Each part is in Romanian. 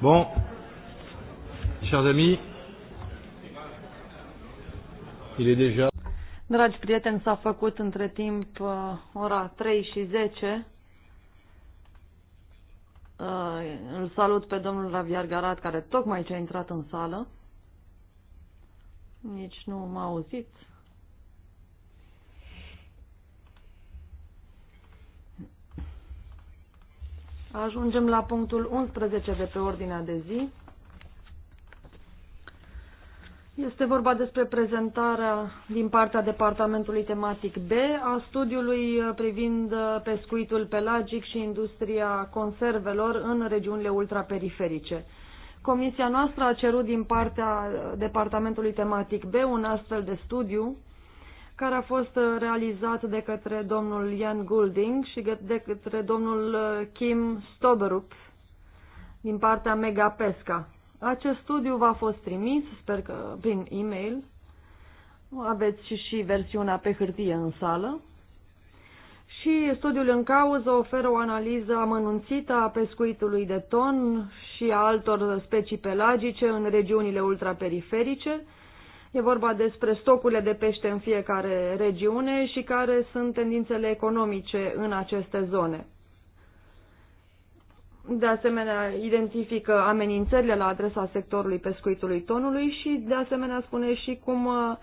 Bon, chers amis, il est deja. Dragi prieteni, s-a făcut între timp uh, ora 3 și 10. Uh, îl salut pe domnul Raviar Garat, care tocmai ce a intrat în sală. Nici nu m-a auzit. Ajungem la punctul 11 de pe ordinea de zi. Este vorba despre prezentarea din partea departamentului tematic B a studiului privind pescuitul pelagic și industria conservelor în regiunile ultraperiferice. Comisia noastră a cerut din partea departamentului tematic B un astfel de studiu care a fost uh, realizat de către domnul Ian Goulding și de către domnul uh, Kim Stoberup din partea Megapesca. Acest studiu v-a fost trimis, sper că prin e-mail. Aveți și, și versiunea pe hârtie în sală. Și studiul în cauză oferă o analiză amănunțită a pescuitului de ton și a altor specii pelagice în regiunile ultraperiferice, E vorba despre stocurile de pește în fiecare regiune și care sunt tendințele economice în aceste zone. De asemenea, identifică amenințările la adresa sectorului pescuitului tonului și, de asemenea, spune și cum uh,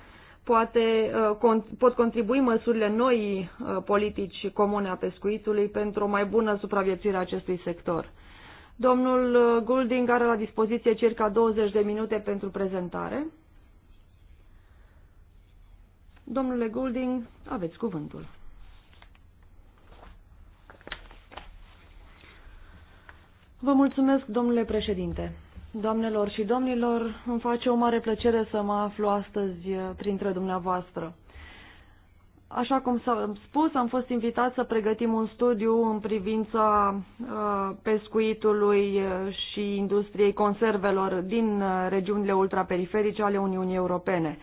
poate, uh, pot contribui măsurile noi uh, politici comune a pescuitului pentru o mai bună supraviețuire a acestui sector. Domnul Goulding are la dispoziție circa 20 de minute pentru prezentare. Domnule Golding, aveți cuvântul. Vă mulțumesc, domnule președinte. Doamnelor și domnilor, îmi face o mare plăcere să mă aflu astăzi printre dumneavoastră. Așa cum s-a spus, am fost invitat să pregătim un studiu în privința uh, pescuitului și industriei conservelor din uh, regiunile ultraperiferice ale Uniunii Europene.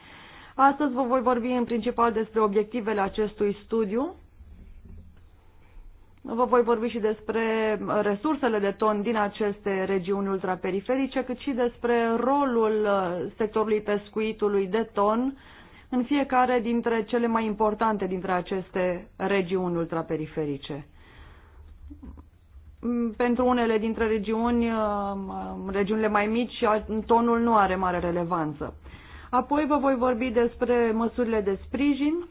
Astăzi vă voi vorbi în principal despre obiectivele acestui studiu. Vă voi vorbi și despre resursele de ton din aceste regiuni ultraperiferice, cât și despre rolul uh, sectorului pescuitului de ton în fiecare dintre cele mai importante dintre aceste regiuni ultraperiferice. Mm, pentru unele dintre regiuni, uh, regiunile mai mici, uh, tonul nu are mare relevanță. Apoi vă voi vorbi despre măsurile de sprijin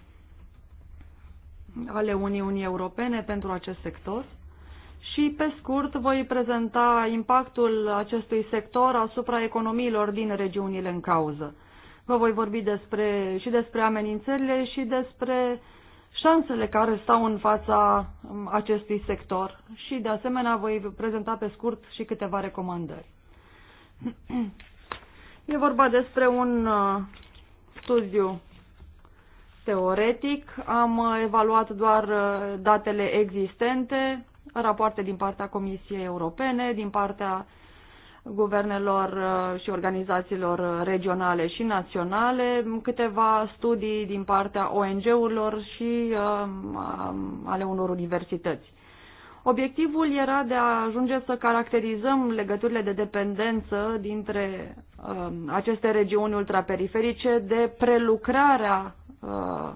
ale Uniunii Europene pentru acest sector și, pe scurt, voi prezenta impactul acestui sector asupra economiilor din regiunile în cauză. Vă voi vorbi despre, și despre amenințările și despre șansele care stau în fața acestui sector și, de asemenea, voi prezenta pe scurt și câteva recomandări. E vorba despre un uh, studiu teoretic. Am uh, evaluat doar uh, datele existente, rapoarte din partea Comisiei Europene, din partea guvernelor și organizațiilor regionale și naționale, câteva studii din partea ONG-urilor și ale unor universități. Obiectivul era de a ajunge să caracterizăm legăturile de dependență dintre Um, aceste regiuni ultraperiferice de prelucrarea uh,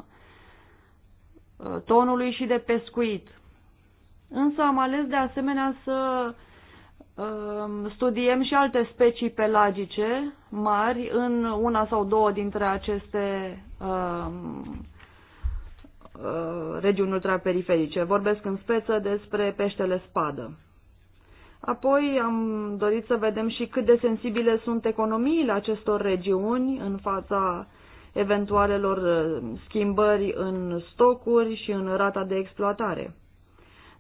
uh, tonului și de pescuit. Însă am ales de asemenea să um, studiem și alte specii pelagice mari în una sau două dintre aceste um, uh, regiuni ultraperiferice. Vorbesc în speță despre peștele spadă. Apoi am dorit să vedem și cât de sensibile sunt economiile acestor regiuni în fața eventualelor uh, schimbări în stocuri și în rata de exploatare.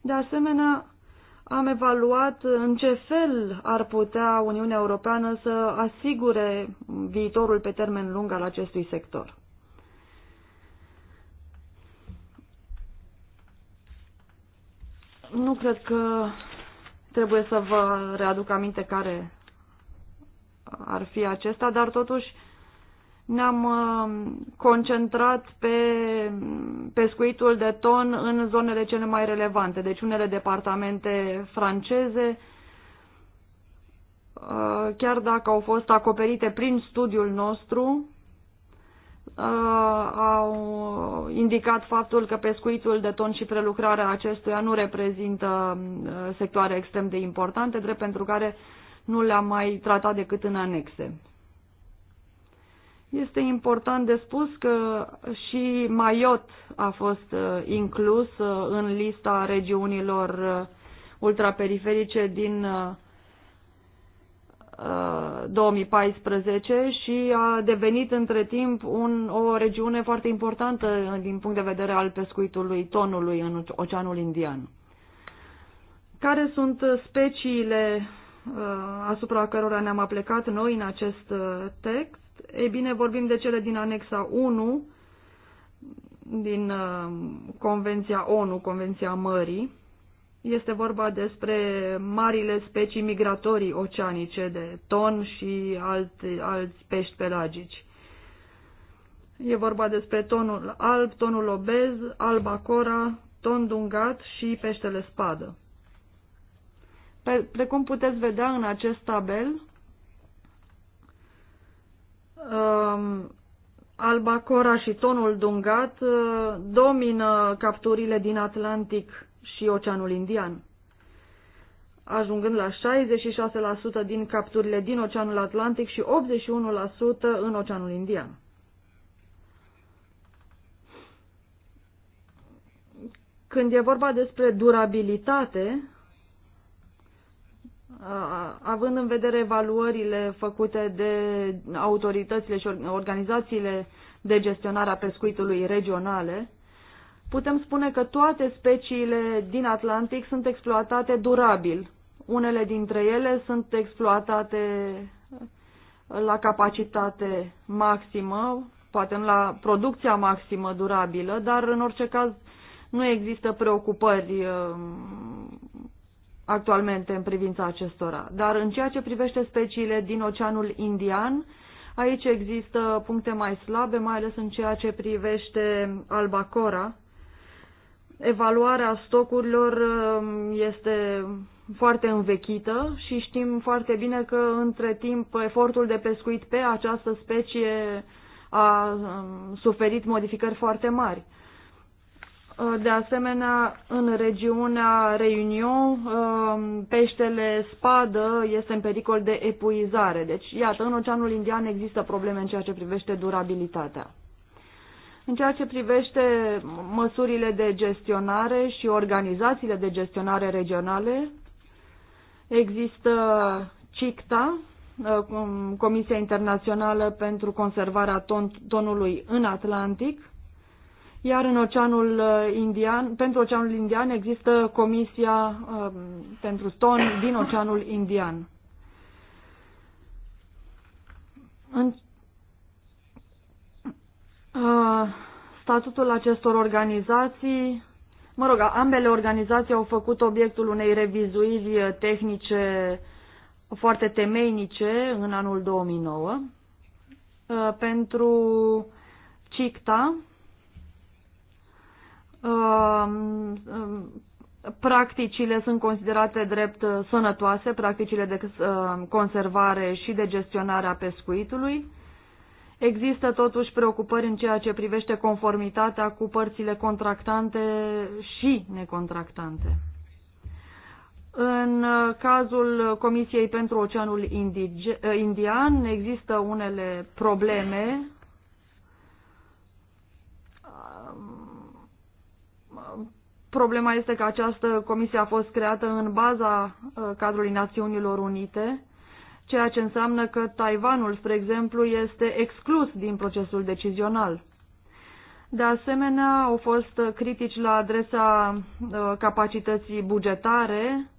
De asemenea, am evaluat în ce fel ar putea Uniunea Europeană să asigure viitorul pe termen lung al acestui sector. Nu cred că Trebuie să vă readuc aminte care ar fi acesta, dar totuși ne-am uh, concentrat pe pescuitul de ton în zonele cele mai relevante, deci unele departamente franceze, uh, chiar dacă au fost acoperite prin studiul nostru, au indicat faptul că pescuitul de ton și prelucrarea acestuia nu reprezintă sectoare extrem de importante, drept pentru care nu le-am mai tratat decât în anexe. Este important de spus că și Maiot a fost uh, inclus uh, în lista regiunilor uh, ultraperiferice din 2014 uh, și a devenit între timp un, o regiune foarte importantă din punct de vedere al pescuitului tonului în Oceanul Indian. Care sunt speciile uh, asupra cărora ne-am aplecat noi în acest uh, text? Ei bine, vorbim de cele din anexa 1 din Convenția ONU, Convenția Mării, este vorba despre marile specii migratorii oceanice de ton și alți, alți pești pelagici. E vorba despre tonul alb, tonul obez, albacora, ton dungat și peștele spadă. Pe, precum puteți vedea în acest tabel, um, albacora și tonul dungat uh, domină capturile din Atlantic și Oceanul Indian, ajungând la 66% din capturile din Oceanul Atlantic și 81% în Oceanul Indian. Când e vorba despre durabilitate, având în vedere evaluările făcute de autoritățile și organizațiile de gestionare a pescuitului regionale, putem spune că toate speciile din Atlantic sunt exploatate durabil. Unele dintre ele sunt exploatate uh, la capacitate maximă, poate la producția maximă durabilă, dar în orice caz nu există preocupări uh, actualmente în privința acestora. Dar în ceea ce privește speciile din Oceanul Indian, aici există puncte mai slabe, mai ales în ceea ce privește albacora, evaluarea stocurilor um, este foarte învechită și știm foarte bine că între timp efortul de pescuit pe această specie a um, suferit modificări foarte mari. Uh, de asemenea, în regiunea Reunion, um, peștele spadă este în pericol de epuizare. Deci, iată, în Oceanul Indian există probleme în ceea ce privește durabilitatea. În ceea ce privește măsurile de gestionare și organizațiile de gestionare regionale, există CICTA, uh, Comisia Internațională pentru Conservarea ton Tonului în Atlantic, iar în Oceanul uh, Indian, pentru Oceanul Indian există Comisia uh, pentru Ton din Oceanul Indian. În Ah, statutul acestor organizații, mă rog, ambele organizații au făcut obiectul unei revizuiri tehnice foarte temeinice în anul 2009. Ah, pentru CICTA, ah, practicile sunt considerate drept sănătoase, practicile de conservare și de gestionare a pescuitului. Există totuși preocupări în ceea ce privește conformitatea cu părțile contractante și necontractante. În cazul Comisiei pentru Oceanul eh, Indian există unele probleme Problema este că această comisie a fost creată în baza eh, cadrului Națiunilor Unite ceea ce înseamnă că Taiwanul, spre exemplu, este exclus din procesul decizional. De asemenea, au fost critici la adresa uh, capacității bugetare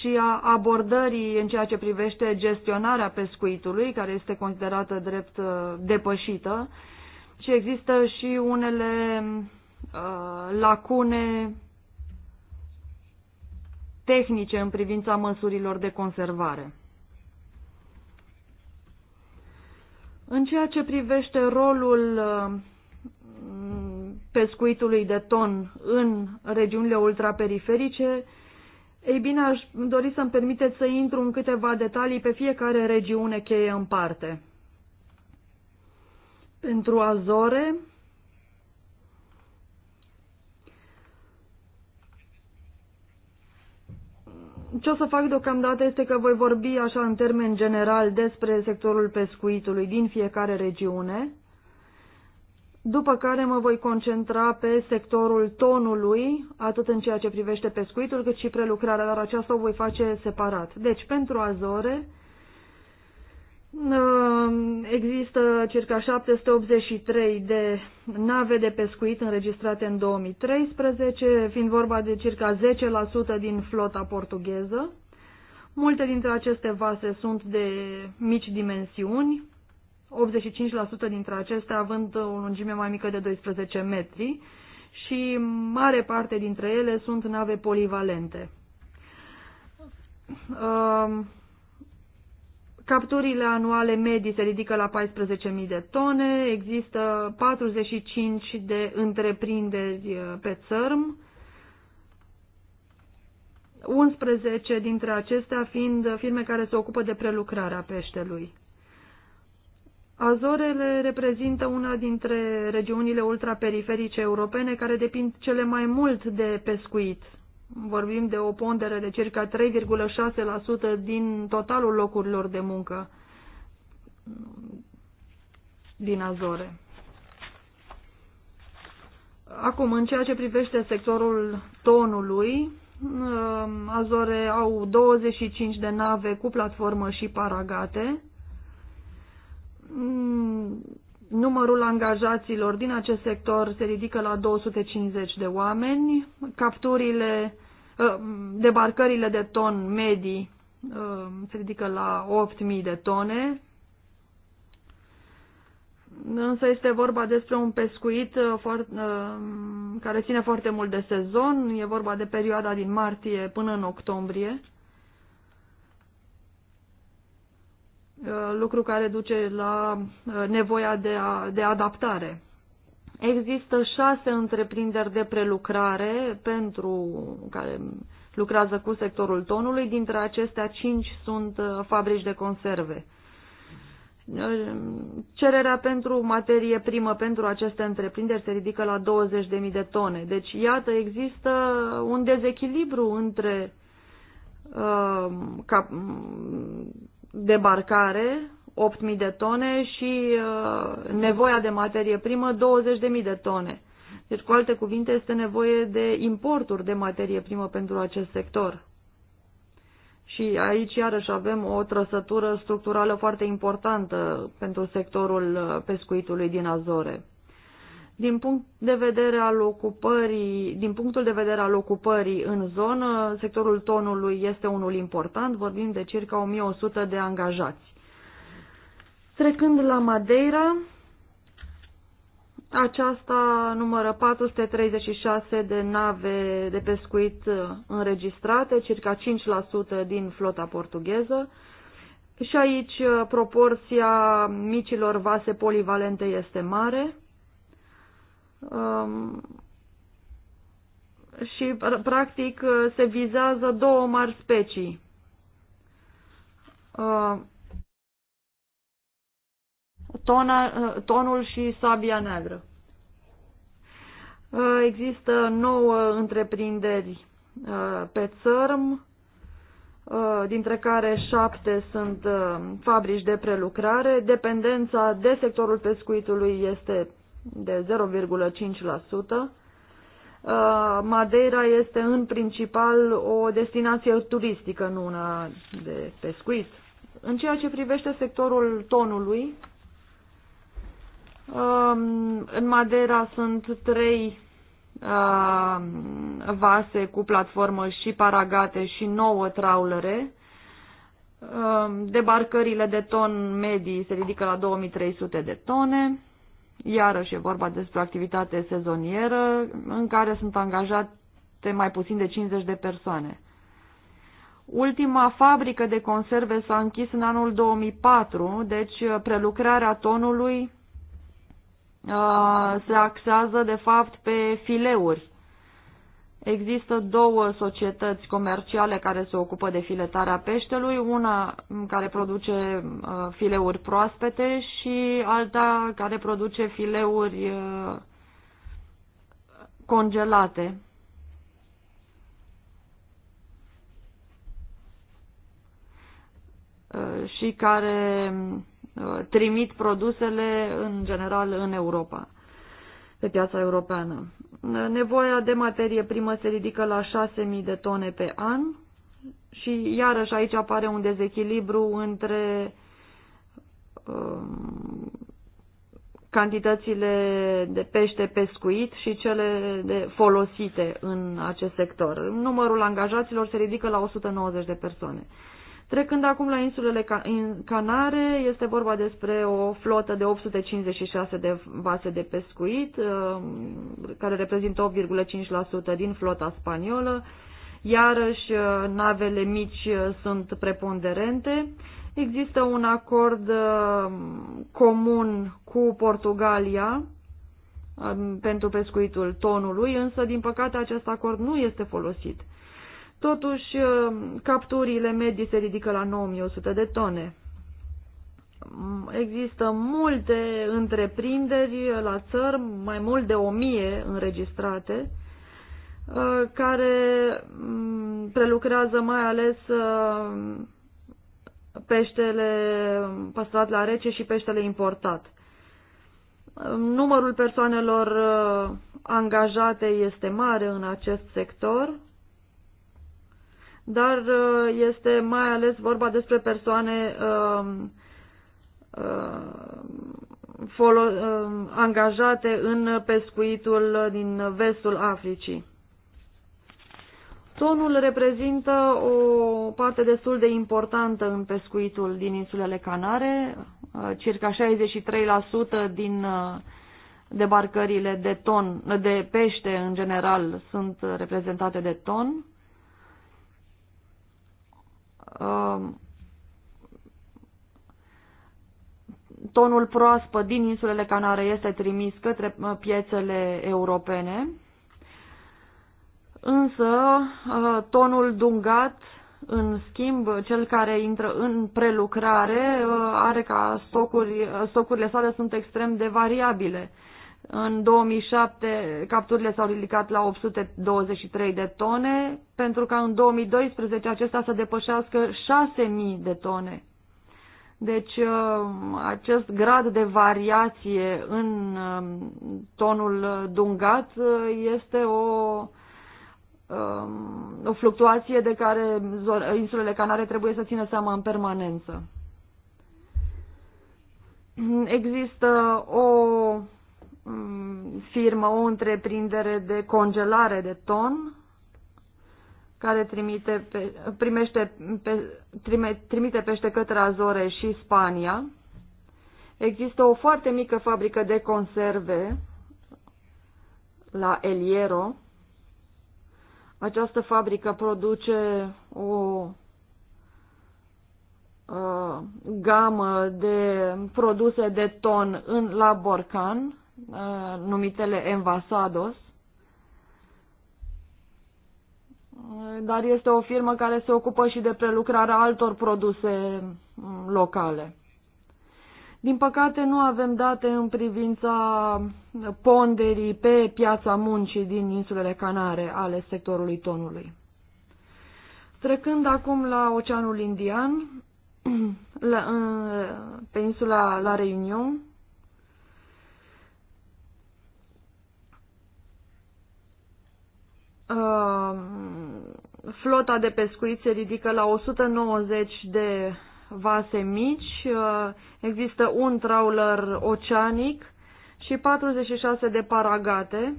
și a abordării în ceea ce privește gestionarea pescuitului, care este considerată drept uh, depășită, și există și unele uh, lacune tehnice în privința măsurilor de conservare. În ceea ce privește rolul uh, pescuitului de ton în regiunile ultraperiferice, ei bine, aș dori să-mi permiteți să intru în câteva detalii pe fiecare regiune cheie în parte. Pentru Azore, Ce o să fac deocamdată este că voi vorbi așa în termen general despre sectorul pescuitului din fiecare regiune, după care mă voi concentra pe sectorul tonului, atât în ceea ce privește pescuitul, cât și prelucrarea, dar aceasta o voi face separat. Deci, pentru Azore, Uh, există circa 783 de nave de pescuit înregistrate în 2013, fiind vorba de circa 10% din flota portugheză. Multe dintre aceste vase sunt de mici dimensiuni, 85% dintre acestea având o lungime mai mică de 12 metri și mare parte dintre ele sunt nave polivalente. Uh, Capturile anuale medii se ridică la 14.000 de tone, există 45 de întreprinderi uh, pe țărm, 11 dintre acestea fiind firme care se ocupă de prelucrarea peștelui. Azorele reprezintă una dintre regiunile ultraperiferice europene care depind cele mai mult de pescuit Vorbim de o pondere de circa 3,6% din totalul locurilor de muncă din Azore. Acum, în ceea ce privește sectorul tonului, um, Azore au 25 de nave cu platformă și paragate. Mm, Numărul angajaților din acest sector se ridică la 250 de oameni. Capturile, ă, debarcările de ton medii ă, se ridică la 8.000 de tone. Însă este vorba despre un pescuit ă, care ține foarte mult de sezon. E vorba de perioada din martie până în octombrie. Uh, lucru care duce la uh, nevoia de, a, de adaptare. Există șase întreprinderi de prelucrare pentru care lucrează cu sectorul tonului, dintre acestea cinci sunt uh, fabrici de conserve. Cererea pentru materie primă pentru aceste întreprinderi se ridică la 20.000 de tone. Deci, iată, există un dezechilibru între uh, ca, debarcare, 8.000 de tone și uh, nevoia de materie primă 20.000 de tone. Deci, cu alte cuvinte, este nevoie de importuri de materie primă pentru acest sector. Și aici, iarăși, avem o trăsătură structurală foarte importantă pentru sectorul uh, pescuitului din Azore. Din punct de vedere al ocupării, din punctul de vedere al ocupării în zonă, sectorul tonului este unul important, vorbim de circa 1100 de angajați. Trecând la Madeira, aceasta numără 436 de nave de pescuit înregistrate, circa 5% din flota portugheză. Și aici proporția micilor vase polivalente este mare. Um, și, practic, se vizează două mari specii. Uh, tona, uh, tonul și sabia neagră. Uh, există nouă întreprinderi uh, pe țărm, uh, dintre care șapte sunt uh, fabrici de prelucrare. Dependența de sectorul pescuitului este de 0,5%. Uh, Madeira este în principal o destinație turistică, nu una de pescuit. În ceea ce privește sectorul tonului, um, în Madeira sunt trei um, vase cu platformă și paragate și nouă traulere. Um, debarcările de ton medii se ridică la 2300 de tone. Iarăși e vorba despre o activitate sezonieră în care sunt angajate mai puțin de 50 de persoane. Ultima fabrică de conserve s-a închis în anul 2004, deci uh, prelucrarea tonului uh, se axează de fapt pe fileuri Există două societăți comerciale care se ocupă de filetarea peștelui, una care produce uh, fileuri proaspete și alta care produce fileuri uh, congelate. Uh, și care trimit produsele în general în Europa pe piața europeană. Nevoia de materie primă se ridică la 6.000 de tone pe an și iarăși aici apare un dezechilibru între um, cantitățile de pește pescuit și cele de folosite în acest sector. Numărul angajaților se ridică la 190 de persoane. Trecând acum la insulele Canare, este vorba despre o flotă de 856 de vase de pescuit, uh, care reprezintă 8,5% din flota spaniolă. Iarăși, uh, navele mici uh, sunt preponderente. Există un acord comun cu Portugalia pentru pescuitul tonului, însă, din păcate, acest acord nu este folosit. Totuși, ă, capturile medii se ridică la 9100 de tone. Există multe întreprinderi la țări, mai mult de 1000 înregistrate, ă, care prelucrează mai ales ă, peștele păstrat la rece și peștele importat. Numărul persoanelor angajate este mare în acest sector dar uh, este mai ales vorba despre persoane um, uh, um, angajate în pescuitul din vestul Africii. Tonul reprezintă o parte destul de importantă în pescuitul din insulele Canare, uh, circa 63% din debarcările de ton, de pește în general sunt reprezentate de ton. Um, tonul proaspăt din insulele Canare este trimis către uh, piețele europene, însă uh, tonul dungat, în schimb, cel care intră în prelucrare, uh, are ca stocuri, stocurile sale sunt extrem de variabile. În 2007 capturile s-au ridicat la 823 de tone, pentru ca în 2012 acesta să depășească 6000 de tone. Deci uh, acest grad de variație în um, tonul dungat uh, este o, um, o fluctuație de care insulele Canare trebuie să țină seama în permanență. Există o Mm, firmă, o întreprindere de congelare de ton care trimite pe, primește pe, trime, trimite pește către Azore și Spania. Există o foarte mică fabrică de conserve la Eliero. Această fabrică produce o uh, gamă de produse de ton în la Borcan Uh, numitele Envasados, dar este o firmă care se ocupă și de prelucrarea altor produse mm, locale. Din păcate nu avem date în privința ponderii pe piața muncii din insulele Canare ale sectorului tonului. Trecând acum la Oceanul Indian, la, pe insula La Reunion, Um, flota de pescuit se ridică la 190 de vase mici, uh, există un trawler oceanic și 46 de paragate.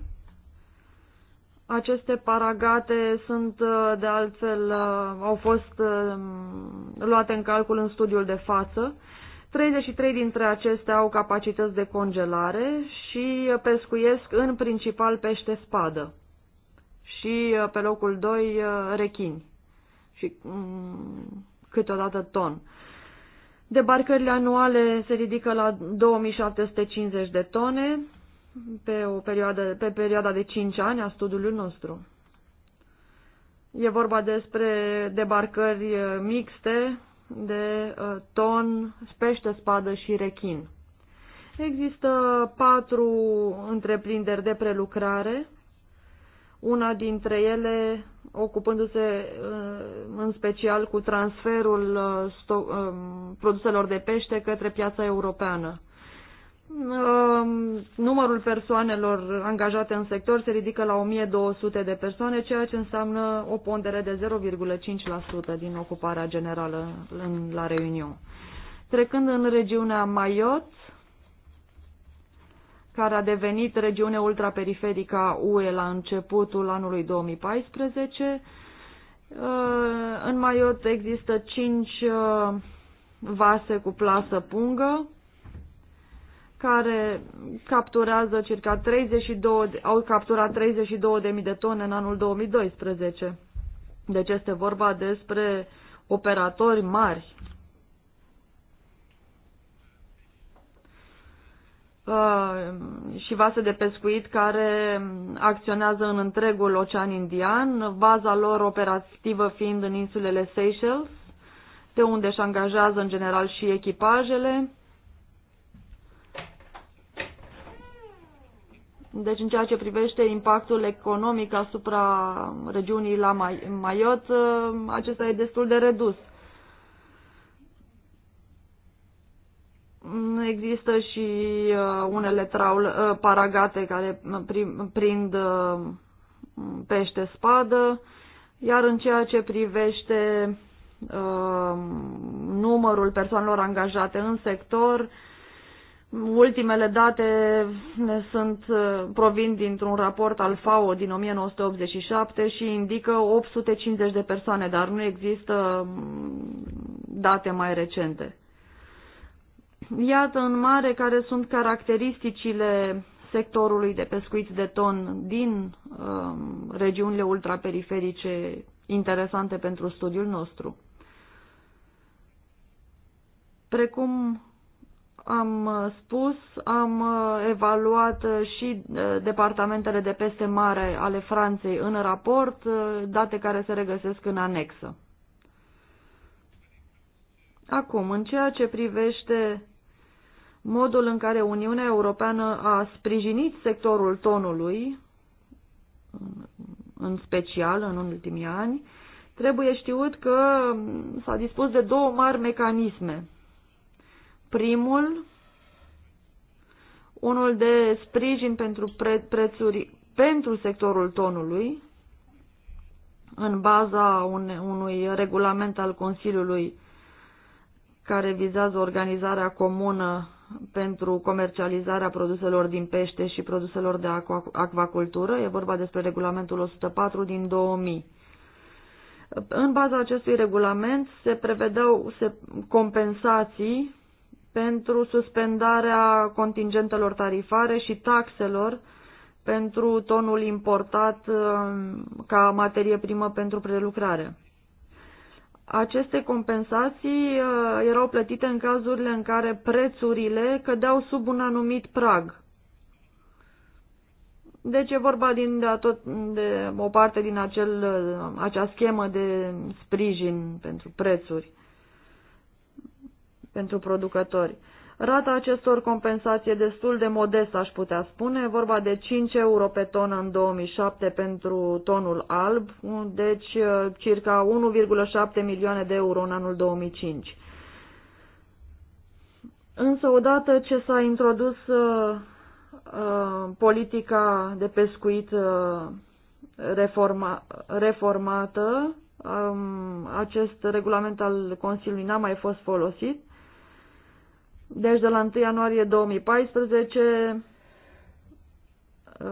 Aceste paragate sunt, uh, de altfel, uh, au fost luate în calcul în studiul de față. 33 dintre acestea au capacități de congelare și pescuiesc în principal pește spadă și uh, pe locul 2 uh, rechini și mm, câteodată ton. Debarcările anuale se ridică la 2750 de tone pe, o perioadă, pe perioada de 5 ani a studiului nostru. E vorba despre debarcări uh, mixte de ton, pește, spadă și rechin. Există patru întreprinderi de prelucrare una dintre ele ocupându-se uh, în special cu transferul uh, uh, produselor de pește către piața europeană. Um, numărul persoanelor angajate în sector se ridică la 1200 de persoane, ceea ce înseamnă o pondere de 0,5% din ocuparea generală la Reunion. Trecând în regiunea Maiot, care a devenit regiune ultraperiferică a UE la începutul anului 2014. Uh, în Maiot există cinci uh, vase cu plasă pungă care capturează circa 32, au capturat 32.000 de tone în anul 2012. Deci este vorba despre operatori mari Uh, și vase de pescuit care acționează în întregul ocean indian, baza lor operativă fiind în insulele Seychelles, de unde își angajează în general și echipajele. Deci în ceea ce privește impactul economic asupra regiunii la Maiot, uh, acesta e destul de redus. există și uh, unele traul, uh, paragate care uh, prim, prind uh, pește spadă, iar în ceea ce privește uh, numărul persoanelor angajate în sector, ultimele date sunt, uh, provin dintr-un raport al FAO din 1987 și indică 850 de persoane, dar nu există mm, date mai recente. Iată în mare care sunt caracteristicile sectorului de pescuit de ton din um, regiunile ultraperiferice interesante pentru studiul nostru. Precum am spus, am evaluat și uh, departamentele de peste mare ale Franței în raport, uh, date care se regăsesc în anexă. Acum, în ceea ce privește modul în care Uniunea Europeană a sprijinit sectorul tonului, în special în ultimii ani, trebuie știut că s-a dispus de două mari mecanisme. Primul, unul de sprijin pentru pre prețuri pentru sectorul tonului, în baza une, unui regulament al Consiliului care vizează organizarea comună pentru comercializarea produselor din pește și produselor de acvacultură. E vorba despre regulamentul 104 din 2000. În baza acestui regulament se prevedeau compensații pentru suspendarea contingentelor tarifare și taxelor pentru tonul importat uh, ca materie primă pentru prelucrare. Aceste compensații uh, erau plătite în cazurile în care prețurile cădeau sub un anumit prag. Deci e vorba din, de, tot, de o parte din acel, uh, acea schemă de sprijin pentru prețuri, pentru producători. Rata acestor compensații e destul de modestă, aș putea spune, e vorba de 5 euro pe tonă în 2007 pentru tonul alb, deci uh, circa 1,7 milioane de euro în anul 2005. Însă odată ce s-a introdus uh, uh, politica de pescuit uh, reforma, reformată, um, acest regulament al Consiliului n-a mai fost folosit deci de la 1 ianuarie 2014 uh,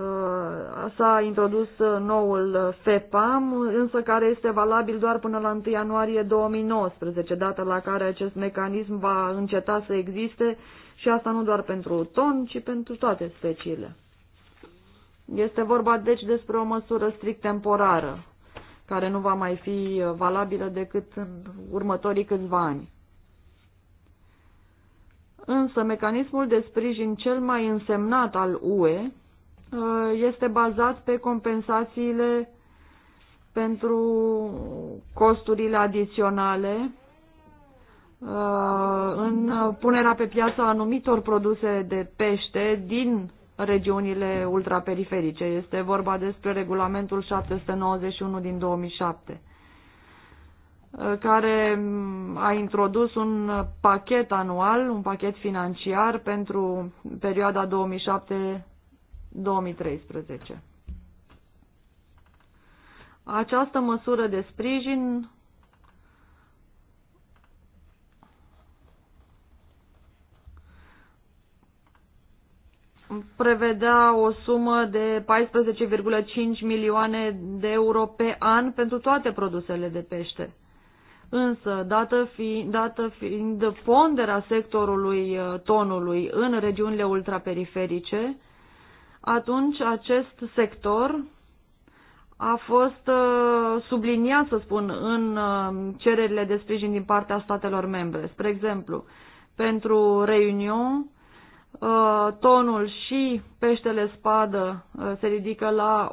s-a introdus uh, noul uh, FEPAM, însă care este valabil doar până la 1 ianuarie 2019, data la care acest mecanism va înceta să existe și asta nu doar pentru ton, ci pentru toate speciile. Este vorba deci despre o măsură strict temporară, care nu va mai fi valabilă decât în următorii câțiva ani. Însă mecanismul de sprijin cel mai însemnat al UE uh, este bazat pe compensațiile pentru costurile adiționale uh, în punerea pe piață a anumitor produse de pește din regiunile ultraperiferice. Este vorba despre regulamentul 791 din 2007. Uh, care mm, a introdus un pachet anual, un pachet financiar pentru perioada 2007-2013. Această măsură de sprijin prevedea o sumă de 14,5 milioane de euro pe an pentru toate produsele de pește. Însă, dată, fi, dată fiind ponderea sectorului uh, tonului în regiunile ultraperiferice, atunci acest sector a fost uh, subliniat, să spun, în uh, cererile de sprijin din partea statelor membre. Spre exemplu, pentru Reunion, tonul și peștele spadă se ridică la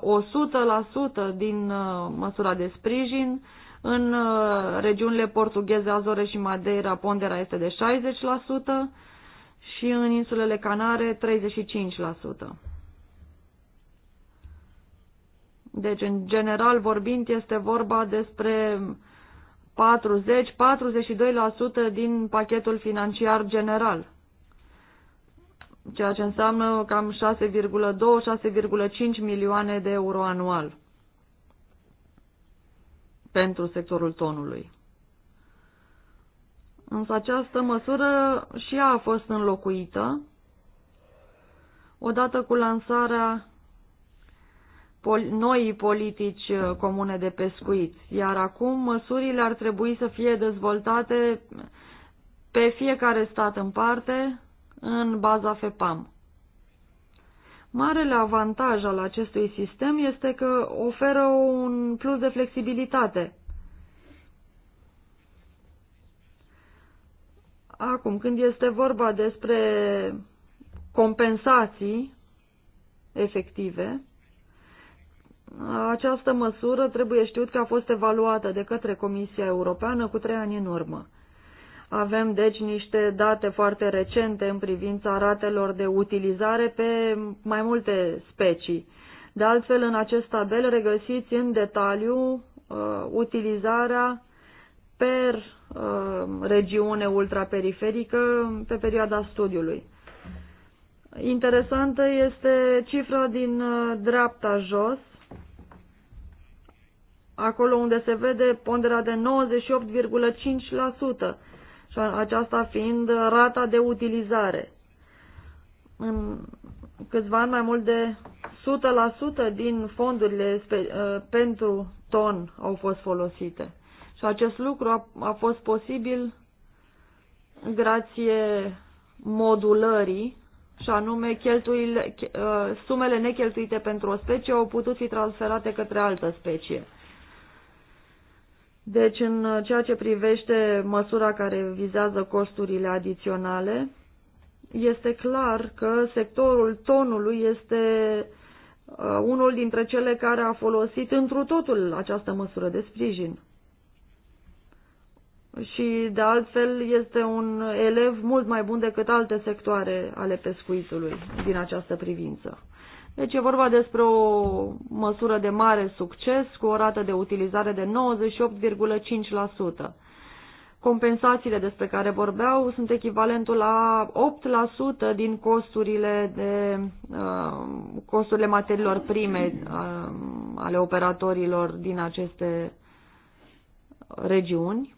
100% din măsura de sprijin, în uh, regiunile portugheze, Azore și Madeira, ponderea este de 60% și în insulele Canare 35%. Deci, în general vorbind, este vorba despre 40-42% din pachetul financiar general, ceea ce înseamnă cam 6,2-6,5 milioane de euro anual pentru sectorul tonului. Însă această măsură și ea a fost înlocuită odată cu lansarea noii politici uh, comune de pescuit, iar acum măsurile ar trebui să fie dezvoltate pe fiecare stat în parte în baza FEPAM. Marele avantaj al acestui sistem este că oferă un plus de flexibilitate. Acum, când este vorba despre compensații efective, această măsură trebuie știut că a fost evaluată de către Comisia Europeană cu trei ani în urmă. Avem deci niște date foarte recente în privința ratelor de utilizare pe mai multe specii. De altfel, în acest tabel regăsiți în detaliu uh, utilizarea per uh, regiune ultraperiferică pe perioada studiului. Interesantă este cifra din uh, dreapta jos, acolo unde se vede ponderea de 98,5% și aceasta fiind rata de utilizare. În câțiva ani mai mult de 100% din fondurile uh, pentru ton au fost folosite. Și acest lucru a, a fost posibil grație modulării și anume uh, sumele necheltuite pentru o specie au putut fi transferate către altă specie. Deci, în ceea ce privește măsura care vizează costurile adiționale, este clar că sectorul tonului este uh, unul dintre cele care a folosit întru totul această măsură de sprijin. Și, de altfel, este un elev mult mai bun decât alte sectoare ale pescuitului din această privință. Deci e vorba despre o măsură de mare succes cu o rată de utilizare de 98,5%. Compensațiile despre care vorbeau sunt echivalentul la 8% din costurile, de, uh, costurile materiilor prime uh, ale operatorilor din aceste regiuni.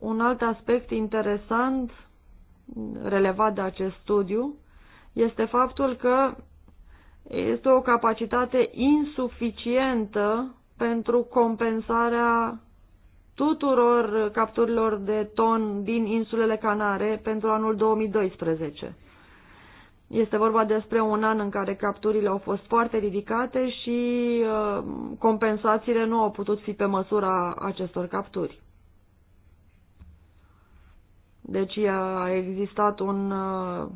Un alt aspect interesant relevat de acest studiu este faptul că este o capacitate insuficientă pentru compensarea tuturor capturilor de ton din insulele Canare pentru anul 2012. Este vorba despre un an în care capturile au fost foarte ridicate și uh, compensațiile nu au putut fi pe măsura acestor capturi. Deci uh, a existat un uh,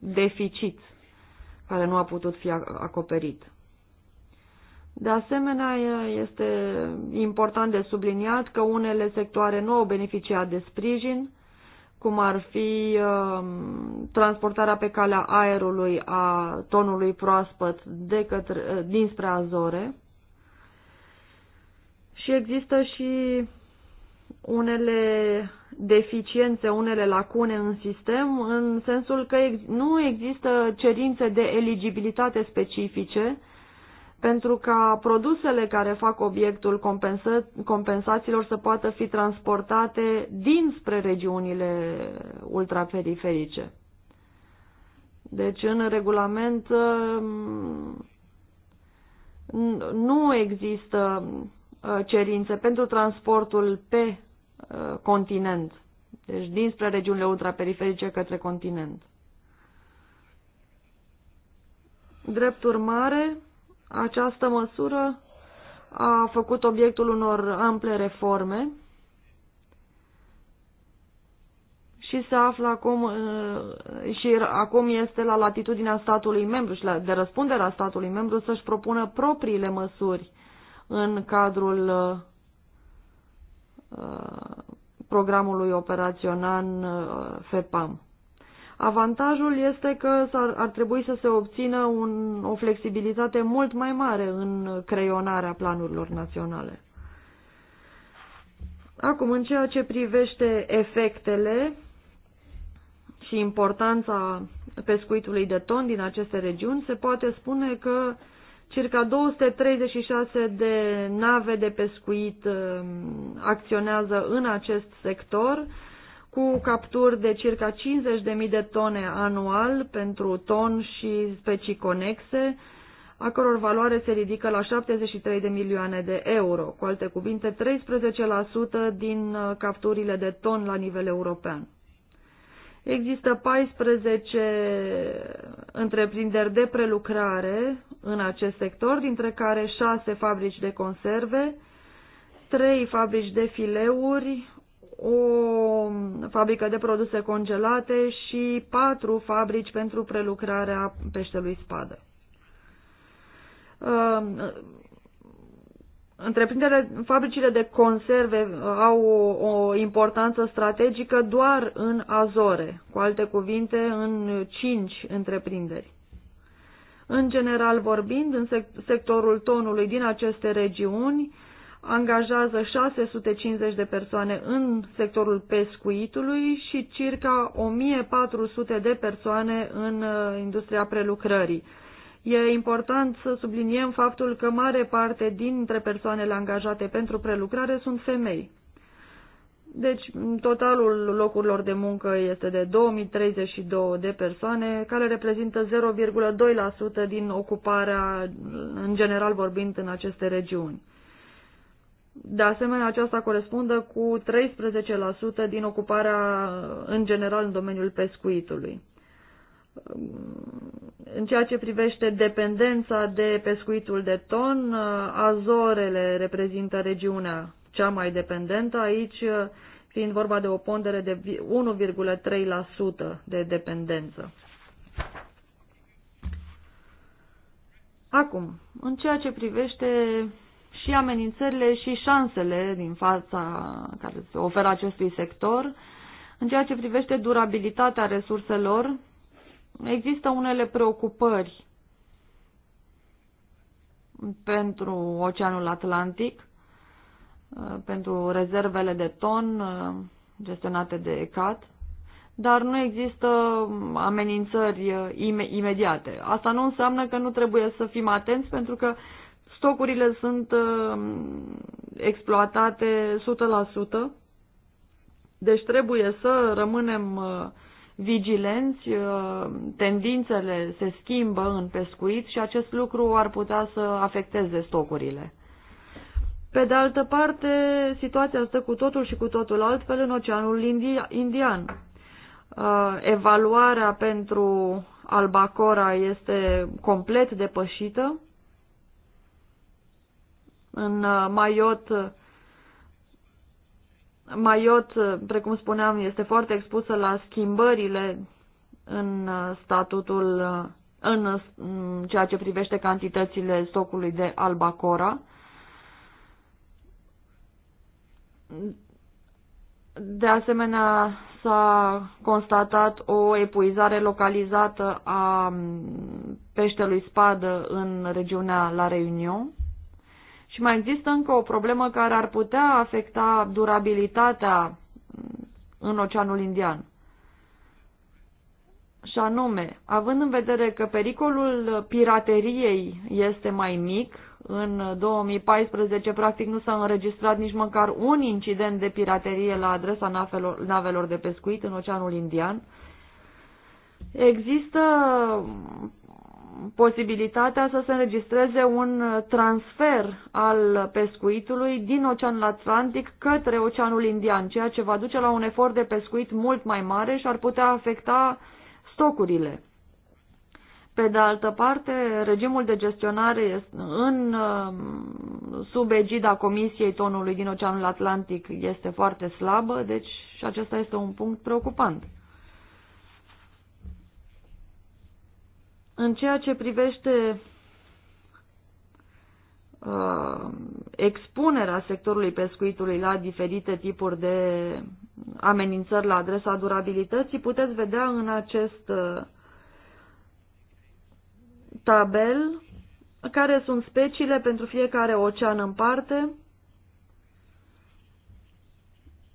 deficit care nu a putut fi acoperit. De asemenea, este important de subliniat că unele sectoare nu au beneficiat de sprijin, cum ar fi um, transportarea pe calea aerului a tonului proaspăt de către, dinspre Azore. Și există și unele deficiențe, unele lacune în sistem, în sensul că nu există cerințe de eligibilitate specifice pentru ca produsele care fac obiectul compensa compensațiilor să poată fi transportate dinspre regiunile ultraperiferice. Deci, în regulament um, nu există uh, cerințe pentru transportul pe Uh, continent. Deci dinspre regiunile ultraperiferice către continent. Drept urmare, această măsură a făcut obiectul unor ample reforme și se află acum uh, și acum este la latitudinea statului membru și de răspunderea statului membru să-și propună propriile măsuri în cadrul uh, Uh, programului operațional uh, FEPAM. Avantajul este că ar, ar trebui să se obțină un, o flexibilitate mult mai mare în creionarea planurilor naționale. Acum, în ceea ce privește efectele și importanța pescuitului de ton din aceste regiuni, se poate spune că Circa 236 de nave de pescuit um, acționează în acest sector, cu capturi de circa 50.000 de tone anual pentru ton și specii conexe, a căror valoare se ridică la 73 de milioane de euro, cu alte cuvinte 13% din uh, capturile de ton la nivel european. Există 14 întreprinderi de prelucrare în acest sector, dintre care 6 fabrici de conserve, 3 fabrici de fileuri, o fabrică de produse congelate și 4 fabrici pentru prelucrarea peștelui spadă întreprinderile, fabricile de conserve au o, o importanță strategică doar în Azore, cu alte cuvinte, în cinci întreprinderi. În general vorbind, în sectorul tonului din aceste regiuni angajează 650 de persoane în sectorul pescuitului și circa 1400 de persoane în uh, industria prelucrării E important să subliniem faptul că mare parte dintre persoanele angajate pentru prelucrare sunt femei. Deci, totalul locurilor de muncă este de 2032 de persoane, care reprezintă 0,2% din ocuparea, în general vorbind, în aceste regiuni. De asemenea, aceasta corespundă cu 13% din ocuparea, în general, în domeniul pescuitului. În ceea ce privește dependența de pescuitul de ton, Azorele reprezintă regiunea cea mai dependentă, aici fiind vorba de o pondere de 1,3% de dependență. Acum, în ceea ce privește și amenințările și șansele din fața care se oferă acestui sector, în ceea ce privește durabilitatea resurselor, există unele preocupări pentru Oceanul Atlantic, uh, pentru rezervele de ton uh, gestionate de ECAT, dar nu există amenințări uh, imediate. Asta nu înseamnă că nu trebuie să fim atenți pentru că stocurile sunt exploatate 100%, deci trebuie să rămânem vigilenți, uh, tendințele se schimbă în pescuit și acest lucru ar putea să afecteze stocurile. Pe de altă parte, situația stă cu totul și cu totul altfel în Oceanul Indian. Uh, evaluarea pentru albacora este complet depășită. În uh, Maiot Maiot, uh, precum spuneam, este foarte expusă la schimbările în uh, statutul, uh, în ceea ce privește cantitățile stocului de albacora. De asemenea, s-a constatat o epuizare localizată a mm, peștelui spadă în regiunea La Reunion. Și mai există încă o problemă care ar putea afecta durabilitatea mm, în Oceanul Indian. Și anume, având în vedere că pericolul pirateriei este mai mic, în 2014 practic nu s-a înregistrat nici măcar un incident de piraterie la adresa navelor, de pescuit în Oceanul Indian, există posibilitatea să se înregistreze un uh, transfer al pescuitului din Oceanul Atlantic către Oceanul Indian, ceea ce va duce la un efort de pescuit mult mai mare și ar putea afecta stocurile. Pe de altă parte, regimul de gestionare în um, sub egida Comisiei Tonului din Oceanul Atlantic este foarte slabă, deci și acesta este un punct preocupant. În ceea ce privește uh, expunerea sectorului pescuitului la diferite tipuri de amenințări la adresa durabilității, puteți vedea în acest uh, tabel care sunt speciile pentru fiecare ocean în parte,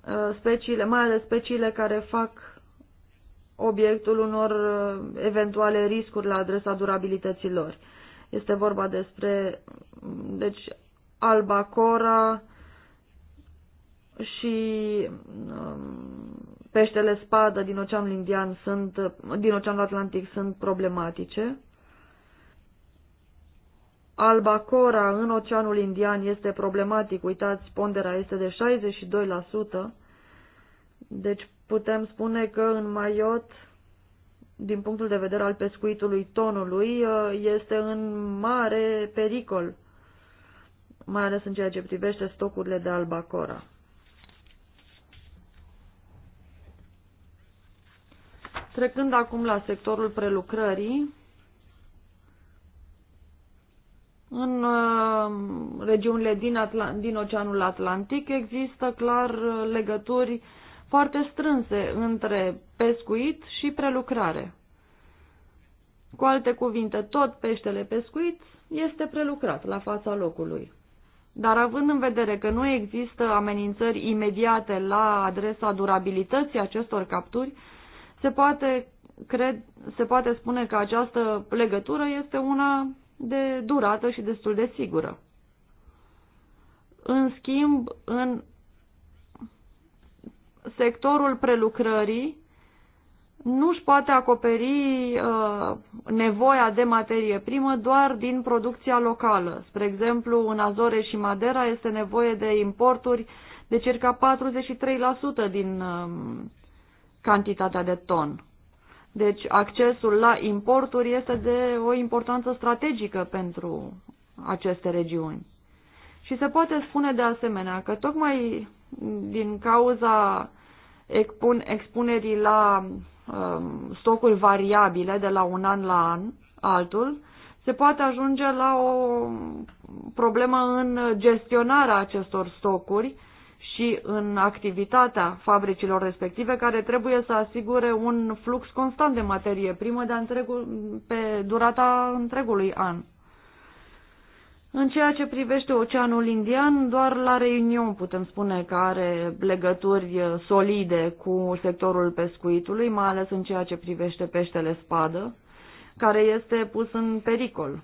uh, speciile, mai ales speciile care fac obiectul unor uh, eventuale riscuri la adresa durabilității lor. Este vorba despre, mm, deci, albacora și mm, peștele spadă din Oceanul Indian sunt, din Oceanul Atlantic sunt problematice. Albacora în Oceanul Indian este problematic, uitați, ponderea este de 62%, deci putem spune că în Maiot, din punctul de vedere al pescuitului tonului, uh, este în mare pericol, mai ales în ceea ce privește stocurile de albacora. Trecând acum la sectorul prelucrării, în uh, regiunile din, Atl din Oceanul Atlantic există clar uh, legături foarte strânse între pescuit și prelucrare. Cu alte cuvinte, tot peștele pescuit este prelucrat la fața locului. Dar având în vedere că nu există amenințări imediate la adresa durabilității acestor capturi, se poate, cred, se poate spune că această legătură este una de durată și destul de sigură. În schimb, în sectorul prelucrării nu își poate acoperi uh, nevoia de materie primă doar din producția locală. Spre exemplu, în Azore și Madera este nevoie de importuri de circa 43% din uh, cantitatea de ton. Deci accesul la importuri este de o importanță strategică pentru aceste regiuni. Și se poate spune de asemenea că tocmai din cauza expun, expunerii la um, stocuri variabile de la un an la an, altul, se poate ajunge la o problemă în gestionarea acestor stocuri și în activitatea fabricilor respective, care trebuie să asigure un flux constant de materie primă de întregul, pe durata întregului an. În ceea ce privește Oceanul Indian, doar la Reunion putem spune că are legături uh, solide cu sectorul pescuitului, mai ales în ceea ce privește peștele spadă, care este pus în pericol.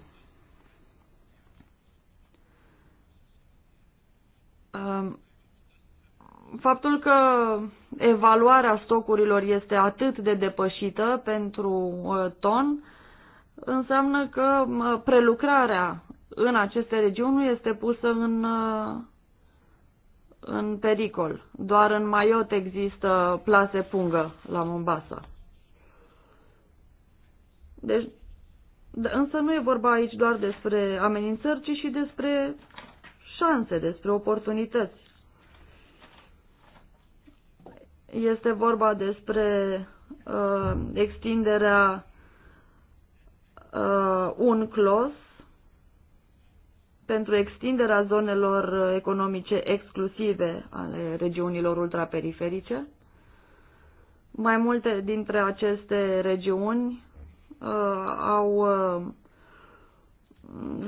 Um, faptul că evaluarea stocurilor este atât de depășită pentru uh, ton, înseamnă că uh, prelucrarea în aceste regiuni nu este pusă în, uh, în pericol. Doar în Maiot există plase pungă la Mombasa. Deci, însă nu e vorba aici doar despre amenințări, ci și despre șanse, despre oportunități. Este vorba despre uh, extinderea uh, un clos pentru extinderea zonelor economice exclusive ale regiunilor ultraperiferice. Mai multe dintre aceste regiuni uh, au uh,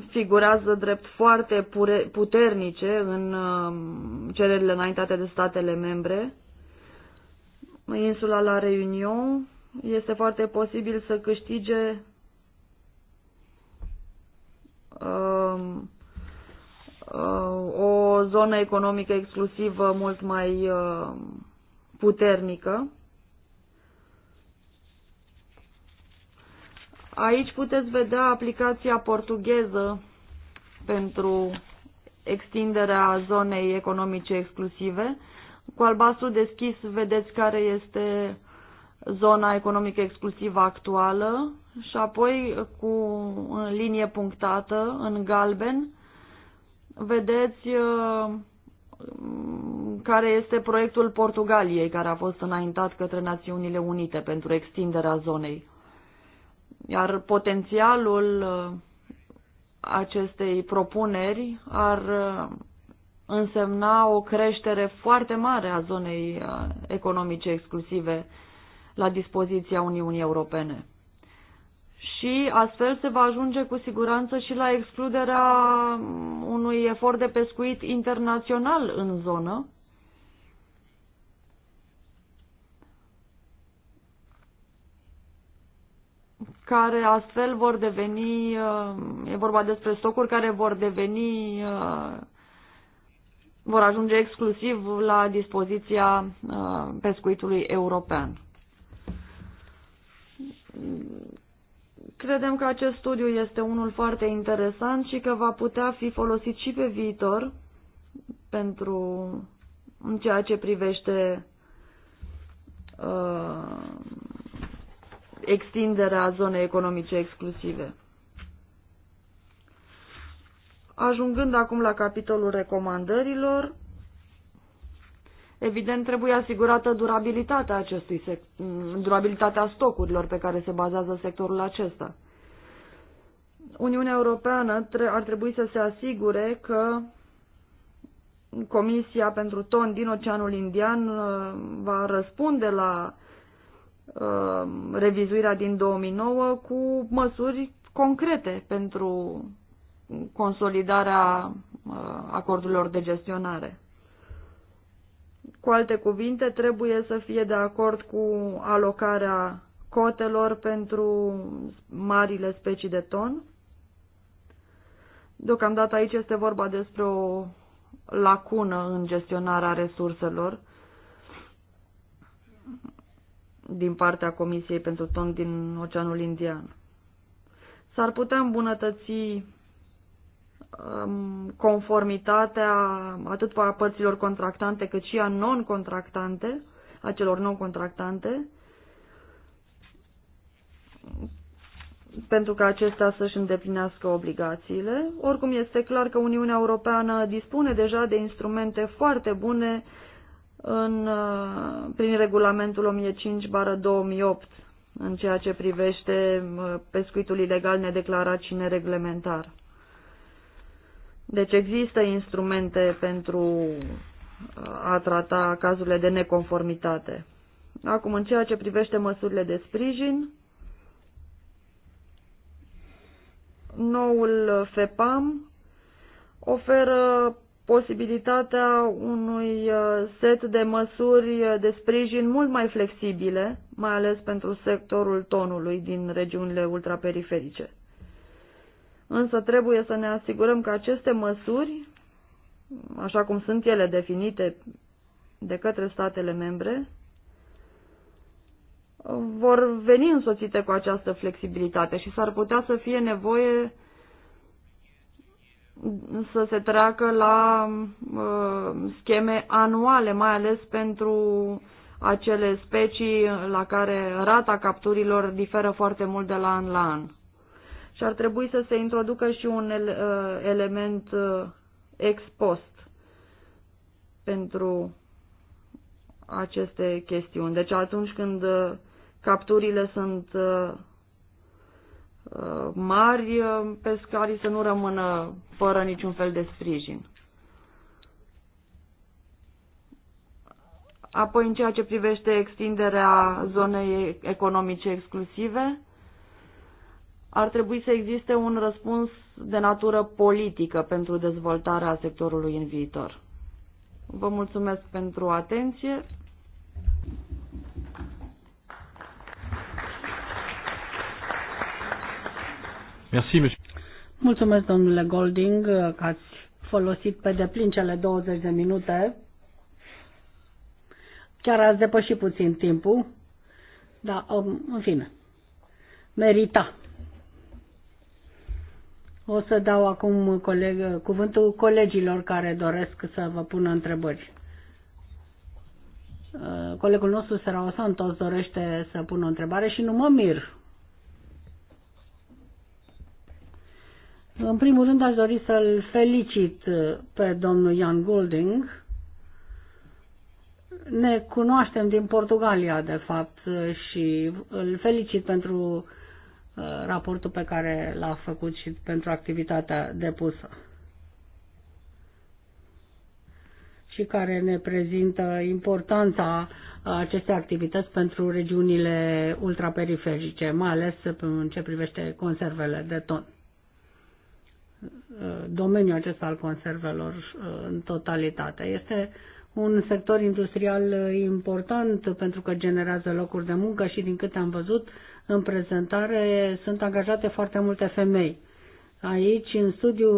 figurează drept foarte puternice în uh, cererile înaintate de statele membre. Insula la Reunion este foarte posibil să câștige uh, Uh, o zonă economică exclusivă mult mai uh, puternică. Aici puteți vedea aplicația portugheză pentru extinderea zonei economice exclusive. Cu albastru deschis vedeți care este zona economică exclusivă actuală și apoi cu linie punctată în galben vedeți uh, care este proiectul Portugaliei care a fost înaintat către Națiunile Unite pentru extinderea zonei. Iar potențialul uh, acestei propuneri ar uh, însemna o creștere foarte mare a zonei economice exclusive la dispoziția Uniunii Europene și astfel se va ajunge cu siguranță și la excluderea unui efort de pescuit internațional în zonă. care astfel vor deveni, uh, e vorba despre stocuri care vor deveni, uh, vor ajunge exclusiv la dispoziția uh, pescuitului european Credem că acest studiu este unul foarte interesant și că va putea fi folosit și pe viitor pentru în ceea ce privește uh, extinderea zonei economice exclusive. Ajungând acum la capitolul recomandărilor, Evident, trebuie asigurată durabilitatea acestui sec- mm, durabilitatea stocurilor pe care se bazează sectorul acesta. Uniunea Europeană ar trebui să se asigure că Comisia pentru Ton din Oceanul Indian uh, va răspunde la uh, revizuirea din 2009 cu măsuri concrete pentru consolidarea uh, acordurilor de gestionare. Cu alte cuvinte, trebuie să fie de acord cu alocarea cotelor pentru marile specii de ton. Deocamdată aici este vorba despre o lacună în gestionarea resurselor din partea Comisiei pentru Ton din Oceanul Indian. S-ar putea îmbunătăți Um, conformitatea atât a părților contractante cât și a non-contractante, a celor non-contractante, pentru ca acestea să-și îndeplinească obligațiile. Oricum este clar că Uniunea Europeană dispune deja de instrumente foarte bune în, uh, prin regulamentul 1005-2008 în ceea ce privește uh, pescuitul ilegal nedeclarat și nereglementar. Deci există instrumente pentru uh, a trata cazurile de neconformitate. Acum, în ceea ce privește măsurile de sprijin, noul FEPAM oferă posibilitatea unui uh, set de măsuri de sprijin mult mai flexibile, mai ales pentru sectorul tonului din regiunile ultraperiferice însă trebuie să ne asigurăm că aceste măsuri, așa cum sunt ele definite de către statele membre, vor veni însoțite cu această flexibilitate și s-ar putea să fie nevoie să se treacă la uh, scheme anuale, mai ales pentru acele specii la care rata capturilor diferă foarte mult de la an la an și ar trebui să se introducă și un uh, element uh, ex post pentru aceste chestiuni. Deci atunci când uh, capturile sunt mari, pescarii să nu rămână fără niciun fel de sprijin. Apoi, în ceea ce privește extinderea zonei economice exclusive, ar trebui să existe un răspuns de natură politică pentru dezvoltarea sectorului în viitor. Vă mulțumesc pentru atenție. Mulțumesc, domnule Golding, că ați folosit pe deplin cele 20 de minute. Chiar ați depășit puțin timpul, dar, în fine, merita. O să dau acum coleg, cuvântul colegilor care doresc să vă pună întrebări. Uh, colegul nostru, Serao Santos, dorește să pună o întrebare și nu mă mir. În primul rând aș dori să-l felicit pe domnul Ian Golding. Ne cunoaștem din Portugalia, de fapt, și îl felicit pentru Uh, raportul pe care l-a făcut și pentru activitatea depusă și care ne prezintă importanța acestei activități pentru regiunile ultraperiferice, mai ales în ce privește conservele de ton. Uh, domeniul acesta al conservelor uh, în totalitate este un sector industrial important pentru că generează locuri de muncă și din câte am văzut în prezentare sunt angajate foarte multe femei. Aici, în studiu,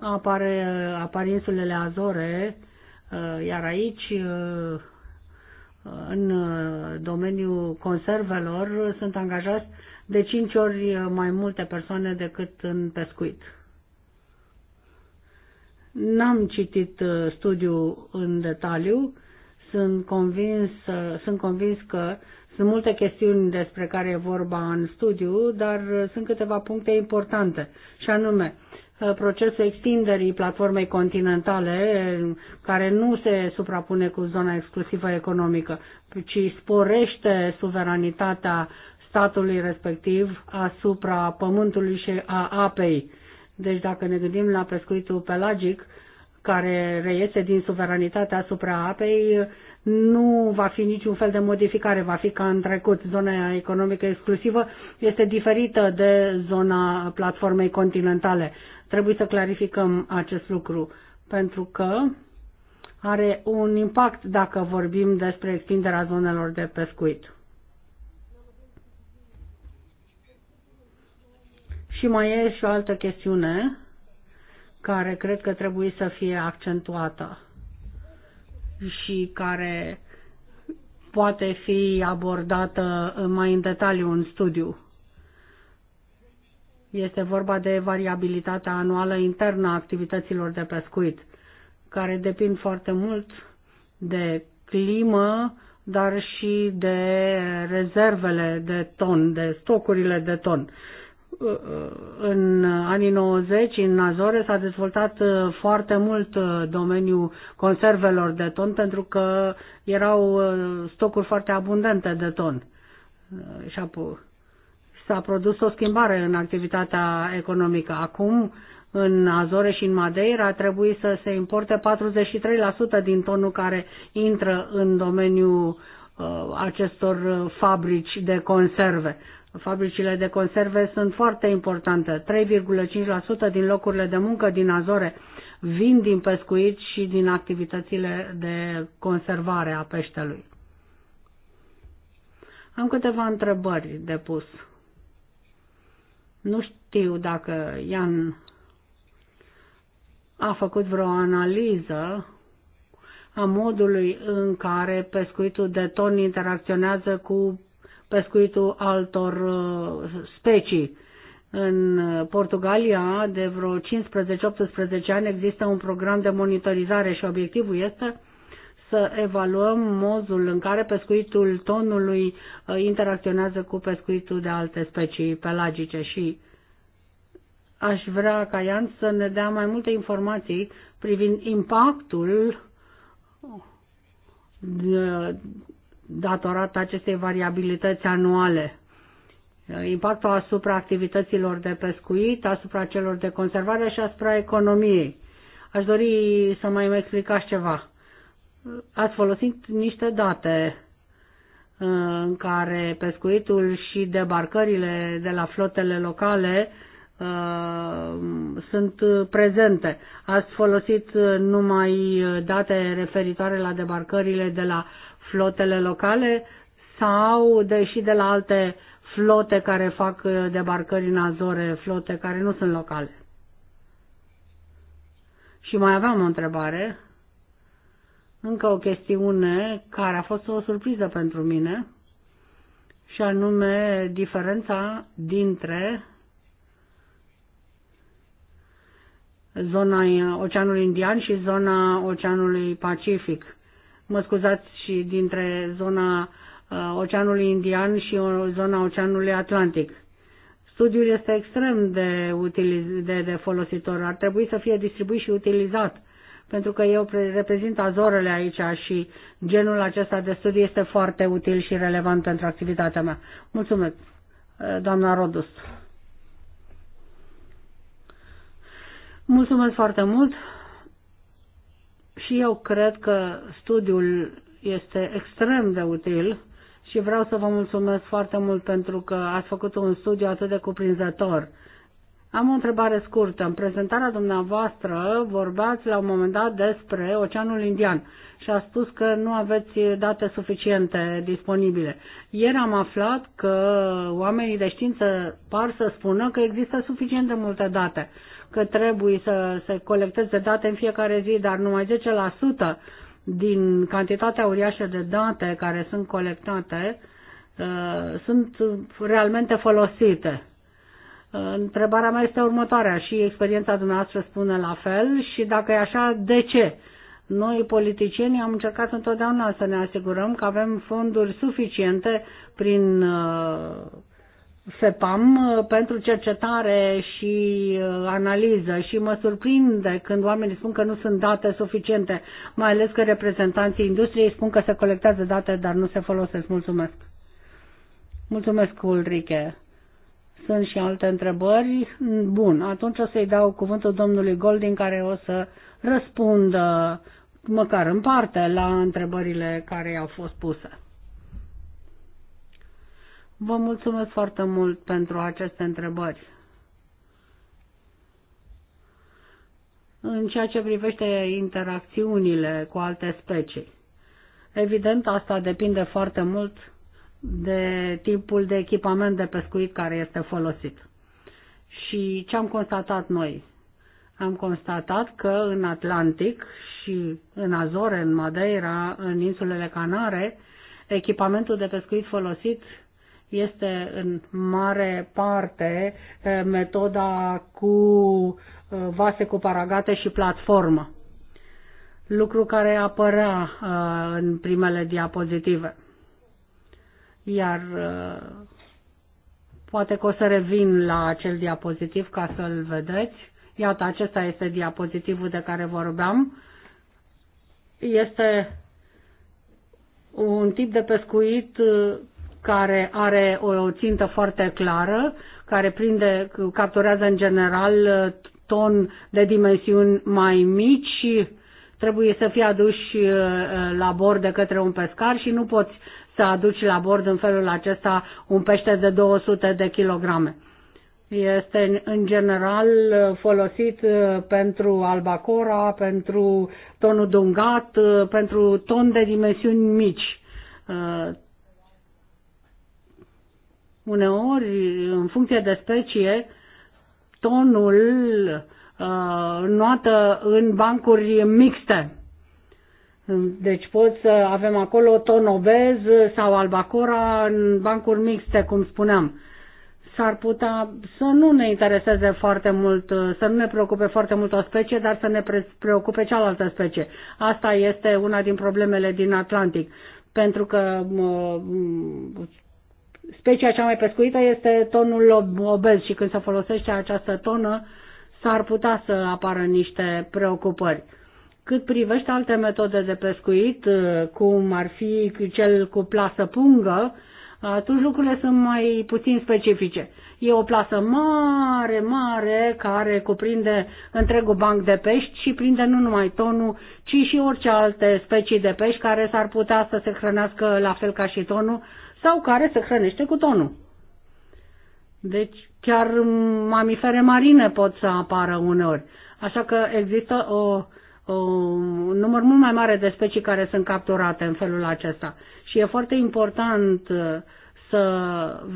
apare, apar insulele Azore, uh, iar aici, uh, uh, în domeniul conservelor, sunt angajați de cinci ori mai multe persoane decât în pescuit. N-am citit studiul în detaliu, sunt convins, sunt convins că sunt multe chestiuni despre care e vorba în studiu, dar sunt câteva puncte importante, și anume procesul extinderii platformei continentale, care nu se suprapune cu zona exclusivă economică, ci sporește suveranitatea statului respectiv asupra pământului și a apei. Deci dacă ne gândim la pescuitul pelagic, care reiese din suveranitatea asupra apei nu va fi niciun fel de modificare, va fi ca în trecut. Zona economică exclusivă este diferită de zona platformei continentale. Trebuie să clarificăm acest lucru pentru că are un impact dacă vorbim despre extinderea zonelor de pescuit. Și mai e și o altă chestiune care cred că trebuie să fie accentuată și care poate fi abordată mai în detaliu în studiu. Este vorba de variabilitatea anuală internă a activităților de pescuit, care depind foarte mult de climă, dar și de rezervele de ton, de stocurile de ton în anii 90 în Azore s-a dezvoltat uh, foarte mult uh, domeniul conservelor de ton pentru că erau uh, stocuri foarte abundente de ton. Și s-a produs o schimbare în activitatea economică. Acum, în Azore și în Madeira, trebuie să se importe 43% din tonul care intră în domeniul acestor fabrici de conserve. Fabricile de conserve sunt foarte importante. 3,5% din locurile de muncă din Azore vin din pescuit și din activitățile de conservare a peștelui. Am câteva întrebări de pus. Nu știu dacă Ian a făcut vreo analiză a modului în care pescuitul de ton interacționează cu pescuitul altor uh, specii. În Portugalia, de vreo 15-18 ani, există un program de monitorizare și obiectivul este să evaluăm modul în care pescuitul tonului uh, interacționează cu pescuitul de alte specii pelagice și aș vrea ca Ian să ne dea mai multe informații privind impactul uh, datorată acestei variabilități anuale. Impactul asupra activităților de pescuit, asupra celor de conservare și asupra economiei. Aș dori să mai îmi explicați ceva. Ați folosit niște date uh, în care pescuitul și debarcările de la flotele locale uh, sunt prezente. Ați folosit uh, numai date referitoare la debarcările de la flotele locale sau de, și de la alte flote care fac uh, debarcări în Azore, flote care nu sunt locale. Și mai aveam o întrebare, încă o chestiune care a fost o surpriză pentru mine, și anume diferența dintre zona Oceanului Indian și zona Oceanului Pacific mă scuzați, și dintre zona uh, Oceanului Indian și o zona Oceanului Atlantic. Studiul este extrem de, utiliz- de, de folositor, ar trebui să fie distribuit și utilizat, pentru că eu reprezint Azorele aici și genul acesta de studiu este foarte util și relevant pentru activitatea mea. Mulțumesc, uh, doamna Rodus. Mulțumesc foarte mult. Și eu cred că studiul este extrem de util și vreau să vă mulțumesc foarte mult pentru că ați făcut un studiu atât de cuprinzător. Am o întrebare scurtă. În prezentarea dumneavoastră vorbeați la un moment dat despre Oceanul Indian și a spus că nu aveți date suficiente disponibile. Ieri am aflat că oamenii de știință par să spună că există suficient de multe date că trebuie să se colecteze date în fiecare zi, dar numai 10% din cantitatea uriașă de date care sunt colectate uh, sunt realmente folosite. Uh, întrebarea mea este următoarea și experiența dumneavoastră spune la fel și dacă e așa, de ce? Noi, politicienii, am încercat întotdeauna să ne asigurăm că avem fonduri suficiente prin uh, FEPAM uh, pentru cercetare și uh, analiză și mă surprinde când oamenii spun că nu sunt date suficiente, mai ales că reprezentanții industriei spun că se colectează date, dar nu se folosesc. Mulțumesc! Mulțumesc, Ulrike! Sunt și alte întrebări? Bun, atunci o să-i dau cuvântul domnului Goldin care o să răspundă măcar în parte la întrebările care i-au fost puse. Vă mulțumesc foarte mult pentru aceste întrebări. În ceea ce privește interacțiunile cu alte specii. Evident, asta depinde foarte mult de tipul de echipament de pescuit care este folosit. Și ce am constatat noi? Am constatat că în Atlantic și în Azore, în Madeira, în insulele Canare, echipamentul de pescuit folosit este în mare parte metoda cu vase cu paragate și platformă, lucru care apărea în primele diapozitive. Iar poate că o să revin la acel diapozitiv ca să-l vedeți. Iată, acesta este diapozitivul de care vorbeam. Este un tip de pescuit care are o țintă foarte clară, care prinde, capturează în general uh, ton de dimensiuni mai mici și trebuie să fie aduși uh, uh, la bord de către un pescar și nu poți să aduci la bord în felul acesta un pește de 200 de kilograme. Este în general folosit pentru albacora, pentru tonul dungat, pentru ton de dimensiuni mici Uneori, în funcție de specie, tonul uh, notă în bancuri mixte. Deci pot să avem acolo ton obez sau albacora în bancuri mixte, cum spuneam. S-ar putea să nu ne intereseze foarte mult, uh, să nu ne preocupe foarte mult o specie, dar să ne preocupe cealaltă specie. Asta este una din problemele din Atlantic, pentru că uh, Specia cea mai pescuită este tonul obez și când se folosește această tonă s-ar putea să apară niște preocupări. Cât privește alte metode de pescuit, uh, cum ar fi cel cu plasă pungă, atunci lucrurile sunt mai puțin specifice. E o plasă mare, mare, care cuprinde întregul banc de pești și prinde nu numai tonul, ci și orice alte specii de pești care s-ar putea să se hrănească la fel ca și tonul, sau care se hrănește cu tonul. Deci chiar mamifere marine pot să apară uneori. Așa că există o, o, un număr mult mai mare de specii care sunt capturate în felul acesta. Și e foarte important uh, să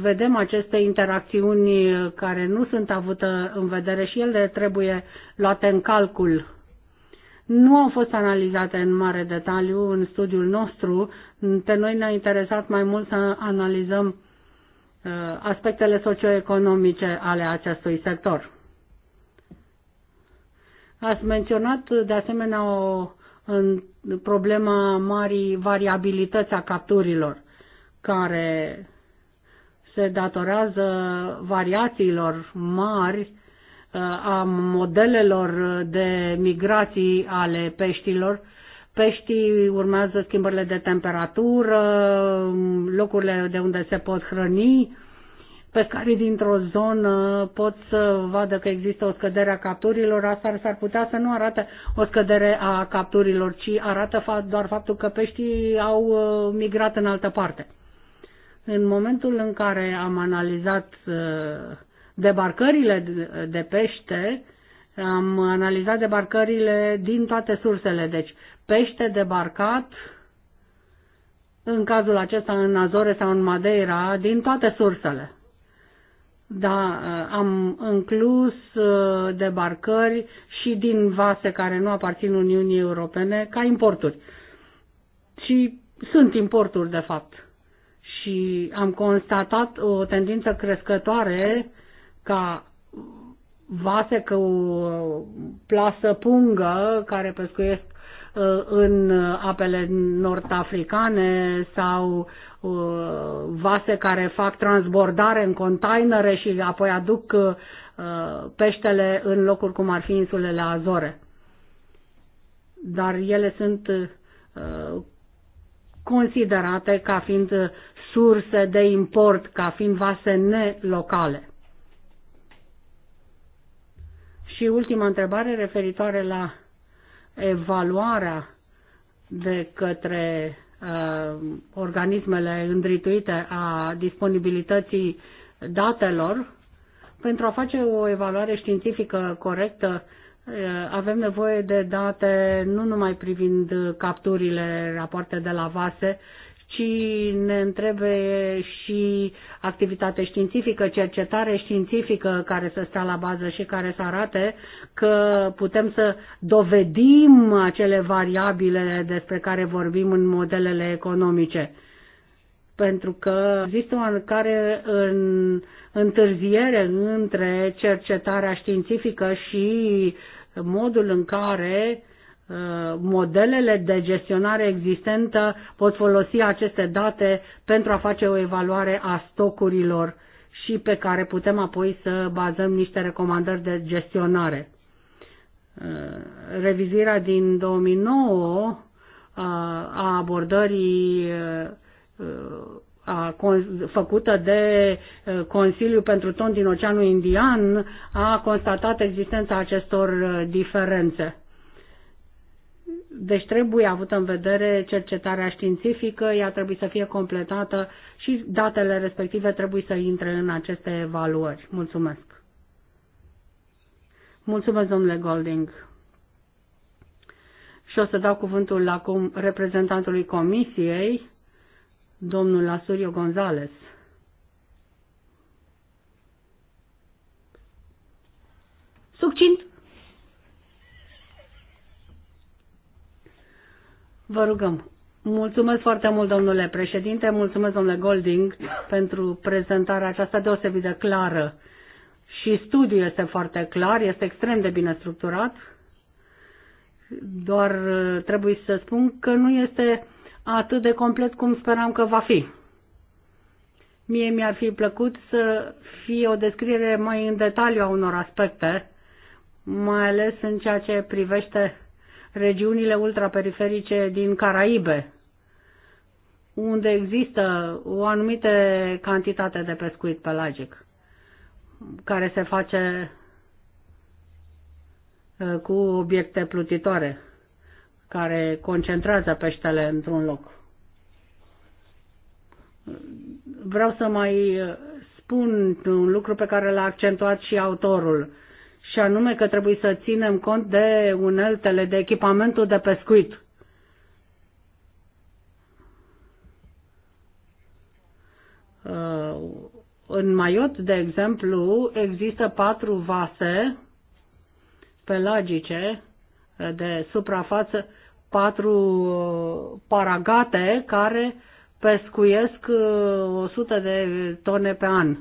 vedem aceste interacțiuni care nu sunt avute în vedere și ele trebuie luate în calcul nu au fost analizate în mare detaliu în studiul nostru. Pe noi ne-a interesat mai mult să analizăm uh, aspectele socioeconomice ale acestui sector. Ați menționat de asemenea o în problema marii variabilități a capturilor, care se datorează variațiilor mari a modelelor de migrații ale peștilor. Peștii urmează schimbările de temperatură, locurile de unde se pot hrăni, pescarii dintr-o zonă pot să vadă că există o scădere a capturilor, asta s-ar putea să nu arate o scădere a capturilor, ci arată doar faptul că peștii au uh, migrat în altă parte. În momentul în care am analizat uh, debarcările de pește, am analizat debarcările din toate sursele, deci pește debarcat, în cazul acesta în Azore sau în Madeira, din toate sursele. Da, am inclus uh, debarcări și din vase care nu aparțin Uniunii Europene ca importuri. Și sunt importuri, de fapt. Și am constatat o tendință crescătoare ca vase cu plasă pungă care pescuiesc uh, în apele nord-africane sau uh, vase care fac transbordare în containere și apoi aduc uh, peștele în locuri cum ar fi insulele Azore. Dar ele sunt considerate ca fiind surse de import, ca fiind vase nelocale. Și ultima întrebare referitoare la evaluarea de către uh, organismele îndrituite a disponibilității datelor. Pentru a face o evaluare științifică corectă, uh, avem nevoie de date nu numai privind capturile, rapoarte de la vase, ci ne întrebe și activitate științifică, cercetare științifică care să stea la bază și care să arate că putem să dovedim acele variabile despre care vorbim în modelele economice pentru că există o care în întârziere între cercetarea științifică și modul în care modelele de gestionare existentă pot folosi aceste date pentru a face o evaluare a stocurilor și pe care putem apoi să bazăm niște recomandări de gestionare. Uh, Revizirea din 2009 uh, a abordării uh, a, făcută de Consiliul pentru Ton din Oceanul Indian a constatat existența acestor diferențe deci trebuie avut în vedere cercetarea științifică, ea trebuie să fie completată și datele respective trebuie să intre în aceste evaluări. Mulțumesc. Mulțumesc, domnule Golding. Și o să dau cuvântul acum reprezentantului comisiei, domnul Asurio Gonzales. Succint! Vă rugăm. Mulțumesc foarte mult, domnule președinte, mulțumesc, domnule Golding, pentru prezentarea aceasta deosebit de clară. Și studiul este foarte clar, este extrem de bine structurat. Doar uh, trebuie să spun că nu este atât de complet cum speram că va fi. Mie mi-ar fi plăcut să fie o descriere mai în detaliu a unor aspecte, mai ales în ceea ce privește regiunile ultraperiferice din Caraibe, unde există o anumită cantitate de pescuit pelagic, care se face ă, cu obiecte plutitoare, care concentrează peștele într-un loc. Vreau să mai ă, spun un lucru pe care l-a accentuat și autorul și anume că trebuie să ținem cont de uneltele, de echipamentul de pescuit. Uh, în Maiot, de exemplu, există patru vase pelagice uh, de suprafață, patru uh, paragate care pescuiesc 100 de tone pe an.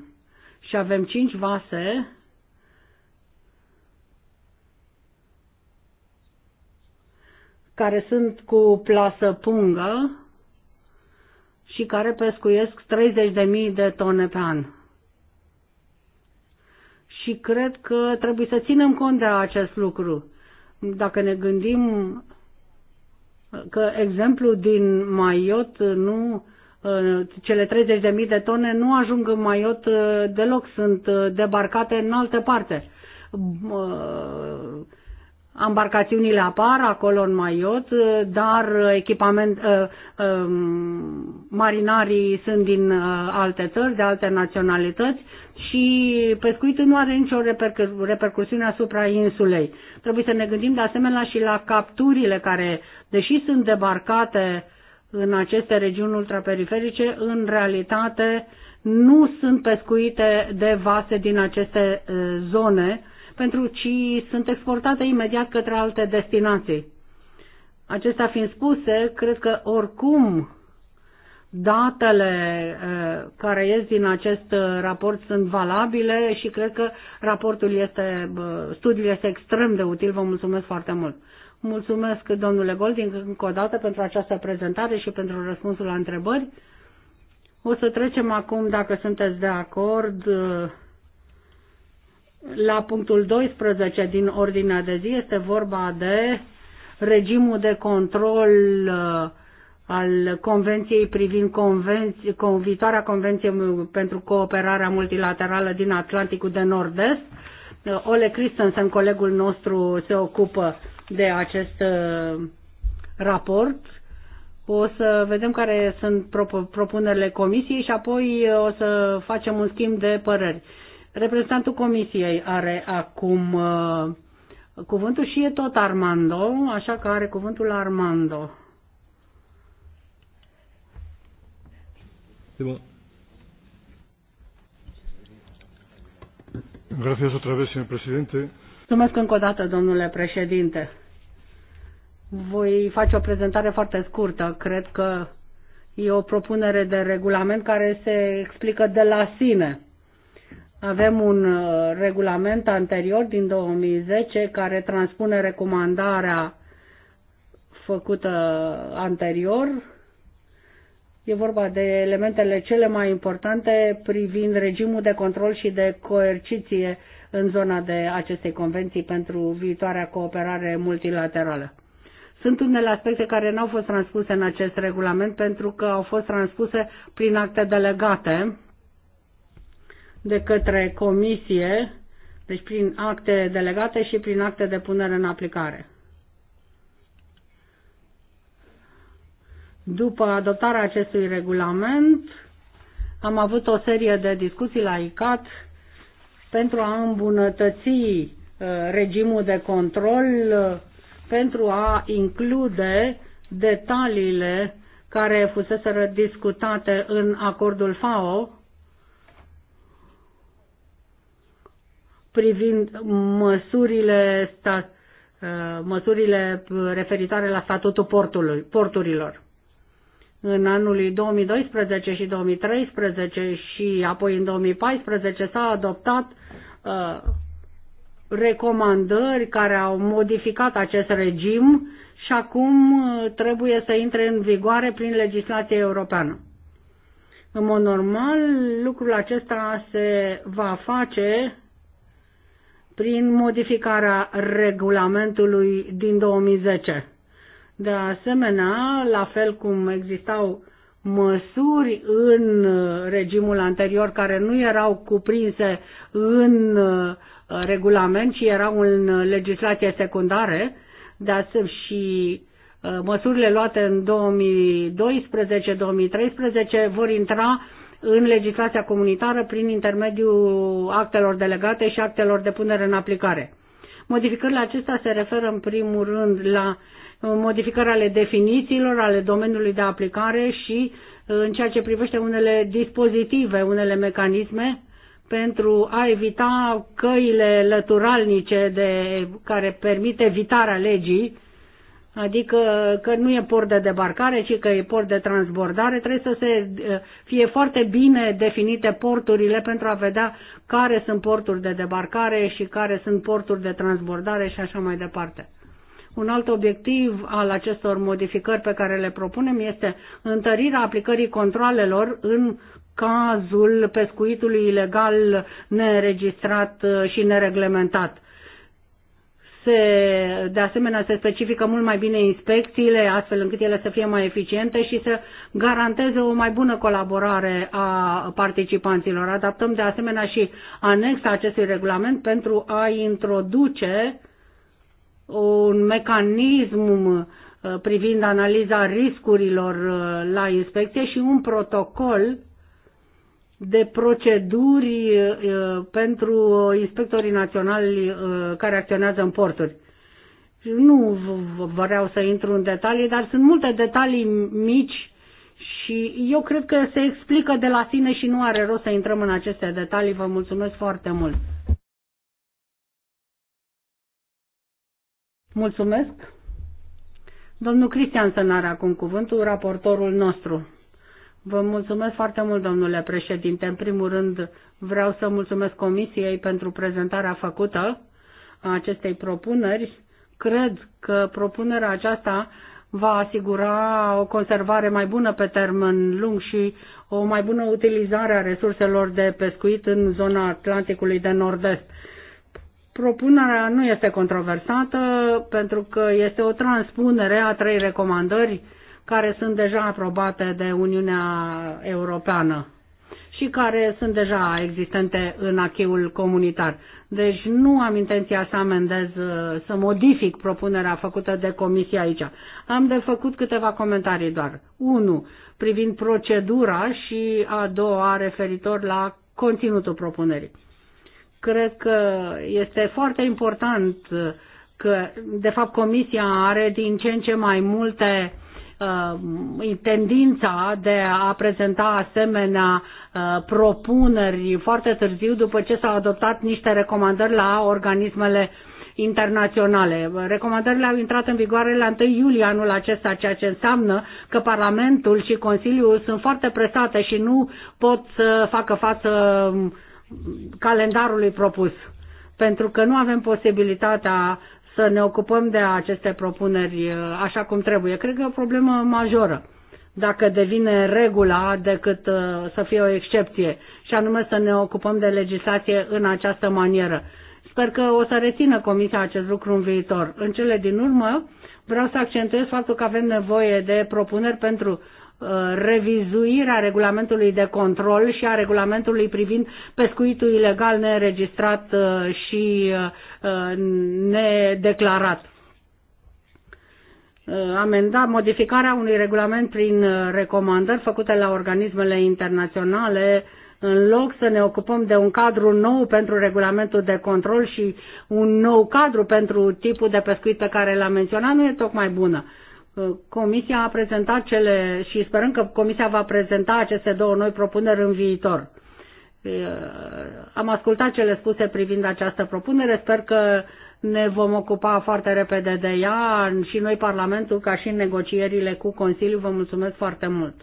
Și avem cinci vase care sunt cu plasă pungă și care pescuiesc 30.000 de tone pe an. Și cred că trebuie să ținem cont de acest lucru. Dacă ne gândim că exemplu din Maiot nu ă, cele 30.000 de tone nu ajung în Maiot ă, deloc, sunt ă, debarcate în alte parte Ambarcațiunile apar acolo în Maiot, uh, dar uh, echipament, uh, um, marinarii sunt din alte țări, de alte naționalități și pescuitul nu are nicio repercu- repercusiune asupra insulei. Trebuie să ne gândim de asemenea și la capturile care, deși sunt debarcate în aceste regiuni ultraperiferice, în realitate nu sunt pescuite de vase din aceste zone pentru ci sunt exportate imediat către alte destinații. Acestea fiind spuse, cred că oricum datele eh, care ies din acest eh, raport sunt valabile și cred că raportul este, studiul este extrem de util. Vă mulțumesc foarte mult. Mulțumesc, domnule Golding, încă o dată pentru această prezentare și pentru răspunsul la întrebări. O să trecem acum, dacă sunteți de acord, eh, la punctul 12 din ordinea de zi este vorba de regimul de control uh, al Convenției privind convenție, con, viitoarea Convenție pentru Cooperarea Multilaterală din Atlanticul de Nord-Est. Uh, Ole Christensen, colegul nostru, se ocupă de acest uh, raport. O să vedem care sunt propunerile comisiei și apoi o să facem un schimb de păreri. Reprezentantul Comisiei are acum uh, cuvântul și e tot Armando, așa că are cuvântul Armando. Gracias otra vez, señor presidente. Mulțumesc încă o dată, domnule președinte. Voi face o prezentare foarte scurtă. Cred că e o propunere de regulament care se explică de la sine avem un uh, regulament anterior din 2010 care transpune recomandarea făcută anterior. E vorba de elementele cele mai importante privind regimul de control și de coerciție în zona de acestei convenții pentru viitoarea cooperare multilaterală. Sunt unele aspecte care nu au fost transpuse în acest regulament pentru că au fost transpuse prin acte delegate de către comisie, deci prin acte delegate și prin acte de punere în aplicare. După adoptarea acestui regulament, am avut o serie de discuții la ICAT pentru a îmbunătăți uh, regimul de control, uh, pentru a include detaliile care fuseseră discutate în acordul FAO privind măsurile, sta, uh, măsurile referitoare la statutul portului, porturilor. În anul 2012 și 2013 și apoi în 2014 s-a adoptat uh, recomandări care au modificat acest regim și acum uh, trebuie să intre în vigoare prin legislație europeană. În mod normal, lucrul acesta se va face prin modificarea regulamentului din 2010. De asemenea, la fel cum existau măsuri în regimul anterior care nu erau cuprinse în uh, regulament, ci erau în legislație secundare, de asemenea și uh, măsurile luate în 2012-2013 vor intra în legislația comunitară prin intermediul actelor delegate și actelor de punere în aplicare. Modificările acestea se referă în primul rând la uh, modificarea ale definițiilor, ale domeniului de aplicare și uh, în ceea ce privește unele dispozitive, unele mecanisme pentru a evita căile lăturalnice de, care permit evitarea legii adică că nu e port de debarcare, ci că e port de transbordare, trebuie să se eh, fie foarte bine definite porturile pentru a vedea care sunt porturi de debarcare și care sunt porturi de transbordare și așa mai departe. Un alt obiectiv al acestor modificări pe care le propunem este întărirea aplicării controlelor în cazul pescuitului ilegal neregistrat eh, și nereglementat se, de asemenea, se specifică mult mai bine inspecțiile, astfel încât ele să fie mai eficiente și să garanteze o mai bună colaborare a participanților. Adaptăm, de asemenea, și anexa acestui regulament pentru a introduce un mecanism uh, privind analiza riscurilor uh, la inspecție și un protocol de proceduri uh, pentru inspectorii naționali uh, care acționează în porturi. Nu vreau să intru în detalii, dar sunt multe detalii mici și eu cred că se explică de la sine și nu are rost să intrăm în aceste detalii. Vă mulțumesc foarte mult! Mulțumesc! Domnul Cristian Sănar acum cuvântul, raportorul nostru. Vă mulțumesc foarte mult, domnule președinte. În primul rând, vreau să mulțumesc Comisiei pentru prezentarea făcută a acestei propuneri. Cred că propunerea aceasta va asigura o conservare mai bună pe termen lung și o mai bună utilizare a resurselor de pescuit în zona Atlanticului de Nord-Est. Propunerea nu este controversată pentru că este o transpunere a trei recomandări care sunt deja aprobate de Uniunea Europeană și care sunt deja existente în acheul comunitar. Deci nu am intenția să amendez, uh, să modific propunerea făcută de comisie aici. Am de făcut câteva comentarii doar. Unu, privind procedura și a doua referitor la conținutul propunerii. Cred că este foarte important uh, că, de fapt, comisia are din ce în ce mai multe uh, Uh, tendința de a prezenta asemenea uh, propuneri foarte târziu după ce s-au adoptat niște recomandări la organismele internaționale. Recomandările au intrat în vigoare la 1 iulie anul acesta, ceea ce înseamnă că Parlamentul și Consiliul sunt foarte presate și nu pot să facă față um, calendarului propus pentru că nu avem posibilitatea să ne ocupăm de aceste propuneri uh, așa cum trebuie. Cred că e o problemă majoră dacă devine regula decât uh, să fie o excepție și anume să ne ocupăm de legislație în această manieră. Sper că o să rețină Comisia acest lucru în viitor. În cele din urmă vreau să accentuez faptul că avem nevoie de propuneri pentru Uh, revizuirea regulamentului de control și a regulamentului privind pescuitul ilegal neregistrat uh, și uh, nedeclarat. Amenda modificarea unui regulament prin recomandări făcute la organismele internaționale în loc să ne ocupăm de un cadru nou pentru regulamentul de control și un nou cadru pentru tipul de pescuit pe care l-am menționat, nu e tocmai bună. Comisia a prezentat cele și sperăm că Comisia va prezenta aceste două noi propuneri în viitor. Am ascultat cele spuse privind această propunere, sper că ne vom ocupa foarte repede de ea și noi Parlamentul, ca și în negocierile cu Consiliul. Vă mulțumesc foarte mult!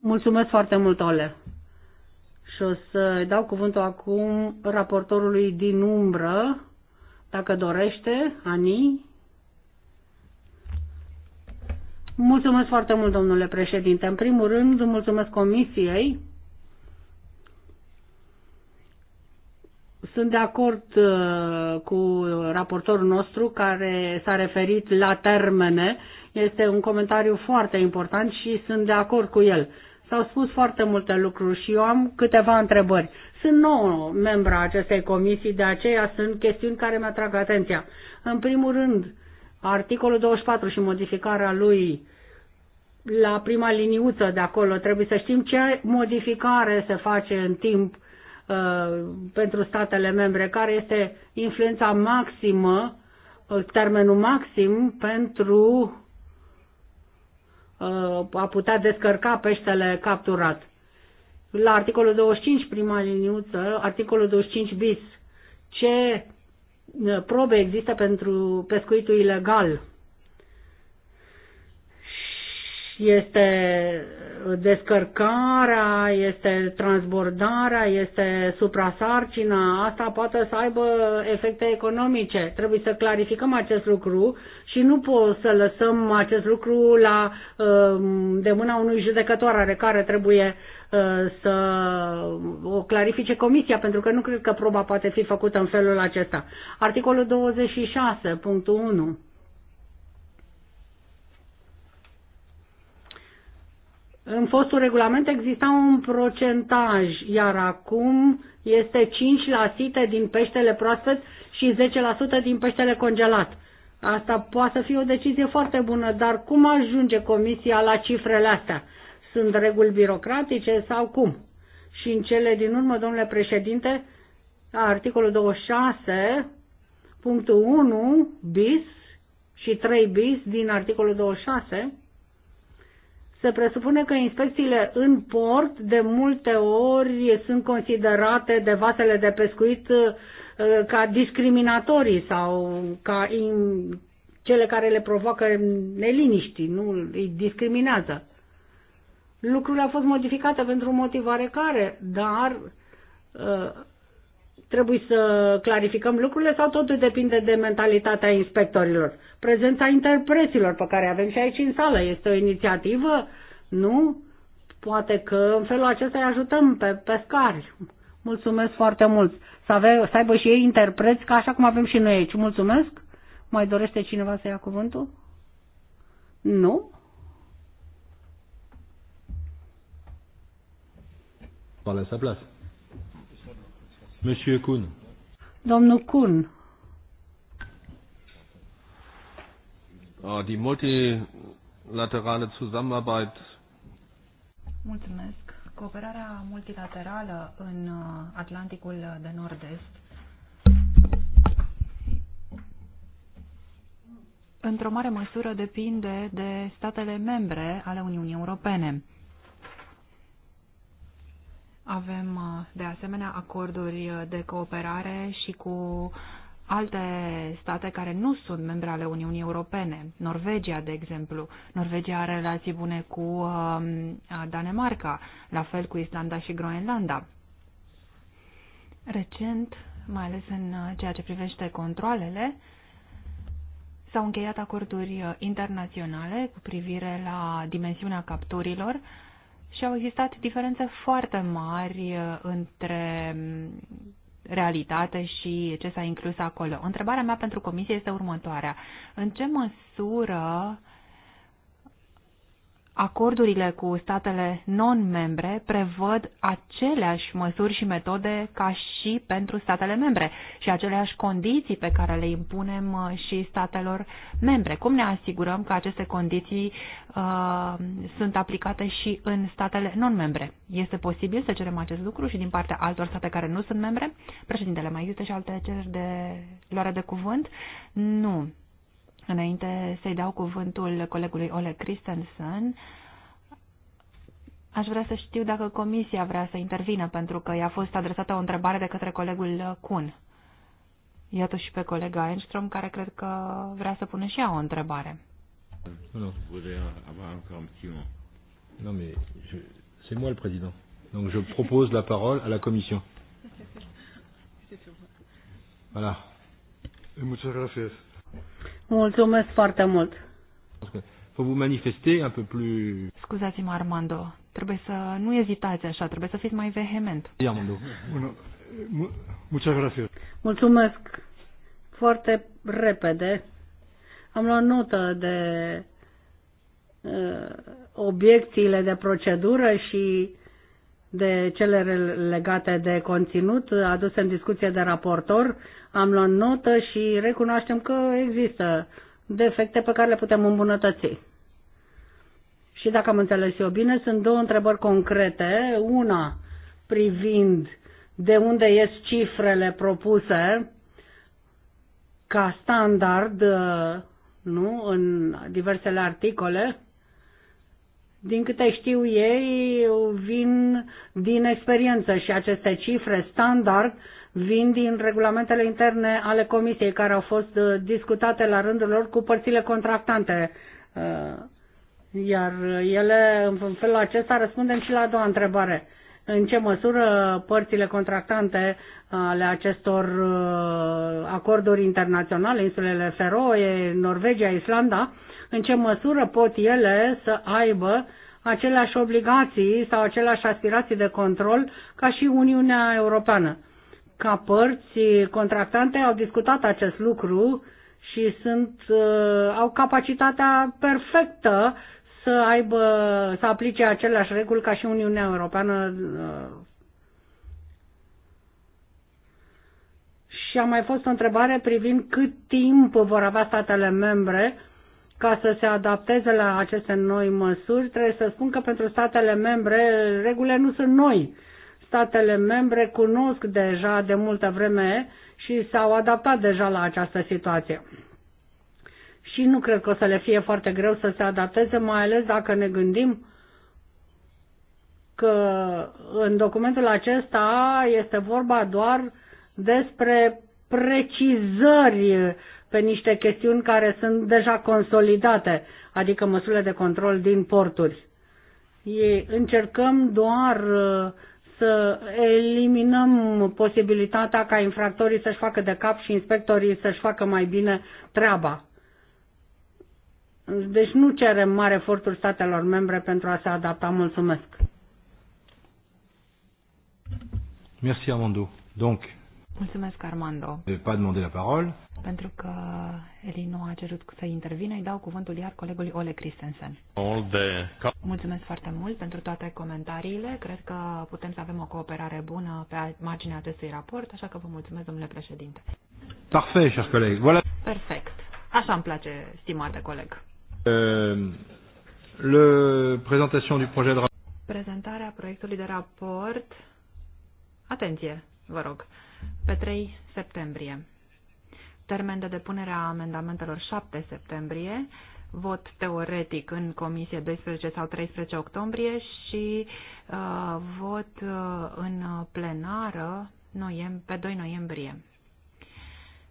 Mulțumesc foarte mult, Ole! Și o să dau cuvântul acum raportorului din umbră, dacă dorește, Ani. Mulțumesc foarte mult, domnule președinte. În primul rând, mulțumesc comisiei. Sunt de acord uh, cu raportorul nostru care s-a referit la termene. Este un comentariu foarte important și sunt de acord cu el. S-au spus foarte multe lucruri și eu am câteva întrebări. Sunt nouă membra acestei comisii, de aceea sunt chestiuni care mi atrag atenția. În primul rând, articolul 24 și modificarea lui la prima liniuță de acolo, trebuie să știm ce modificare se face în timp uh, pentru statele membre, care este influența maximă, uh, termenul maxim pentru uh, a putea descărca peștele capturat la articolul 25, prima liniuță, articolul 25 bis, ce uh, probe există pentru pescuitul ilegal este descărcarea, este transbordarea, este suprasarcina, asta poate să aibă efecte economice. Trebuie să clarificăm acest lucru și nu pot să lăsăm acest lucru la, uh, de mâna unui judecător are care trebuie uh, să o clarifice comisia, pentru că nu cred că proba poate fi făcută în felul acesta. Articolul 26.1 În fostul regulament exista un procentaj, iar acum este 5% din peștele proaspăt și 10% din peștele congelat. Asta poate să fie o decizie foarte bună, dar cum ajunge comisia la cifrele astea? Sunt reguli birocratice sau cum? Și în cele din urmă, domnule președinte, articolul 26, punctul 1 bis și 3 bis din articolul 26, se presupune că inspecțiile în port de multe ori sunt considerate de vasele de pescuit uh, ca discriminatorii sau ca cele care le provoacă neliniști, nu îi discriminează. Lucrurile au fost modificate pentru motivare care, dar uh, trebuie să clarificăm lucrurile sau totul depinde de mentalitatea inspectorilor? Prezența interpreților pe care avem și aici în sală este o inițiativă? Nu? Poate că în felul acesta îi ajutăm pe pescari. Mulțumesc foarte mult. Să, ave, să aibă și ei interpreți, ca așa cum avem și noi aici. Mulțumesc. Mai dorește cineva să ia cuvântul? Nu? Vă lăsă plasă. Monsieur Kuhn. Domnul Kuhn. Ah, die multilaterale Zusammenarbeit. Mulțumesc. Cooperarea multilaterală în uh, Atlanticul de Nord-Est într-o mare măsură depinde de statele membre ale Uniunii Europene. Avem uh, de asemenea acorduri uh, de cooperare și cu alte state care nu sunt membre ale Uniunii Europene. Norvegia, de exemplu. Norvegia are relații bune cu um, Danemarca, la fel cu Islanda și Groenlanda. Recent, mai ales în uh, ceea ce privește controlele, s-au încheiat acorduri internaționale cu privire la dimensiunea capturilor, și au existat diferențe foarte mari uh, între mm, realitate și ce s-a inclus acolo. Întrebarea mea pentru comisie este următoarea. În ce măsură uh, acordurile cu statele non-membre prevăd aceleași măsuri și metode ca și pentru statele membre și aceleași condiții pe care le impunem uh, și statelor membre. Cum ne asigurăm că aceste condiții uh, sunt aplicate și în statele non-membre? Este posibil să cerem acest lucru și din partea altor state care nu sunt membre? Președintele, mai există și alte cereri de luare de cuvânt? Nu. Înainte să-i dau cuvântul colegului Ole Christensen, aș vrea să știu dacă comisia vrea să intervină, pentru că i-a fost adresată o întrebare de către colegul Kuhn. Iată și pe colega Enstrom, care cred că vrea să pună și ea o întrebare. Nu, nu. Non, mais je... c'est moi le président. Donc je propose la parole à la commission. Voilà. Muchas gracias. Mulțumesc foarte mult. un Scuzați-mă, Armando. Trebuie să nu ezitați așa, trebuie să fiți mai vehement. Mulțumesc. Foarte repede. Am luat notă de uh, obiecțiile de procedură și de cele legate de conținut aduse în discuție de raportor am luat notă și recunoaștem că există defecte pe care le putem îmbunătăți. Și dacă am înțeles eu bine, sunt două întrebări concrete. Una privind de unde ies cifrele propuse ca standard nu, în diversele articole. Din câte știu ei, vin din experiență și aceste cifre standard vin din regulamentele interne ale Comisiei care au fost uh, discutate la rândul lor cu părțile contractante. Uh, iar ele, în felul acesta, răspundem și la a doua întrebare. În ce măsură părțile contractante ale acestor uh, acorduri internaționale, insulele Feroe, Norvegia, Islanda, în ce măsură pot ele să aibă aceleași obligații sau aceleași aspirații de control ca și Uniunea Europeană? ca părți contractante au discutat acest lucru și sunt, uh, au capacitatea perfectă să aibă, să aplice aceleași reguli ca și Uniunea Europeană uh. și a mai fost o întrebare privind cât timp vor avea statele membre ca să se adapteze la aceste noi măsuri. Trebuie să spun că pentru statele membre regulile nu sunt noi statele membre cunosc deja de multă vreme și s-au adaptat deja la această situație. Și nu cred că o să le fie foarte greu să se adapteze, mai ales dacă ne gândim că în documentul acesta este vorba doar despre precizări pe niște chestiuni care sunt deja consolidate, adică măsurile de control din porturi. Ei, încercăm doar să eliminăm posibilitatea ca infractorii să-și facă de cap și inspectorii să-și facă mai bine treaba. Deci nu cerem mare eforturi statelor membre pentru a se adapta. Mulțumesc. Merci, Amandu. Donc, Mulțumesc, Armando. Pas demandé la parole. Pentru că Eli nu a cerut să intervină, îi dau cuvântul iar colegului Ole Christensen. De... Mulțumesc foarte mult pentru toate comentariile. Cred că putem să avem o cooperare bună pe marginea acestui raport, așa că vă mulțumesc, domnule președinte. Parfait, cher coleg. Voilà. Perfect. Așa îmi place, stimate coleg. Uh, le présentation du projet de Prezentarea proiectului de raport. Atenție, vă rog pe 3 septembrie. Termen de depunere a amendamentelor 7 septembrie, vot teoretic în comisie 12 sau 13 octombrie și uh, vot uh, în plenară noiem- pe 2 noiembrie.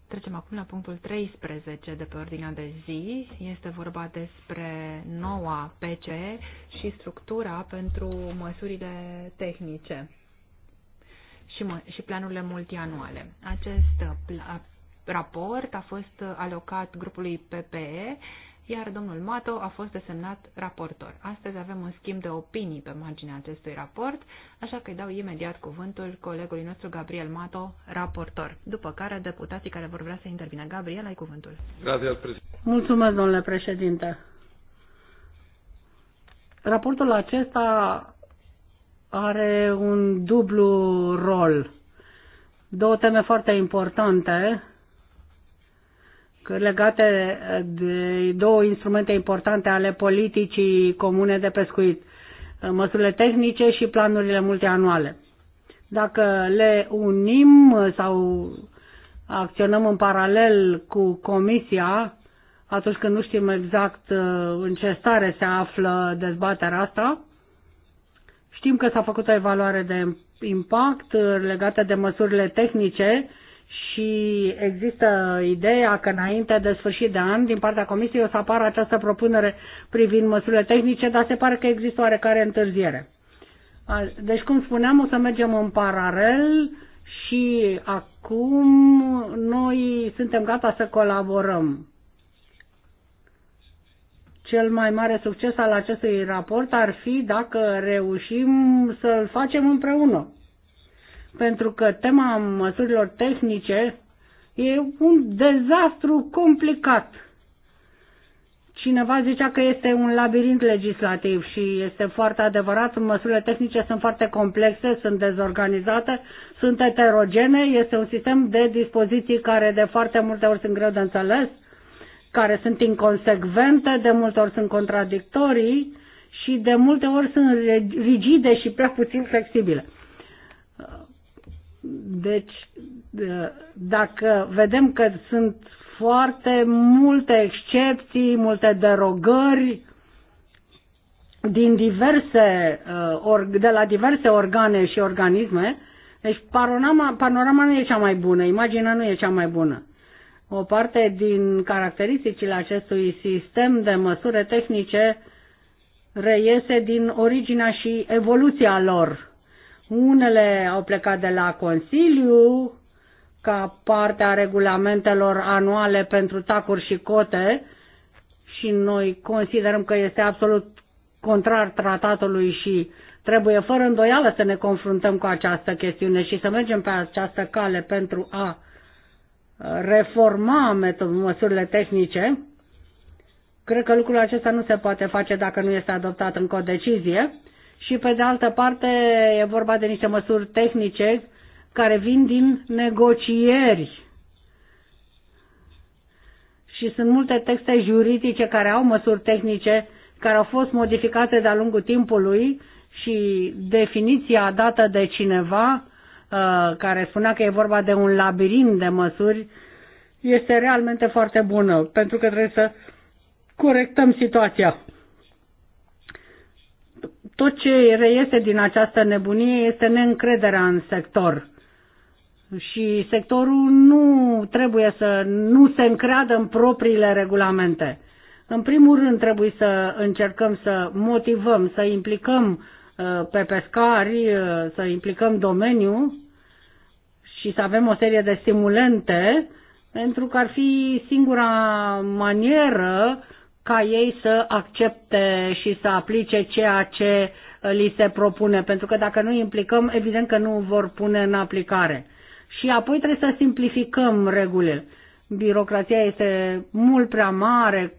Trecem acum la punctul 13 de pe ordinea de zi. Este vorba despre noua PCE și structura pentru măsurile tehnice și, și planurile multianuale. Acest raport a fost alocat grupului PPE, iar domnul Mato a fost desemnat raportor. Astăzi avem un schimb de opinii pe marginea acestui raport, așa că îi dau imediat cuvântul colegului nostru Gabriel Mato, raportor, după care deputații care vor vrea să intervină. Gabriel, ai cuvântul. Mulțumesc, domnule președinte. Raportul acesta are un dublu rol. Două teme foarte importante legate de două instrumente importante ale politicii comune de pescuit, măsurile tehnice și planurile multianuale. Dacă le unim sau acționăm în paralel cu Comisia, atunci când nu știm exact uh, în ce stare se află dezbaterea asta, Știm că s-a făcut o evaluare de impact uh, legată de măsurile tehnice și există ideea că înainte de sfârșit de an, din partea Comisiei, o să apară această propunere privind măsurile tehnice, dar se pare că există oarecare întârziere. Deci, cum spuneam, o să mergem în paralel și acum noi suntem gata să colaborăm cel mai mare succes al acestui raport ar fi dacă reușim să-l facem împreună. Pentru că tema măsurilor tehnice e un dezastru complicat. Cineva zicea că este un labirint legislativ și este foarte adevărat. Măsurile tehnice sunt foarte complexe, sunt dezorganizate, sunt heterogene, este un sistem de dispoziții care de foarte multe ori sunt greu de înțeles care sunt inconsecvente, de multe ori sunt contradictorii și de multe ori sunt rigide și prea puțin flexibile. Deci, dacă vedem că sunt foarte multe excepții, multe derogări din diverse, uh, de la diverse organe și organisme, deci panorama, panorama nu e cea mai bună, imaginea nu e cea mai bună. O parte din caracteristicile acestui sistem de măsură tehnice reiese din originea și evoluția lor. Unele au plecat de la Consiliu ca parte a regulamentelor anuale pentru tacuri și cote și noi considerăm că este absolut contrar tratatului și trebuie fără îndoială să ne confruntăm cu această chestiune și să mergem pe această cale pentru a reforma măsurile tehnice. Cred că lucrul acesta nu se poate face dacă nu este adoptat încă o decizie și pe de altă parte e vorba de niște măsuri tehnice care vin din negocieri. Și sunt multe texte juridice care au măsuri tehnice care au fost modificate de-a lungul timpului și definiția dată de cineva Uh, care spunea că e vorba de un labirint de măsuri, este realmente foarte bună, pentru că trebuie să corectăm situația. Tot ce reiese din această nebunie este neîncrederea în sector. Și sectorul nu trebuie să nu se încreadă în propriile regulamente. În primul rând trebuie să încercăm să motivăm, să implicăm uh, pe pescari, uh, să implicăm domeniul și să avem o serie de stimulente, pentru că ar fi singura manieră ca ei să accepte și să aplice ceea ce li se propune, pentru că dacă nu implicăm, evident că nu vor pune în aplicare. Și apoi trebuie să simplificăm regulile. Birocrația este mult prea mare,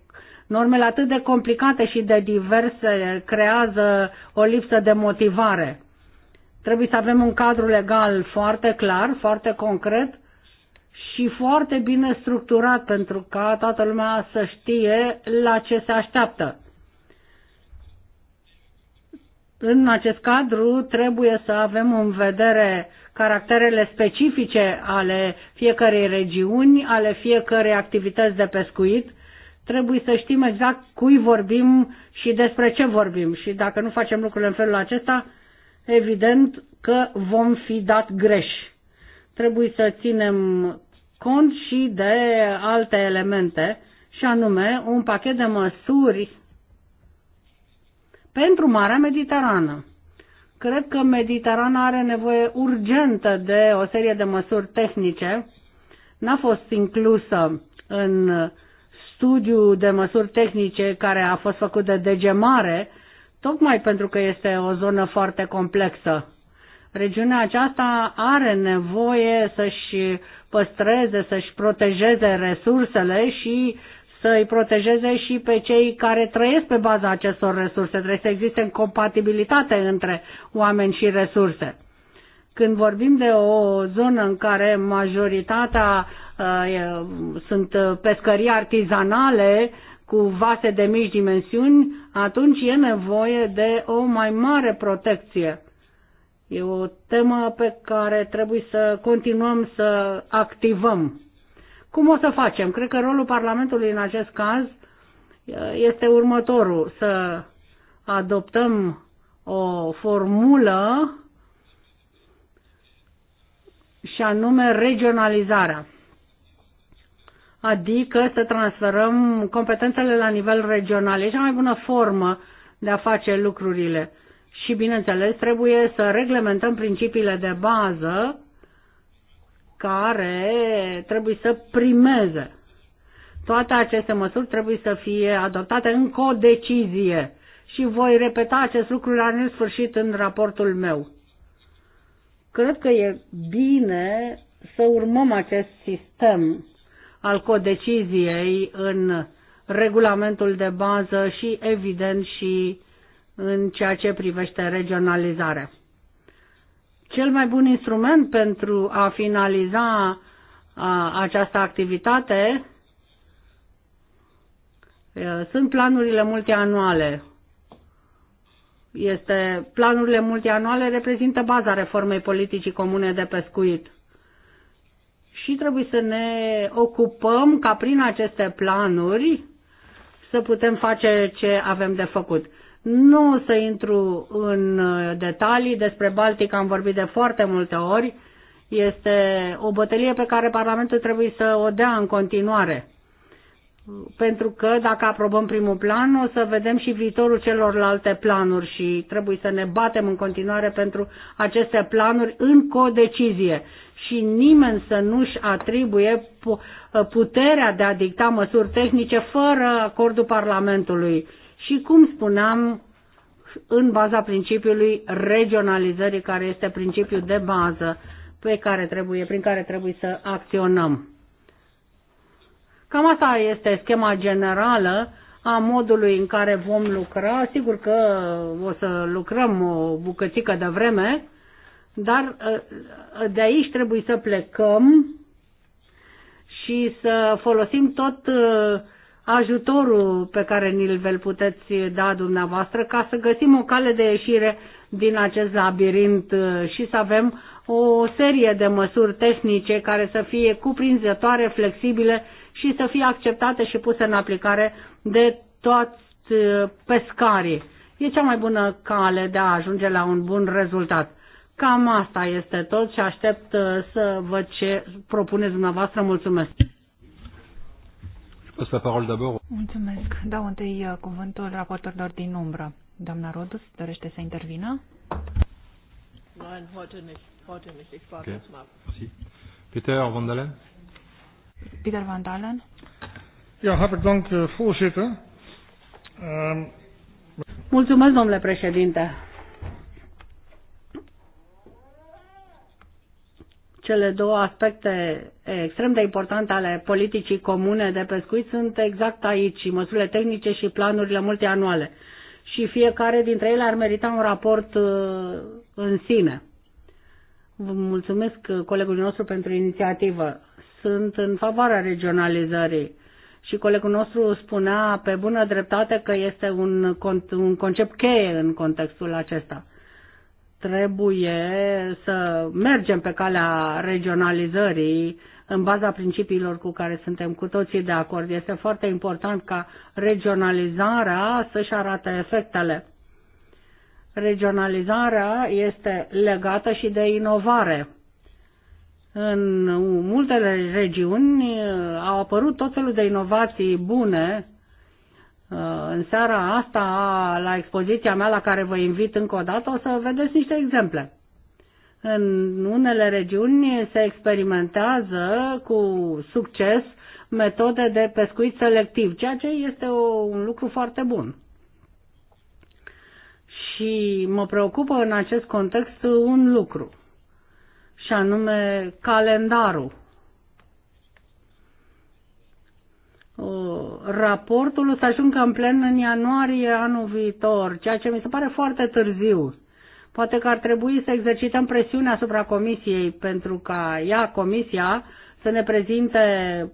normele atât de complicate și de diverse creează o lipsă de motivare. Trebuie să avem un cadru legal foarte clar, foarte concret și foarte bine structurat pentru ca toată lumea să știe la ce se așteaptă. În acest cadru trebuie să avem în vedere caracterele specifice ale fiecărei regiuni, ale fiecărei activități de pescuit. Trebuie să știm exact cui vorbim și despre ce vorbim și dacă nu facem lucrurile în felul acesta, evident că vom fi dat greș. Trebuie să ținem cont și de alte elemente, și anume un pachet de măsuri pentru Marea Mediterană. Cred că Mediterana are nevoie urgentă de o serie de măsuri tehnice. N-a fost inclusă în studiu de măsuri tehnice care a fost făcut de DG Mare, tocmai pentru că este o zonă foarte complexă. Regiunea aceasta are nevoie să-și păstreze, să-și protejeze resursele și să-i protejeze și pe cei care trăiesc pe baza acestor resurse. Trebuie să existe compatibilitate între oameni și resurse. Când vorbim de o zonă în care majoritatea uh, sunt pescării artizanale, uh, cu vase de mici dimensiuni, atunci e nevoie de o mai mare protecție. E o temă pe care trebuie să continuăm să activăm. Cum o să facem? Cred că rolul Parlamentului în acest caz uh, este următorul, să adoptăm o formulă și anume regionalizarea adică să transferăm competențele la nivel regional. E cea mai bună formă de a face lucrurile. Și, bineînțeles, trebuie să reglementăm principiile de bază care trebuie să primeze. Toate aceste măsuri trebuie să fie adoptate în codecizie și voi repeta acest lucru la nesfârșit în raportul meu. Cred că e bine să urmăm acest sistem al codeciziei în regulamentul de bază și, evident, și în ceea ce privește regionalizarea. Cel mai bun instrument pentru a finaliza a, această activitate sunt planurile multianuale. Este, planurile multianuale reprezintă baza reformei politicii comune de pescuit și trebuie să ne ocupăm ca prin aceste planuri să putem face ce avem de făcut. Nu o să intru în detalii, despre Baltic am vorbit de foarte multe ori, este o bătălie pe care Parlamentul trebuie să o dea în continuare pentru că dacă aprobăm primul plan, o să vedem și viitorul celorlalte planuri și trebuie să ne batem în continuare pentru aceste planuri în codecizie. Și nimeni să nu-și atribuie puterea de a dicta măsuri tehnice fără acordul Parlamentului. Și cum spuneam, în baza principiului regionalizării, care este principiul de bază pe care trebuie, prin care trebuie să acționăm. Cam asta este schema generală a modului în care vom lucra. Sigur că o să lucrăm o bucățică de vreme, dar ă, de aici trebuie să plecăm și să folosim tot ă, ajutorul pe care ni-l vel puteți da dumneavoastră ca să găsim o cale de ieșire din acest labirint ă, și să avem o serie de măsuri tehnice care să fie cuprinzătoare, flexibile și să fie acceptate și puse în aplicare de toți uh, pescarii. E cea mai bună cale de a ajunge la un bun rezultat. Cam asta este tot și aștept uh, să văd ce propuneți dumneavoastră. Mulțumesc! Mulțumesc. Dau întâi uh, cuvântul raportorilor din umbră. Doamna Rodus dorește să intervină? Nein, heute nicht. Heute nicht. Ich warte okay. mal. Peter Vandalen? Pieter van Dalen. Ja, hartelijk dank, eh, voorzitter. Um... Mulțumesc, domnule președinte. Cele două aspecte extrem de importante ale politicii comune de pescuit sunt exact aici, măsurile tehnice și planurile multianuale. Și fiecare dintre ele ar merita un raport eh, în sine. Vă mulțumesc colegului nostru pentru inițiativă sunt în favoarea regionalizării. Și colegul nostru spunea pe bună dreptate că este un, un concept cheie în contextul acesta. Trebuie să mergem pe calea regionalizării în baza principiilor cu care suntem cu toții de acord. Este foarte important ca regionalizarea să-și arate efectele. Regionalizarea este legată și de inovare în multele regiuni uh, au apărut tot felul de inovații bune. Uh, în seara asta, la expoziția mea la care vă invit încă o dată, o să vedeți niște exemple. În unele regiuni se experimentează cu succes metode de pescuit selectiv, ceea ce este o, un lucru foarte bun. Și mă preocupă în acest context un lucru – și anume calendarul. Raportul o să ajungă în plen în ianuarie anul viitor, ceea ce mi se pare foarte târziu. Poate că ar trebui să exercităm presiunea asupra comisiei pentru ca ea, comisia, să ne prezinte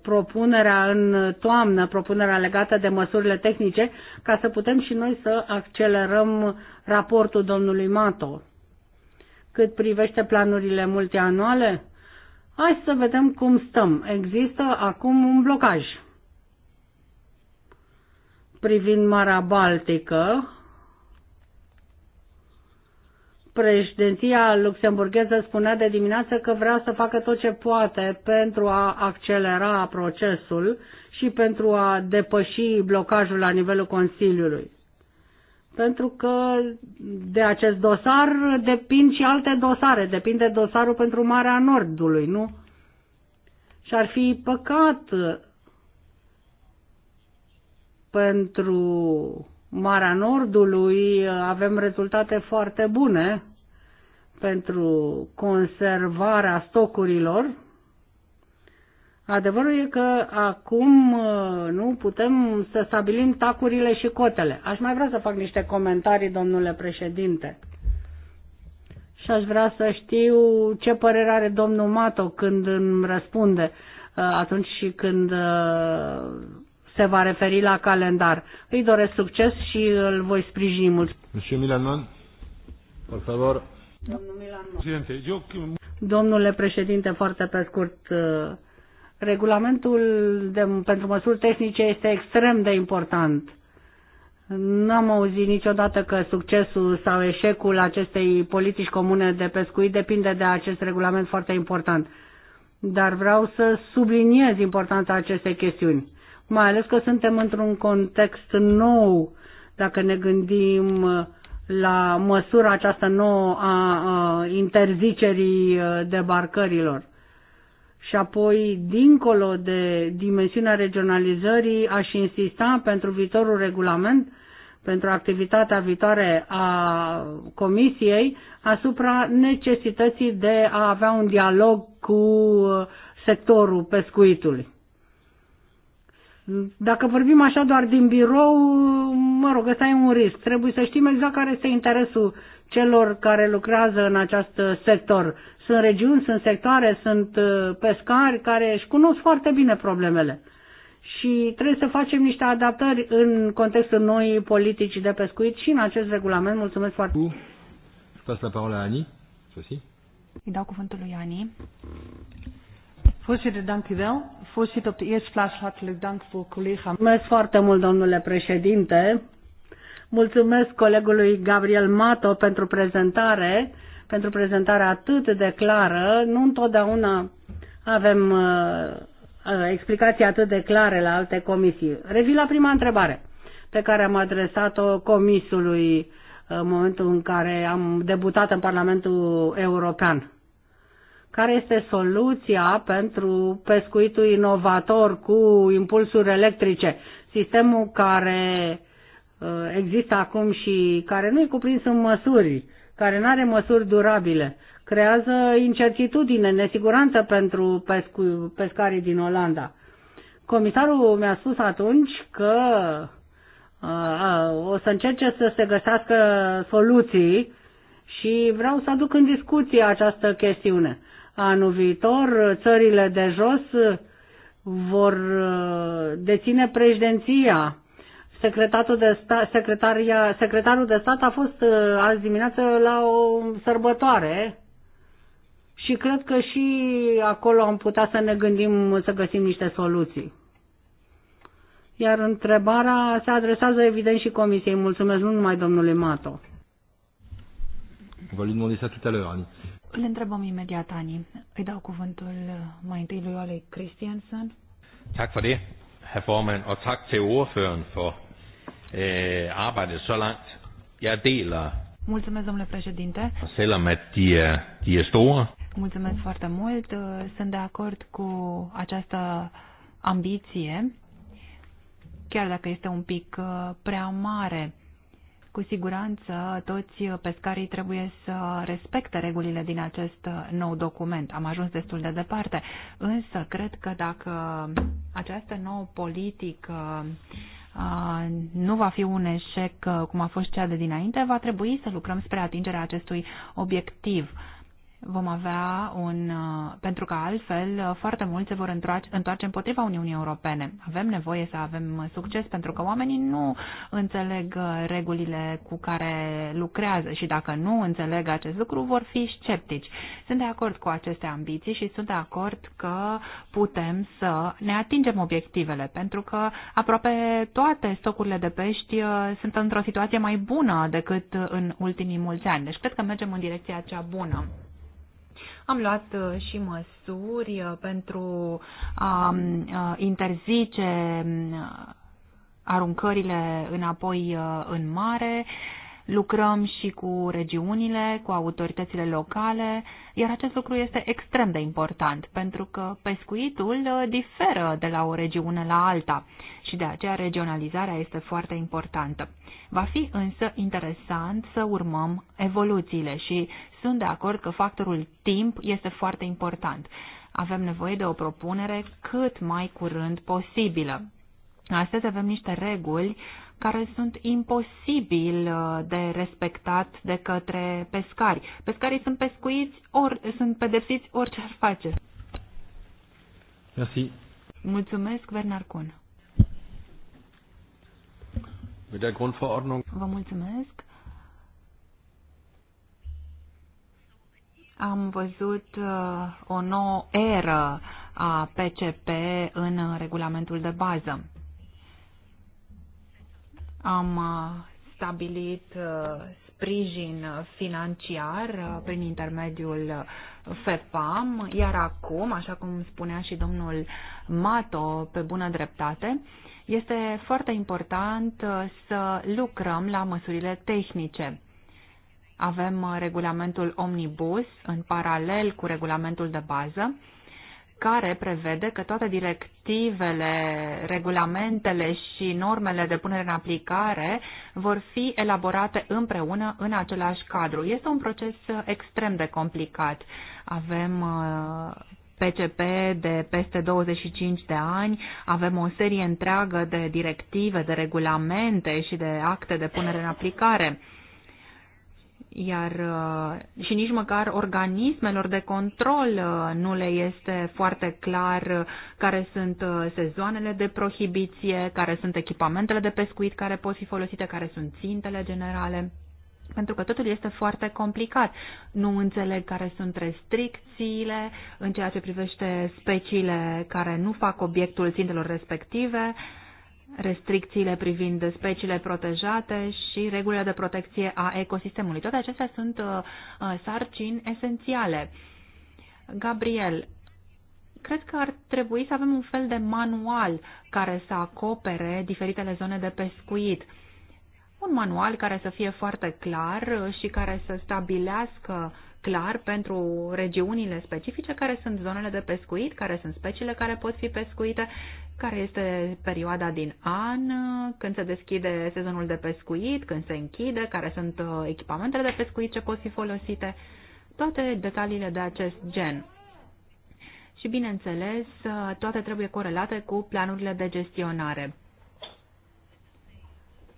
propunerea în toamnă, propunerea legată de măsurile tehnice, ca să putem și noi să accelerăm raportul domnului Mato. Cât privește planurile multianuale, hai să vedem cum stăm. Există acum un blocaj privind Marea Baltică, președinția luxemburgheză spunea de dimineață că vrea să facă tot ce poate pentru a accelera procesul și pentru a depăși blocajul la nivelul Consiliului pentru că de acest dosar depind și alte dosare, depinde dosarul pentru Marea Nordului, nu? Și ar fi păcat pentru Marea Nordului avem rezultate foarte bune pentru conservarea stocurilor, Adevărul e că acum uh, nu putem să stabilim tacurile și cotele. Aș mai vrea să fac niște comentarii, domnule președinte. Și aș vrea să știu ce părere are domnul Mato când îmi răspunde uh, atunci și când uh, se va referi la calendar. Îi doresc succes și îl voi sprijini mult. Monsieur Milanman, por favor. Domnul Milanman. Domnule președinte, foarte pe scurt, Regulamentul de, pentru măsuri tehnice este extrem de important. N-am auzit niciodată că succesul sau eșecul acestei politici comune de pescuit depinde de acest regulament foarte important. Dar vreau să subliniez importanța acestei chestiuni, mai ales că suntem într-un context nou, dacă ne gândim la măsura aceasta nouă a, a interzicerii uh, debarcărilor și apoi, dincolo de dimensiunea regionalizării, aș insista pentru viitorul regulament, pentru activitatea viitoare a Comisiei, asupra necesității de a avea un dialog cu sectorul pescuitului. Dacă vorbim așa doar din birou, mă rog, ăsta e un risc. Trebuie să știm exact care este interesul celor care lucrează în acest sector sunt regiuni, sunt sectoare, sunt uh, pescari care își cunosc foarte bine problemele. Și trebuie să facem niște adaptări în contextul noii politici de pescuit și în acest regulament. Mulțumesc foarte mult. Pas la parola Ani, Sosi. Îi dau cuvântul lui Ani. Voorzitter, dank u wel. Voorzitter, op de eerste plaats hartelijk dank voor collega. Mulțumesc foarte mult, domnule președinte. Mulțumesc colegului Gabriel Mato pentru prezentare pentru prezentarea atât de clară. Nu întotdeauna avem uh, uh, explicații atât de clare la alte comisii. Revin la prima întrebare pe care am adresat-o comisului uh, în momentul în care am debutat în Parlamentul European. Care este soluția pentru pescuitul inovator cu impulsuri electrice? Sistemul care există acum și care nu e cuprins în măsuri care nu are măsuri durabile, creează incertitudine, nesiguranță pentru pescu- pescarii din Olanda. Comisarul mi-a spus atunci că uh, uh, o să încerce să se găsească soluții și vreau să aduc în discuție această chestiune. Anul viitor, țările de jos uh, vor deține președinția Secretarul de, sta, secretaria, secretarul de stat a fost uh, azi dimineață la o sărbătoare și cred că și acolo am putea să ne gândim să găsim niște soluții. Iar întrebarea se adresează evident și comisiei. Mulțumesc nu numai domnului Mato. Vă lui demander Ani. Îl întrebăm imediat, Ani. Îi dau cuvântul mai întâi lui Oleg Christiansen. Tak for det, herr formand, og tak til ordføreren for Øh, arbejdet så langt. Jeg deler Mulțumesc, domnule președinte. Selvom at de er, de er store. Mulțumesc foarte mult. Uh, sunt de acord cu această ambiție, chiar dacă este un pic uh, prea mare. Cu siguranță, toți pescarii trebuie să respecte regulile din acest uh, nou document. Am ajuns destul de departe, însă cred că dacă această nouă politică uh, nu va fi un eșec uh, cum a fost cea de dinainte, va trebui să lucrăm spre atingerea acestui obiectiv vom avea un. Uh, pentru că altfel uh, foarte mulți se vor întoarce, întoarce împotriva Uniunii Europene. Avem nevoie să avem uh, succes pentru că oamenii nu înțeleg regulile cu care lucrează și dacă nu înțeleg acest lucru vor fi sceptici. Sunt de acord cu aceste ambiții și sunt de acord că putem să ne atingem obiectivele pentru că aproape toate stocurile de pești sunt într-o situație mai bună decât în ultimii mulți ani. Deci cred că mergem în direcția cea bună. Am luat uh, și măsuri uh, pentru a um, uh, interzice um, aruncările înapoi în mare, lucrăm și cu regiunile, cu autoritățile locale, iar acest lucru este extrem de important, pentru că pescuitul diferă de la o regiune la alta și de aceea regionalizarea este foarte importantă. Va fi însă interesant să urmăm evoluțiile și sunt de acord că factorul timp este foarte important. Avem nevoie de o propunere cât mai curând posibilă. Astăzi avem niște reguli care sunt imposibil uh, de respectat de către pescari. Pescarii sunt pescuiți, ori, sunt pedepsiți orice ar face. Merci. Mulțumesc, Bernard Kuhn. Mit der Grundverordnung. Vă mulțumesc. Am văzut uh, o nouă eră a PCP în uh, regulamentul de bază. Am uh, stabilit sprijin financiar prin intermediul FEPAM, iar acum, așa cum spunea și domnul Mato pe bună dreptate, este foarte important uh, să lucrăm la măsurile tehnice. Avem uh, regulamentul Omnibus în paralel cu regulamentul de bază, care prevede că toate directivele, regulamentele și normele de punere în aplicare vor fi elaborate împreună în același cadru. Este un proces uh, extrem de complicat. Avem PCP de peste 25 de ani, avem o serie întreagă de directive, de regulamente și de acte de punere în aplicare. Iar uh, și nici măcar organismelor de control uh, nu le este foarte clar uh, care sunt sezoanele de prohibiție, care sunt echipamentele de pescuit care pot fi folosite, care sunt țintele generale pentru că totul este foarte complicat. Nu înțeleg care sunt restricțiile în ceea ce privește speciile care nu fac obiectul țintelor respective, restricțiile privind speciile protejate și regulile de protecție a ecosistemului. Toate acestea sunt uh, uh, sarcini esențiale. Gabriel, cred că ar trebui să avem un fel de manual care să acopere diferitele zone de pescuit un manual care să fie foarte clar și care să stabilească clar pentru regiunile specifice care sunt zonele de pescuit, care sunt speciile care pot fi pescuite, care este perioada din an, când se deschide sezonul de pescuit, când se închide, care sunt uh, echipamentele de pescuit ce pot fi folosite, toate detaliile de acest gen. Și bineînțeles, uh, toate trebuie corelate cu planurile de gestionare.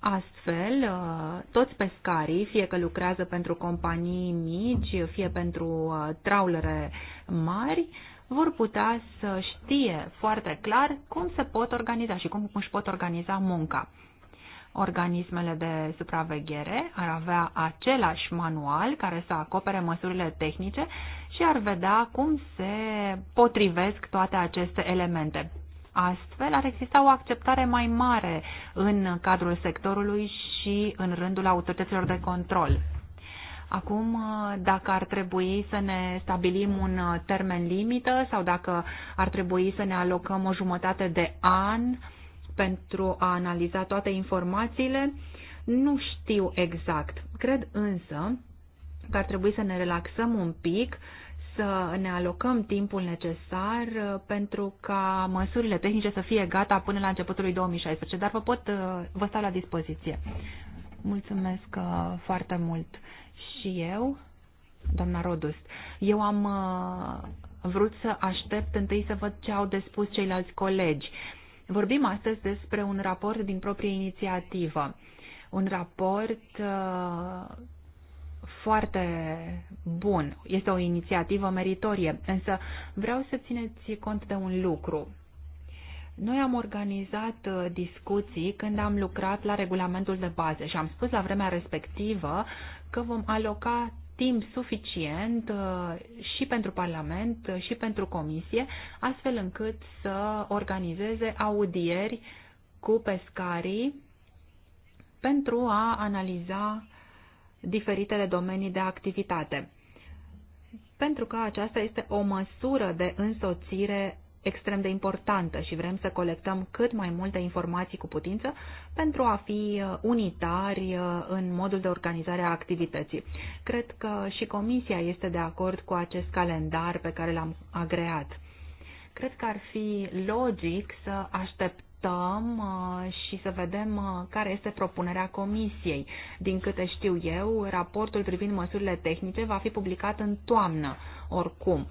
Astfel, uh, toți pescarii, fie că lucrează pentru companii mici, fie pentru uh, traulere mari, vor putea să știe foarte clar cum se pot organiza și cum își pot organiza munca. Organismele de supraveghere ar avea același manual care să acopere măsurile tehnice și ar vedea cum se potrivesc toate aceste elemente. Astfel ar exista o acceptare mai mare în cadrul sectorului și în rândul autorităților de control. Acum, dacă ar trebui să ne stabilim un termen limită sau dacă ar trebui să ne alocăm o jumătate de an pentru a analiza toate informațiile, nu știu exact. Cred însă că ar trebui să ne relaxăm un pic să ne alocăm timpul necesar uh, pentru ca măsurile tehnice să fie gata până la începutul lui 2016, dar vă pot, uh, vă stau la dispoziție. Mulțumesc uh, foarte mult și eu, doamna Rodus. Eu am vrut să aștept întâi să văd ce au de spus ceilalți colegi. Vorbim astăzi despre un raport din proprie inițiativă. Un raport foarte bun, este o inițiativă meritorie, însă vreau să țineți cont de un lucru. Noi am organizat uh, discuții când am lucrat la regulamentul de bază și am spus la vremea respectivă că vom aloca timp suficient uh, și pentru Parlament uh, și pentru Comisie, astfel încât să organizeze audieri cu pescarii pentru a analiza diferitele domenii de activitate. Pentru că aceasta este o măsură de însoțire extrem de importantă și vrem să colectăm cât mai multe informații cu putință pentru a fi uh, unitari uh, în modul de organizare a activității. Cred că și Comisia este de acord cu acest calendar pe care l-am agreat. Cred că ar fi logic să așteptăm așteptăm uh, și să vedem uh, care este propunerea comisiei. Din câte știu eu, raportul privind măsurile tehnice va fi publicat în toamnă, oricum.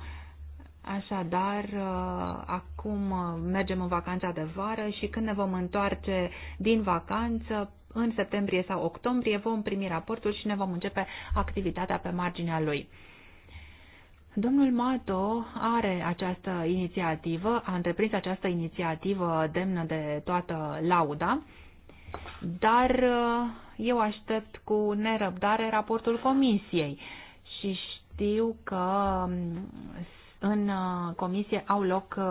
Așadar, uh, acum mergem în vacanța de vară și când ne vom întoarce din vacanță, în septembrie sau octombrie, vom primi raportul și ne vom începe activitatea pe marginea lui. Domnul Mato are această inițiativă, a întreprins această inițiativă demnă de toată lauda, dar uh, eu aștept cu nerăbdare raportul comisiei și știu că um, în uh, comisie au loc uh,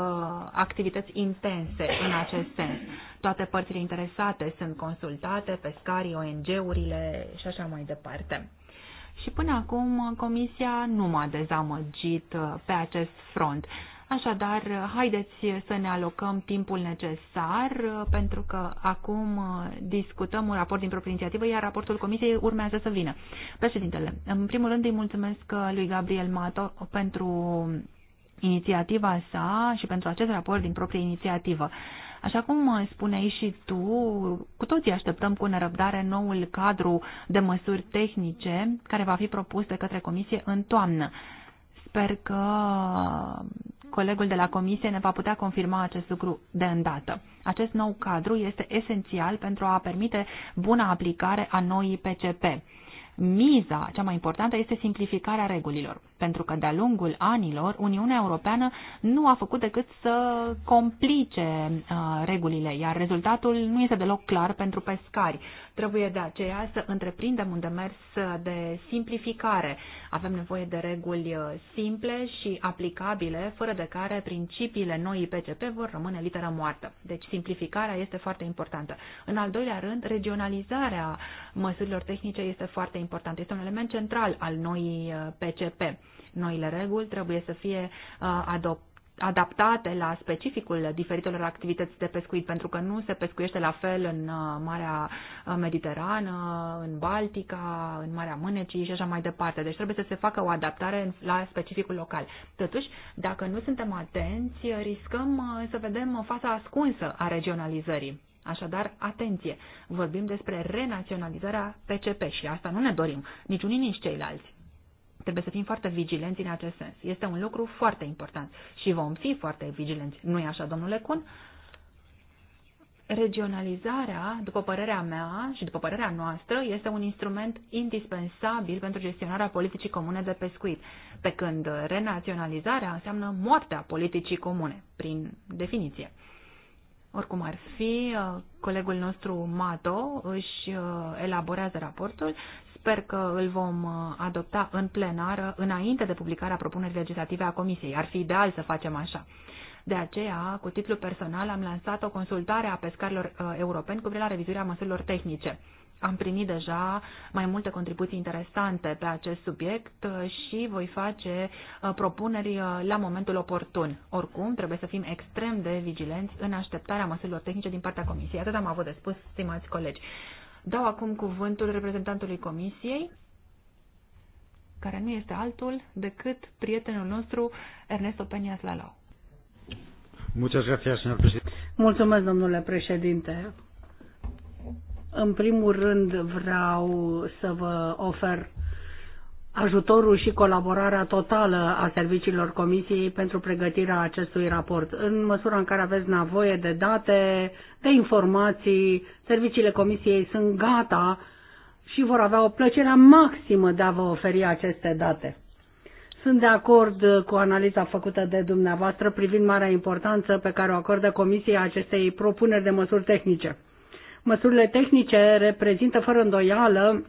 activități intense în acest sens. Toate părțile interesate sunt consultate, pescarii, ONG-urile și așa mai departe. Și până acum Comisia nu m-a dezamăgit uh, pe acest front. Așadar, uh, haideți să ne alocăm timpul necesar, uh, pentru că acum discutăm un raport din proprie inițiativă, iar raportul Comisiei urmează să vină. Președintele, în primul rând îi mulțumesc lui Gabriel Mato pentru inițiativa sa și pentru acest raport din proprie inițiativă. Așa cum spuneai și tu, cu toții așteptăm cu nerăbdare noul cadru de măsuri tehnice care va fi propus de către Comisie în toamnă. Sper că colegul de la Comisie ne va putea confirma acest lucru de îndată. Acest nou cadru este esențial pentru a permite buna aplicare a noii PCP miza cea mai importantă este simplificarea regulilor, pentru că de-a lungul anilor Uniunea Europeană nu a făcut decât să complice uh, regulile, iar rezultatul nu este deloc clar pentru pescari. Trebuie de aceea să întreprindem un demers de simplificare. Avem nevoie de reguli simple și aplicabile, fără de care principiile noii PCP vor rămâne literă moartă. Deci simplificarea este foarte importantă. În al doilea rând, regionalizarea măsurilor tehnice este foarte importantă. Este un element central al noii PCP. Noile reguli trebuie să fie uh, adoptate adaptate la specificul diferitelor activități de pescuit, pentru că nu se pescuiește la fel în uh, Marea uh, Mediterană, în Baltica, în Marea Mânecii și așa mai departe. Deci trebuie să se facă o adaptare la specificul local. Totuși, dacă nu suntem atenți, riscăm uh, să vedem fața ascunsă a regionalizării. Așadar, atenție! Vorbim despre renaționalizarea PCP și asta nu ne dorim, nici unii, nici ceilalți. Trebuie să fim foarte vigilenți în acest sens. Este un lucru foarte important și vom fi foarte vigilenți. Nu-i așa, domnule Cun? Regionalizarea, după părerea mea și după părerea noastră, este un instrument indispensabil pentru gestionarea politicii comune de pescuit, pe când renaționalizarea înseamnă moartea politicii comune, prin definiție. Oricum ar fi, uh, colegul nostru Mato își uh, elaborează raportul. Sper că îl vom uh, adopta în plenară înainte de publicarea propunerii legislative a Comisiei. Ar fi ideal să facem așa. De aceea, cu titlu personal, am lansat o consultare a pescarilor uh, europeni cu privire la revizuirea măsurilor tehnice. Am primit deja mai multe contribuții interesante pe acest subiect uh, și voi face propuneri la momentul oportun. Oricum, trebuie să fim extrem de vigilenți în așteptarea măsurilor tehnice din partea Comisiei. Atât am avut de spus, stimați colegi. Dau acum cuvântul reprezentantului Comisiei, care nu este altul decât prietenul nostru Ernesto Peñas Lalau. Mulțumesc, domnule președinte. În primul rând vreau să vă ofer ajutorul și colaborarea totală a serviciilor Comisiei pentru pregătirea acestui raport. În măsura în care aveți nevoie de date, de informații, serviciile Comisiei sunt gata și vor avea o plăcere maximă de a vă oferi aceste date. Sunt de acord cu analiza făcută de dumneavoastră privind marea importanță pe care o acordă Comisia acestei propuneri de măsuri tehnice. Măsurile tehnice reprezintă fără îndoială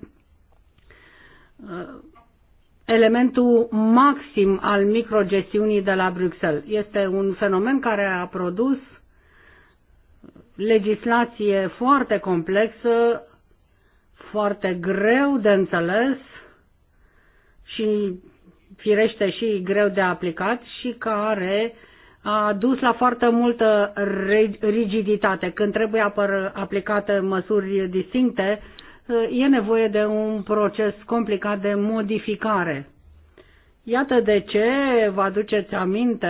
elementul maxim al microgestiunii de la Bruxelles. Este un fenomen care a produs legislație foarte complexă, foarte greu de înțeles și firește și greu de aplicat și care a dus la foarte multă rigiditate. Când trebuie apăr- aplicate măsuri distincte, Eh, e nevoie de un proces complicat de modificare. Iată de ce vă aduceți aminte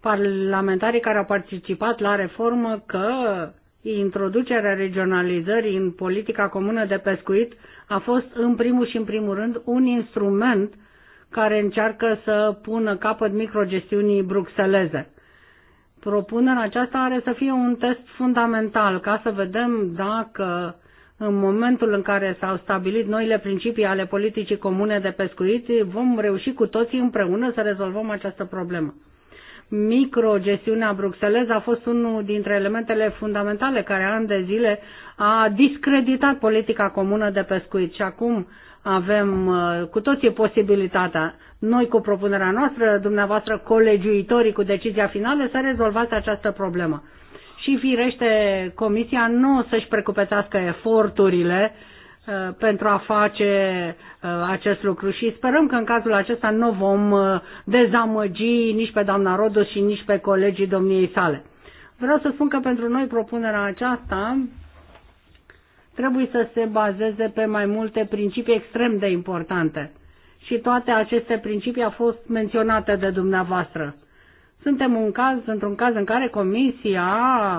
parlamentarii care au participat la reformă că introducerea regionalizării în politica comună de pescuit a fost în primul și în primul rând un instrument care încearcă să pună capăt microgestiunii bruxeleze. Propunerea aceasta are să fie un test fundamental ca să vedem dacă în momentul în care s-au stabilit noile principii ale politicii comune de pescuit, vom reuși cu toții împreună să rezolvăm această problemă. Microgestiunea bruxeleză a fost unul dintre elementele fundamentale care ani de zile a discreditat politica comună de pescuit și acum avem uh, cu toții posibilitatea, noi cu propunerea noastră, dumneavoastră colegiuitorii cu decizia finală, să rezolvați această problemă. Și firește, Comisia nu o să-și precupețească eforturile uh, pentru a face uh, acest lucru și sperăm că în cazul acesta nu vom uh, dezamăgi nici pe doamna Rodos și nici pe colegii domniei sale. Vreau să spun că pentru noi propunerea aceasta trebuie să se bazeze pe mai multe principii extrem de importante. Și toate aceste principii au fost menționate de dumneavoastră. Suntem un caz, într-un caz în care Comisia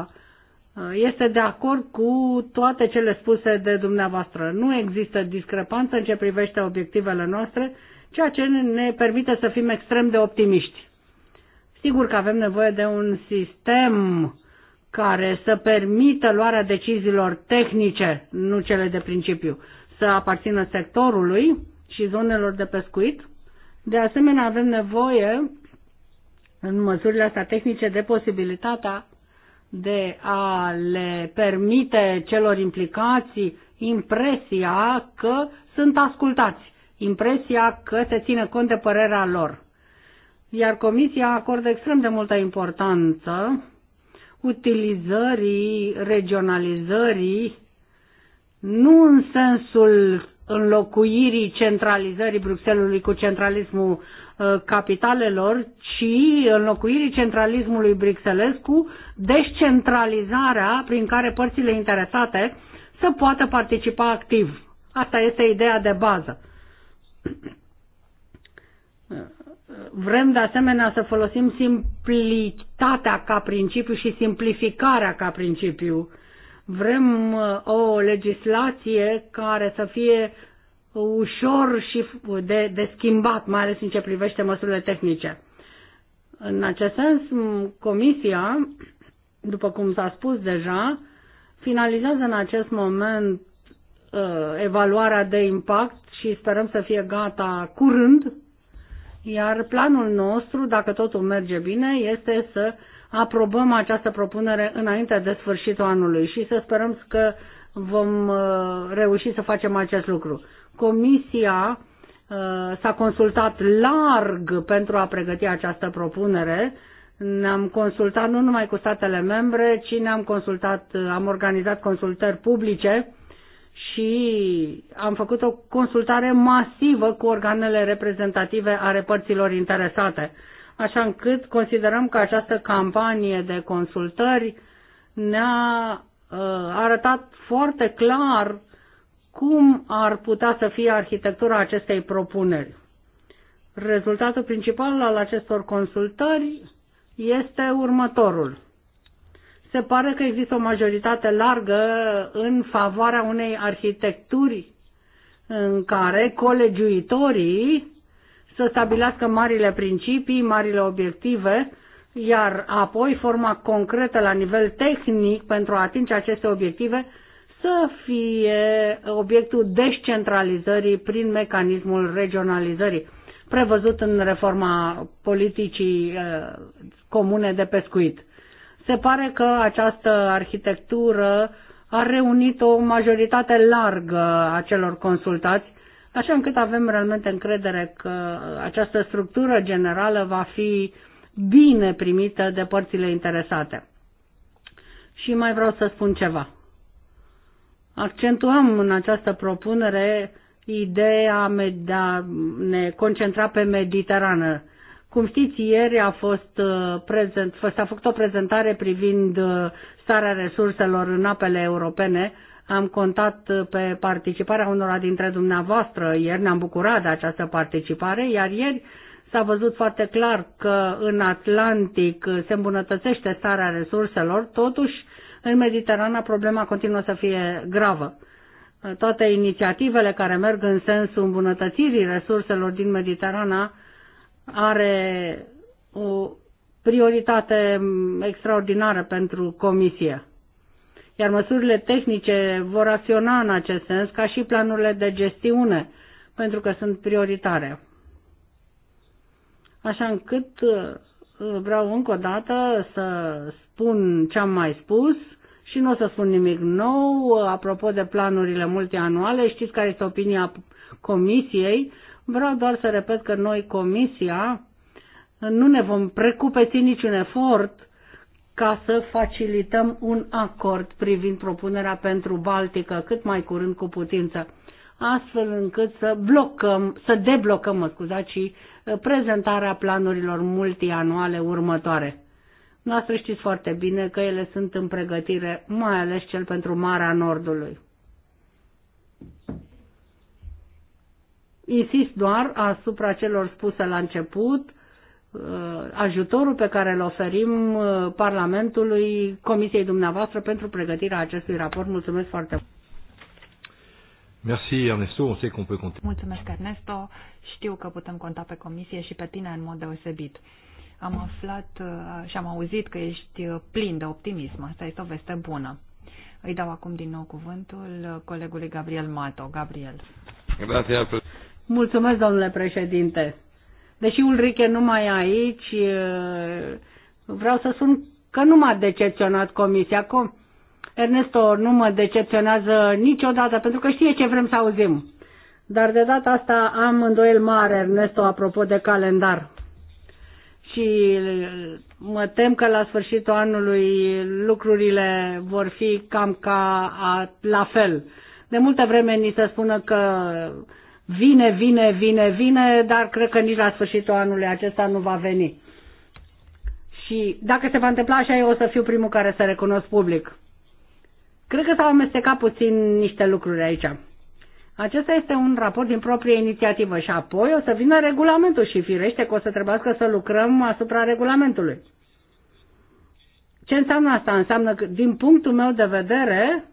uh, este de acord cu toate cele spuse de dumneavoastră. Nu există discrepanță în ce privește obiectivele noastre, ceea ce ne permite să fim extrem de optimiști. Sigur că avem nevoie de un sistem care să permită luarea deciziilor tehnice, nu cele de principiu, să aparțină sectorului și zonelor de pescuit. De asemenea, avem nevoie, în măsurile astea tehnice, de posibilitatea de a le permite celor implicații impresia că sunt ascultați, impresia că se ține cont de părerea lor. Iar Comisia acordă extrem de multă importanță utilizării, regionalizării, nu în sensul înlocuirii centralizării Bruxellesului cu centralismul uh, capitalelor, ci înlocuirii centralismului Bruxelles cu descentralizarea prin care părțile interesate să poată participa activ. Asta este ideea de bază. Vrem de asemenea să folosim simplitatea ca principiu și simplificarea ca principiu. Vrem uh, o legislație care să fie ușor și uh, de, de schimbat, mai ales în ce privește măsurile tehnice. În acest sens, Comisia, după cum s-a spus deja, finalizează în acest moment uh, evaluarea de impact și sperăm să fie gata curând iar planul nostru, dacă totul merge bine, este să aprobăm această propunere înainte de sfârșitul anului și să sperăm că vom uh, reuși să facem acest lucru. Comisia uh, s-a consultat larg pentru a pregăti această propunere. Ne-am consultat nu numai cu statele membre, ci ne-am consultat, uh, am organizat consultări publice și am făcut o consultare masivă cu organele reprezentative ale părților interesate, așa încât considerăm că această campanie de consultări ne-a uh, arătat foarte clar cum ar putea să fie arhitectura acestei propuneri. Rezultatul principal al acestor consultări este următorul se pare că există o majoritate largă în favoarea unei arhitecturi în care colegiuitorii să stabilească marile principii, marile obiective, iar apoi forma concretă la nivel tehnic pentru a atinge aceste obiective să fie obiectul descentralizării prin mecanismul regionalizării prevăzut în reforma politicii uh, comune de pescuit. Se pare că această arhitectură a reunit o majoritate largă a celor consultați, așa încât avem realmente încredere că această structură generală va fi bine primită de părțile interesate. Și mai vreau să spun ceva. Accentuăm în această propunere ideea de a ne concentra pe Mediterană. Cum știți, ieri a fost uh, prezent, a făcut o prezentare privind uh, starea resurselor în apele europene. Am contat uh, pe participarea unora dintre dumneavoastră. Ieri ne-am bucurat de această participare, iar ieri s-a văzut foarte clar că în Atlantic se îmbunătățește starea resurselor, totuși în Mediterana problema continuă să fie gravă. Toate inițiativele care merg în sensul îmbunătățirii resurselor din Mediterana are o prioritate extraordinară pentru Comisie. Iar măsurile tehnice vor acționa în acest sens, ca și planurile de gestiune, pentru că sunt prioritare. Așa încât uh, vreau încă o dată să spun ce am mai spus și nu o să spun nimic nou. Uh, apropo de planurile multianuale, știți care este opinia Comisiei Vreau doar să repet că noi, Comisia, nu ne vom precupeți niciun efort ca să facilităm un acord privind propunerea pentru Baltică cât mai curând cu putință, astfel încât să blocăm, să deblocăm, mă scuzați, și uh, prezentarea planurilor multianuale următoare. Noastră știți foarte bine că ele sunt în pregătire, mai ales cel pentru Marea Nordului. Insist doar asupra celor spuse la început, uh, ajutorul pe care îl oferim uh, Parlamentului, Comisiei dumneavoastră pentru pregătirea acestui raport. Mulțumesc foarte mult! Merci Ernesto, on sait qu'on peut Mulțumesc Ernesto, știu că putem conta pe comisie și pe tine în mod deosebit. Am aflat uh, și am auzit că ești plin de optimism, asta este o veste bună. Îi dau acum din nou cuvântul colegului Gabriel Mato. Gabriel. Grazie. Mulțumesc, domnule președinte. Deși Ulrike nu mai e aici, vreau să spun că nu m-a decepționat comisia. Ernesto nu mă decepționează niciodată, pentru că știe ce vrem să auzim. Dar de data asta am îndoiel mare, Ernesto, apropo de calendar. Și mă tem că la sfârșitul anului lucrurile vor fi cam ca a, la fel. De multă vreme ni se spună că vine, vine, vine, vine, dar cred că nici la sfârșitul anului acesta nu va veni. Și dacă se va întâmpla așa, eu o să fiu primul care să recunosc public. Cred că s-au amestecat puțin niște lucruri aici. Acesta este un raport din proprie inițiativă și apoi o să vină regulamentul și firește că o să trebuiască să lucrăm asupra regulamentului. Ce înseamnă asta? Înseamnă că, din punctul meu de vedere,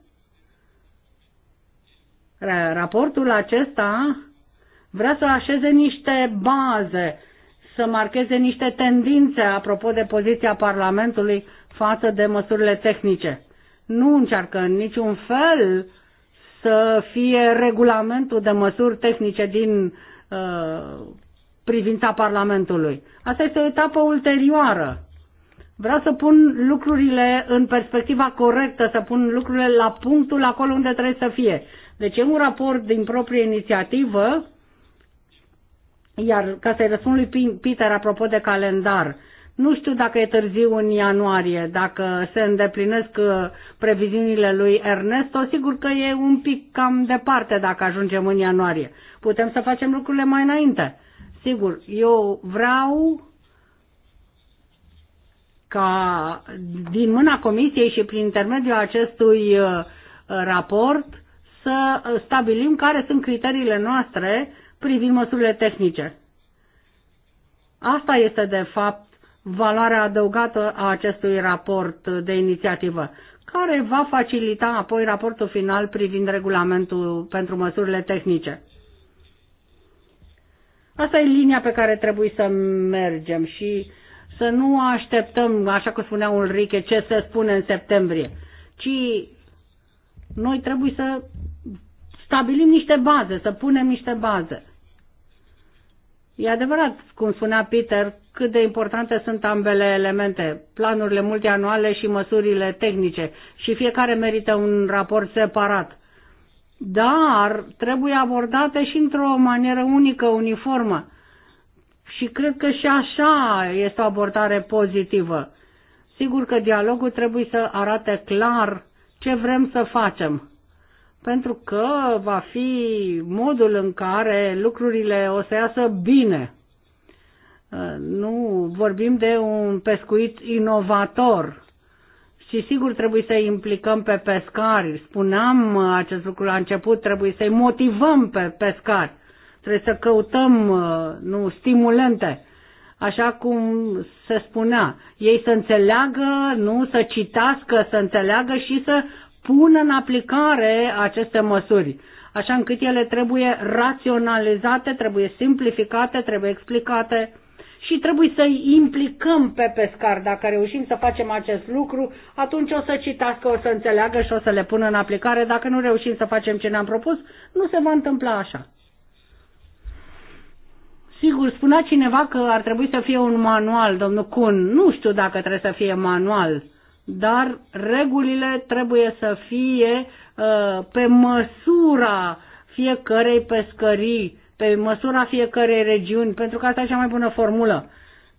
Raportul acesta vrea să așeze niște baze, să marcheze niște tendințe apropo de poziția Parlamentului față de măsurile tehnice. Nu încearcă în niciun fel să fie regulamentul de măsuri tehnice din uh, privința Parlamentului. Asta este o etapă ulterioară. Vreau să pun lucrurile în perspectiva corectă, să pun lucrurile la punctul acolo unde trebuie să fie. Deci e un raport din proprie inițiativă, iar ca să-i răspund lui Peter apropo de calendar, nu știu dacă e târziu în ianuarie, dacă se îndeplinesc uh, previziunile lui Ernesto, sigur că e un pic cam departe dacă ajungem în ianuarie. Putem să facem lucrurile mai înainte. Sigur, eu vreau ca din mâna Comisiei și prin intermediul acestui uh, raport să stabilim care sunt criteriile noastre privind măsurile tehnice. Asta este, de fapt, valoarea adăugată a acestui raport de inițiativă, care va facilita apoi raportul final privind regulamentul pentru măsurile tehnice. Asta e linia pe care trebuie să mergem și să nu așteptăm, așa cum spunea Ulrike, ce se spune în septembrie, ci noi trebuie să stabilim niște baze, să punem niște baze. E adevărat, cum spunea Peter, cât de importante sunt ambele elemente, planurile multianuale și măsurile tehnice, și fiecare merită un raport separat. Dar trebuie abordate și într-o manieră unică, uniformă. Și cred că și așa este o abordare pozitivă. Sigur că dialogul trebuie să arate clar ce vrem să facem pentru că va fi modul în care lucrurile o să iasă bine. Uh, nu vorbim de un pescuit inovator și sigur trebuie să implicăm pe pescari. Spuneam uh, acest lucru la început, trebuie să-i motivăm pe pescari. Trebuie să căutăm uh, nu, stimulente, așa cum se spunea. Ei să înțeleagă, nu să citească, să înțeleagă și să pună în aplicare aceste măsuri, așa încât ele trebuie raționalizate, trebuie simplificate, trebuie explicate și trebuie să-i implicăm pe pescar. Dacă reușim să facem acest lucru, atunci o să citească, o să înțeleagă și o să le pună în aplicare. Dacă nu reușim să facem ce ne-am propus, nu se va întâmpla așa. Sigur, spunea cineva că ar trebui să fie un manual, domnul Cun, Nu știu dacă trebuie să fie manual. Uh, dar regulile trebuie să fie uh, pe măsura fiecarei pescării, pe măsura fiecarei regiuni, pentru că asta e cea mai bună formulă.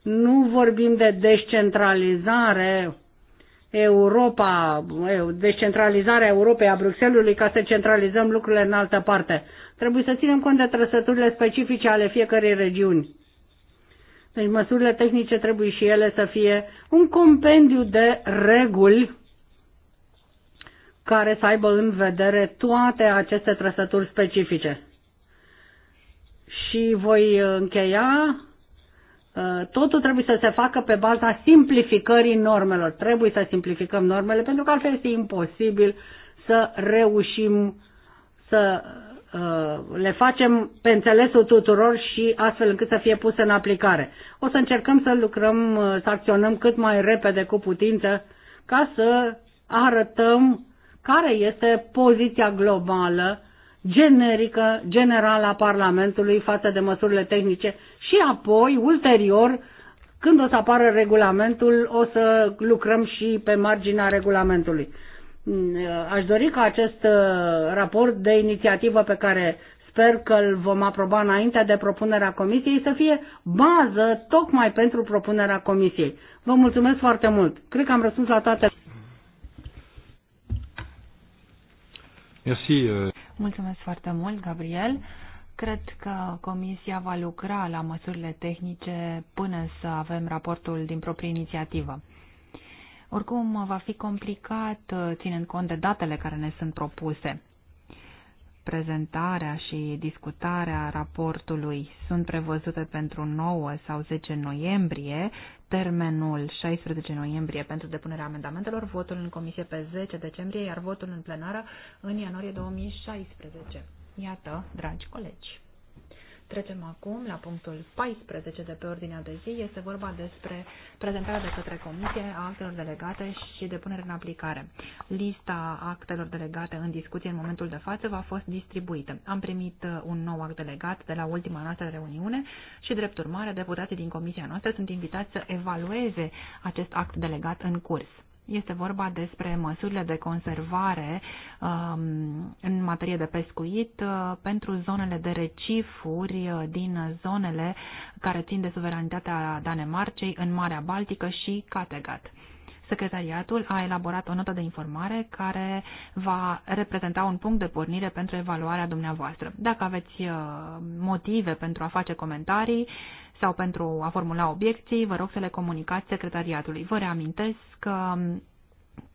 Nu vorbim de descentralizare, Europa, descentralizarea Europei a Bruxellesului ca să centralizăm lucrurile în altă parte. Trebuie să ținem cont de trăsăturile specifice ale fiecărei regiuni. Deci măsurile tehnice trebuie și ele să fie un compendiu de reguli care să aibă în vedere toate aceste trăsături specifice. Și voi încheia. Totul trebuie să se facă pe baza simplificării normelor. Trebuie să simplificăm normele pentru că altfel este imposibil să reușim să Uh, le facem pe înțelesul tuturor și astfel încât să fie puse în aplicare. O să încercăm să lucrăm, uh, să acționăm cât mai repede cu putință ca să arătăm care este poziția globală, generică, generală a Parlamentului față de măsurile tehnice și apoi, ulterior, când o să apară regulamentul, o să lucrăm și pe marginea regulamentului. Mm, aș dori ca acest uh, raport de inițiativă pe care sper că îl vom aproba înainte de propunerea comisiei să fie bază tocmai pentru propunerea comisiei. Vă mulțumesc foarte mult. Cred că am răspuns la toate. Merci. Euh. Mulțumesc foarte mult, Gabriel. Cred că Comisia va lucra la măsurile tehnice până să avem raportul din proprie inițiativă. Oricum, va fi complicat uh, ținând cont de datele care ne sunt propuse. Prezentarea și discutarea raportului sunt prevăzute pentru 9 sau 10 noiembrie, termenul 16 noiembrie pentru depunerea amendamentelor, votul în comisie pe 10 decembrie, iar votul în plenară în ianuarie 2016. Iată, dragi colegi. Trecem acum la punctul 14 de pe ordinea de zi. Este vorba despre prezentarea de către Comisie a actelor delegate și depunere în aplicare. Lista actelor delegate în discuție în momentul de față va fost distribuită. Am primit uh, un nou act delegat de la ultima noastră reuniune și, drept urmare, deputații din Comisia noastră sunt invitați să evalueze acest act delegat în curs. Este vorba despre măsurile de conservare um, în materie de pescuit uh, pentru zonele de recifuri uh, din zonele care țin de suveranitatea Danemarcei în Marea Baltică și Categat. Secretariatul a elaborat o notă de informare care va reprezenta un punct de pornire pentru evaluarea dumneavoastră. Dacă aveți uh, motive pentru a face comentarii, sau pentru a formula obiecții, vă rog să le comunicați secretariatului. Vă reamintesc că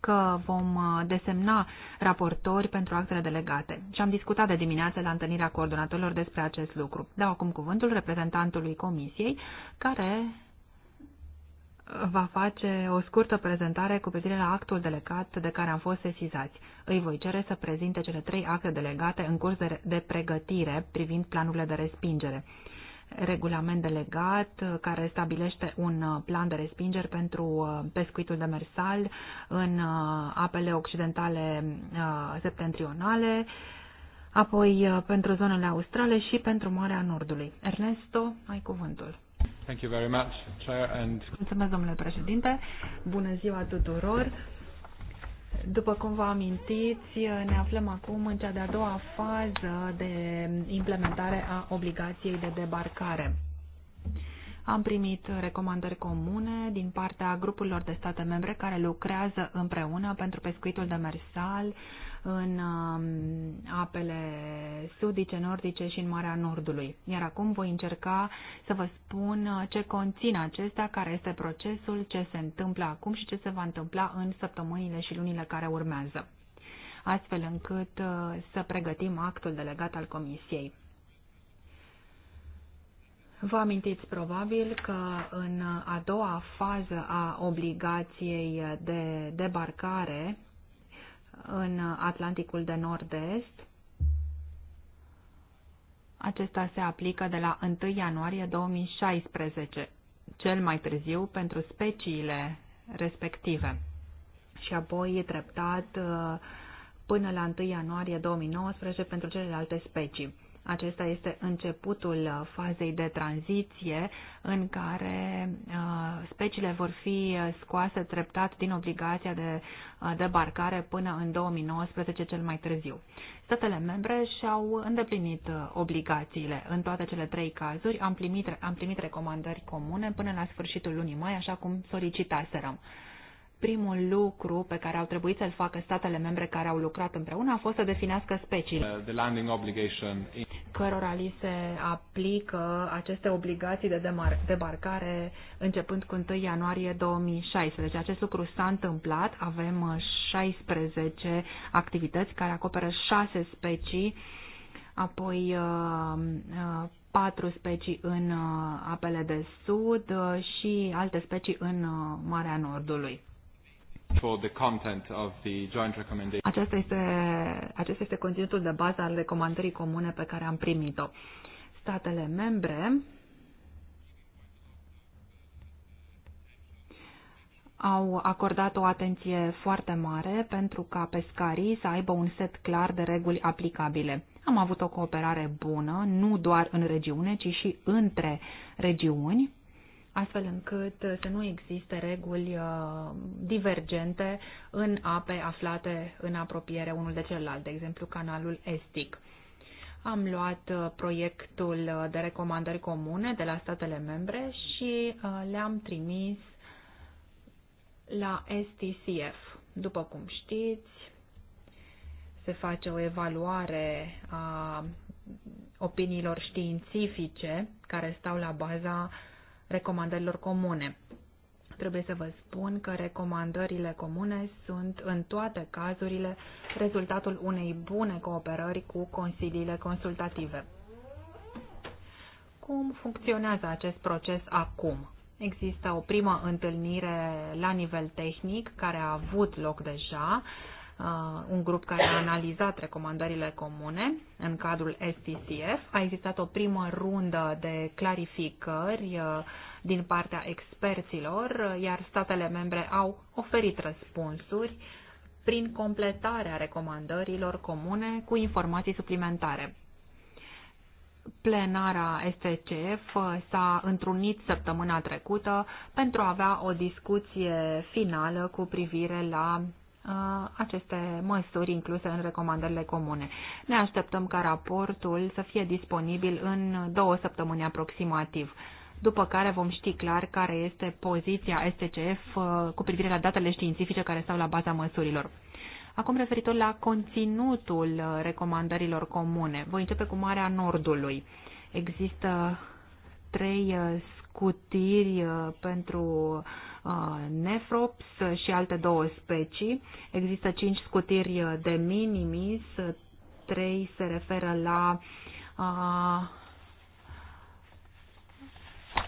că vom uh, desemna raportori pentru actele delegate. Și am discutat de dimineață la întâlnirea coordonatorilor despre acest lucru. Dau acum cuvântul reprezentantului comisiei, care uh, va face o scurtă prezentare cu privire la actul delegat de care am fost sesizați. Îi voi cere să prezinte cele trei acte delegate în curs de, de pregătire privind planurile de respingere regulament delegat uh, care stabilește un uh, plan de respingeri pentru uh, pescuitul demersal în apele occidentale septentrionale, apoi pentru zonele australe și pentru Marea Nordului. Ernesto, ai cuvântul. Thank you very much, Chair, and... Mulțumesc, domnule președinte. Bună ziua tuturor. După cum vă amintiți, ne aflăm acum în cea de-a doua fază de implementare a obligației de debarcare. Am primit recomandări comune din partea grupurilor de state membre care lucrează împreună pentru pescuitul demersal, în um, apele sudice, nordice și în Marea Nordului. Iar acum voi încerca să vă spun uh, ce conțin acestea, care este procesul, ce se întâmplă acum și ce se va întâmpla în săptămânile și lunile care urmează astfel încât uh, să pregătim actul delegat al Comisiei. Vă amintiți probabil că în a doua fază a obligației de debarcare în Atlanticul de Nord-Est. Acesta se aplică de la 1 ianuarie 2016, cel mai târziu pentru speciile respective și apoi treptat uh, până la 1 ianuarie 2019 pentru celelalte specii. Acesta este începutul uh, fazei de tranziție în care uh, speciile vor fi uh, scoase treptat din obligația de debarcare până în 2019 cel mai târziu. Statele membre și-au îndeplinit obligațiile. În toate cele trei cazuri am primit, am primit recomandări comune până la sfârșitul lunii mai, așa cum solicitaserăm primul lucru pe care au trebuit să-l facă statele membre care au lucrat împreună a fost să definească speciile uh, cărora li se aplică aceste obligații de debarcare începând cu 1 ianuarie 2016. Acest lucru s-a întâmplat. Avem 16 uh, activități care acoperă 6 specii, apoi uh, uh, patru specii în uh, apele de sud uh, și alte specii în Marea Nordului. For the content of the joint recommendation. Acesta este, acesta este conținutul de bază al recomandării comune pe care am primit-o. Statele membre au acordat o atenție foarte mare pentru ca pescarii să aibă un set clar de reguli aplicabile. Am avut o cooperare bună, nu doar în regiune, ci și între regiuni astfel încât uh, să nu existe reguli uh, divergente în ape aflate în apropiere unul de celălalt, de exemplu canalul estic. Am luat uh, proiectul de recomandări comune de la statele membre și le-am trimis la STCF. După cum știți, se face o evaluare a opiniilor științifice care stau la baza uh, recomandărilor comune. Trebuie să vă spun că recomandările comune sunt în toate cazurile rezultatul unei bune cooperări cu consiliile consultative. Cum funcționează acest proces acum? Există o primă întâlnire la nivel tehnic care a avut loc deja Uh, un grup care a analizat recomandările comune în cadrul STCF. A existat o primă rundă de clarificări uh, din partea experților, uh, iar statele membre au oferit răspunsuri prin completarea recomandărilor comune cu informații suplimentare. Plenara STCF s-a întrunit săptămâna trecută pentru a avea o discuție finală cu privire la aceste măsuri incluse în recomandările comune. Ne așteptăm ca raportul să fie disponibil în două săptămâni aproximativ după care vom ști clar care este poziția STCF cu privire la datele științifice care stau la baza măsurilor. Acum referitor la conținutul recomandărilor comune, voi începe cu Marea Nordului. Există trei scutiri pentru uh, nefrops și alte două specii. Există cinci scutiri de minimis, trei se referă la uh,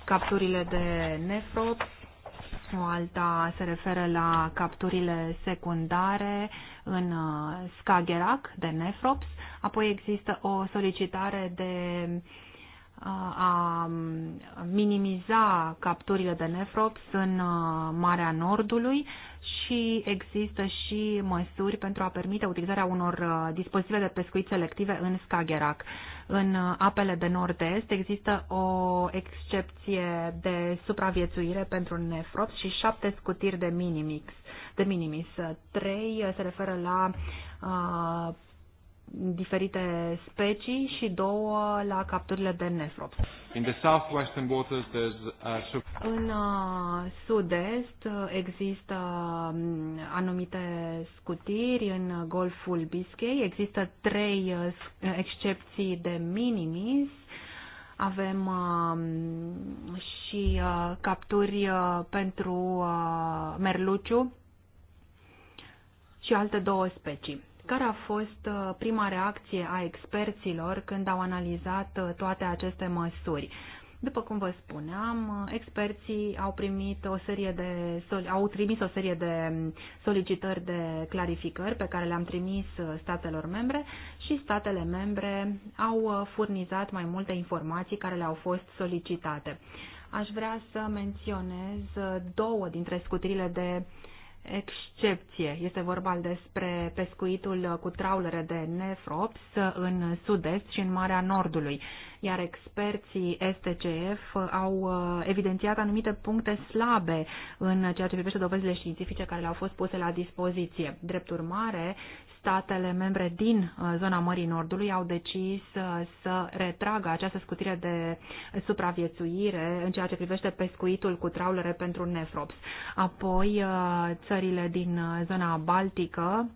capturile de nefrops, o alta se referă la capturile secundare în Skagerrak de nefrops, apoi există o solicitare de uh, a minimiza capturile de nefrops în Marea Nordului și există și măsuri pentru a permite utilizarea unor dispozitive de pescuit selective în Skagerrak. În apele de nord-est există o excepție de supraviețuire pentru nefrops și șapte scutiri de minimis. De minimis. Trei se referă la uh, diferite specii și două la capturile de nefrops. In the southwestern waters there's a... Uh, în uh, sud-est uh, există mm, anumite scutiri în Golful Biscay. Există trei excepții de minimis. Avem și capturi pentru merluciu și alte două specii care a fost uh, prima reacție a experților când au analizat uh, toate aceste măsuri? După cum vă spuneam, uh, experții au primit o serie de au trimis o serie de mm, solicitări de clarificări pe care le-am trimis statelor membre și statele membre au furnizat mai multe informații care le-au fost solicitate. Aș vrea să menționez două dintre scutirile de uh, excepție. Este vorba despre pescuitul cu traulere de nefrops în sud-est și în Marea Nordului, iar experții STCF au uh, evidențiat anumite puncte slabe în ceea ce privește dovezile științifice care le-au fost puse la dispoziție. Drept urmare, statele membre din uh, zona Mării Nordului au decis uh, să retragă această scutire de supraviețuire în ceea ce privește pescuitul cu traulere pentru nefrops. Apoi, uh, țările din zona Baltică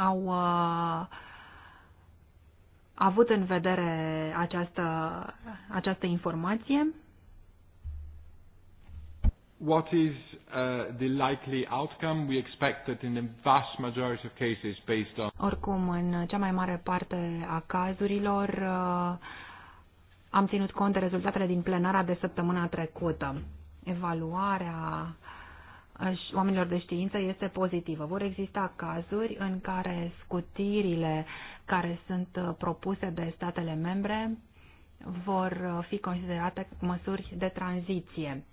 au avut în vedere această, această informație What is uh, the likely outcome? We expect that in the vast majority of cases based on Oricum, în cea mai mare parte a cazurilor uh, am ținut cont de rezultatele din plenara de săptămâna trecută. Evaluarea uh, oamenilor de știință este pozitivă. Vor exista cazuri în care scutirile care sunt uh, propuse de statele membre vor uh, fi considerate măsuri de tranziție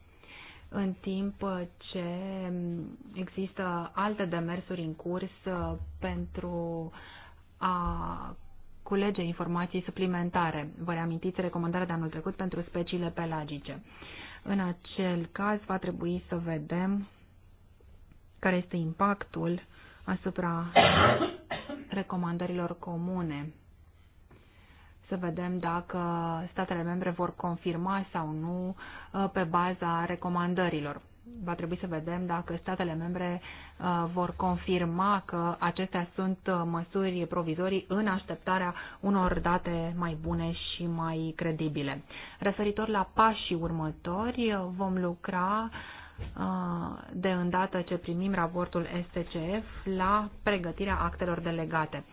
în timp ce există alte demersuri în curs pentru a culege informații suplimentare. Vă reamintiți recomandarea de anul trecut pentru speciile pelagice. În acel caz va trebui să vedem care este impactul asupra recomandărilor comune să vedem dacă statele membre vor confirma sau nu uh, pe baza recomandărilor. Va trebui să vedem dacă statele membre uh, vor confirma că acestea sunt uh, măsuri provizorii în așteptarea unor date mai bune și mai credibile. Referitor la pașii următori, vom lucra de îndată ce primim raportul STCF la pregătirea actelor delegate.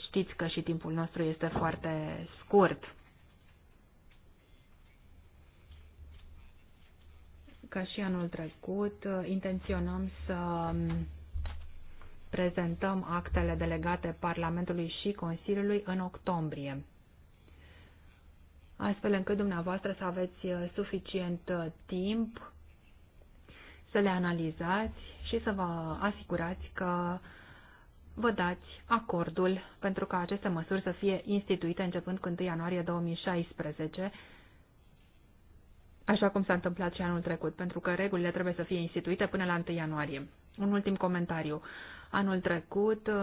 Știți că și timpul nostru este foarte scurt. Ca și anul trecut, intenționăm să prezentăm actele delegate Parlamentului și Consiliului în octombrie, astfel încât dumneavoastră să aveți suficient timp să le analizați și să vă asigurați că uh, vă dați acordul pentru ca aceste măsuri să fie instituite începând cu 1 ianuarie 2016, așa cum s-a întâmplat și anul trecut, pentru că regulile trebuie să fie instituite până la 1 ianuarie. Un ultim comentariu. Anul trecut uh,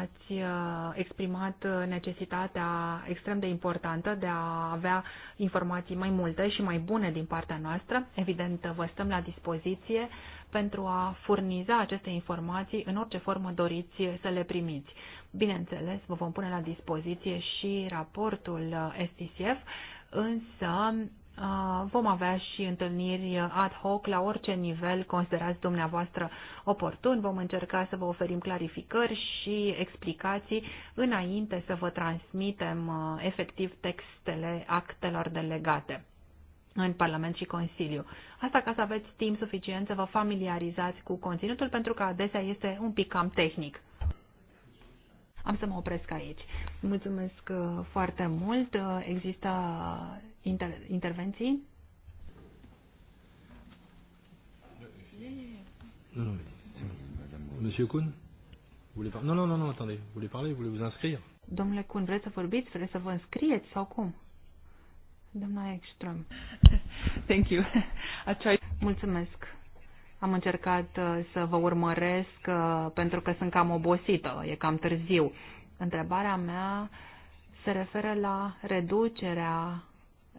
ați uh, exprimat uh, necesitatea extrem de importantă de a avea informații mai multe și mai bune din partea noastră. Evident, vă stăm la dispoziție pentru a furniza aceste informații în orice formă doriți să le primiți. Bineînțeles, vă vom pune la dispoziție și raportul uh, STCF, însă uh, vom avea și întâlniri ad hoc la orice nivel considerați dumneavoastră oportun. Vom încerca să vă oferim clarificări și explicații înainte să vă transmitem uh, efectiv textele actelor delegate în Parlament și Consiliu. Asta ca să aveți timp suficient să vă familiarizați cu conținutul, pentru că adesea este un pic cam tehnic. Am să mă opresc aici. Mulțumesc uh, foarte mult. Uh, există inter- intervenții? Monsieur Kuhn voulez parler Non, non, non, attendez. Vous voulez parler Vous voulez vous inscrire Domnule Kuhn, vreți să vorbiți? Vreți să vă înscrieți sau cum Doamna Ekström. Thank you. I tried... Mulțumesc. Am încercat uh, să vă urmăresc uh, pentru că sunt cam obosită, e cam târziu. Întrebarea mea se referă la reducerea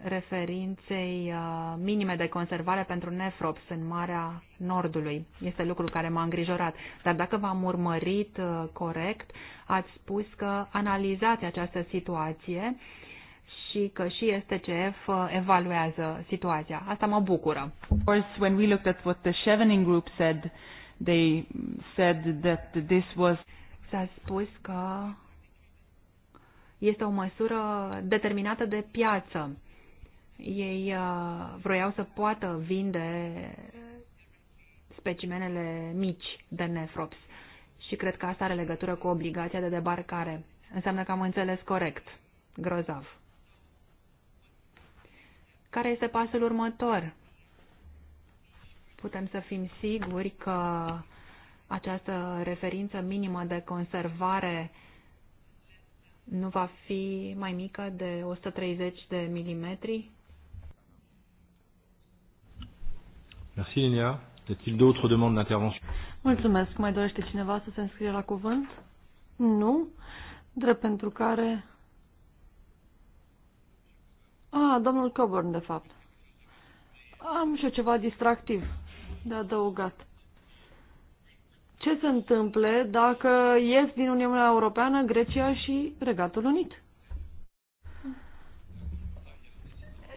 referinței uh, minime de conservare pentru nefrops în Marea Nordului. Este lucru care m-a îngrijorat. Dar dacă v-am urmărit corect, ați spus că analizați această situație și că și STCF uh, evaluează situația. Asta mă bucură. Of course, when we looked at what the Chevening group said, they said that this was s-a spus că este o măsură determinată de piață. Ei uh, vroiau să poată vinde specimenele mici de nefrops și cred că asta are legătură cu obligația de debarcare. Înseamnă că am înțeles corect. Grozav. Care este pasul următor? Putem să fim siguri că această referință minimă de conservare nu va fi mai mică de 130 de milimetri? Merci, Linia. Y il d'autres demandes d'intervention Mulțumesc. Mai dorește cineva să se înscrie la cuvânt? Nu. Drept pentru care a, domnul Coburn, de fapt. Am și eu ceva distractiv de adăugat. Ce se întâmplă dacă ies din Uniunea Europeană Grecia și Regatul Unit?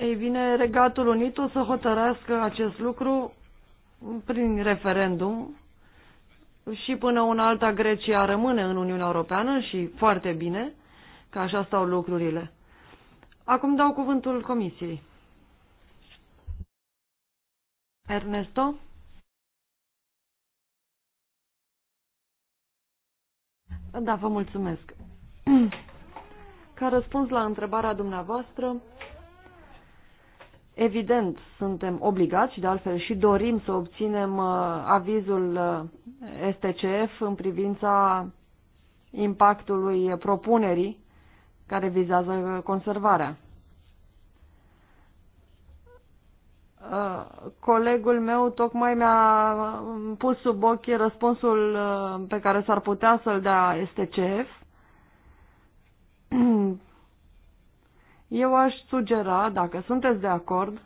Ei bine, Regatul Unit o să hotărească acest lucru prin referendum și până una alta Grecia rămâne în Uniunea Europeană și foarte bine că așa stau lucrurile. Acum dau cuvântul comisiei. Ernesto? Da, vă mulțumesc. Ca răspuns la întrebarea dumneavoastră, evident, suntem obligați și de altfel și dorim să obținem uh, avizul uh, STCF în privința impactului propunerii care vizează conservarea. Uh, colegul meu tocmai mi-a uh, pus sub ochi răspunsul uh, pe care s-ar putea să-l dea STCF. Eu aș sugera, dacă sunteți de acord,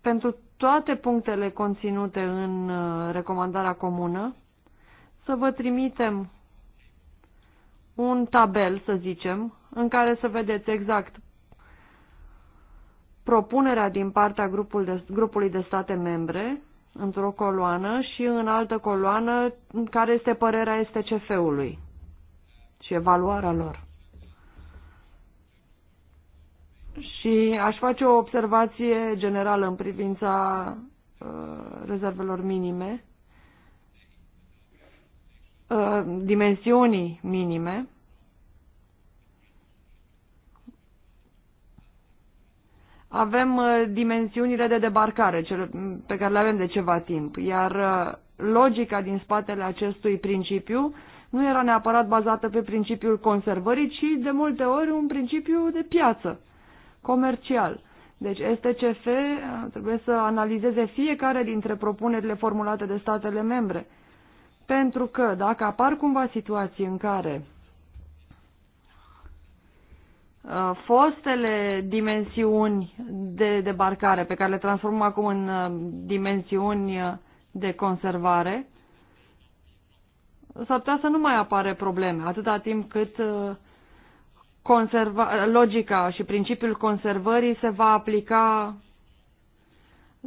pentru toate punctele conținute în uh, recomandarea comună, să vă trimitem un tabel, să zicem, în care să vedeți exact propunerea din partea grupului de state membre într-o coloană și în altă coloană care este părerea STCF-ului și evaluarea lor. Și aș face o observație generală în privința uh, rezervelor minime, uh, dimensiunii minime. Avem uh, dimensiunile de debarcare cele pe care le avem de ceva timp, iar uh, logica din spatele acestui principiu nu era neapărat bazată pe principiul conservării, ci de multe ori un principiu de piață comercial. Deci STCF eh, trebuie să analizeze fiecare dintre propunerile formulate de statele membre. Pentru că dacă apar cumva situații în care eh, fostele dimensiuni de debarcare pe care le transformăm acum în eh, dimensiuni de conservare, s-ar putea să nu mai apare probleme, atâta timp cât conserva, logica și principiul conservării se va aplica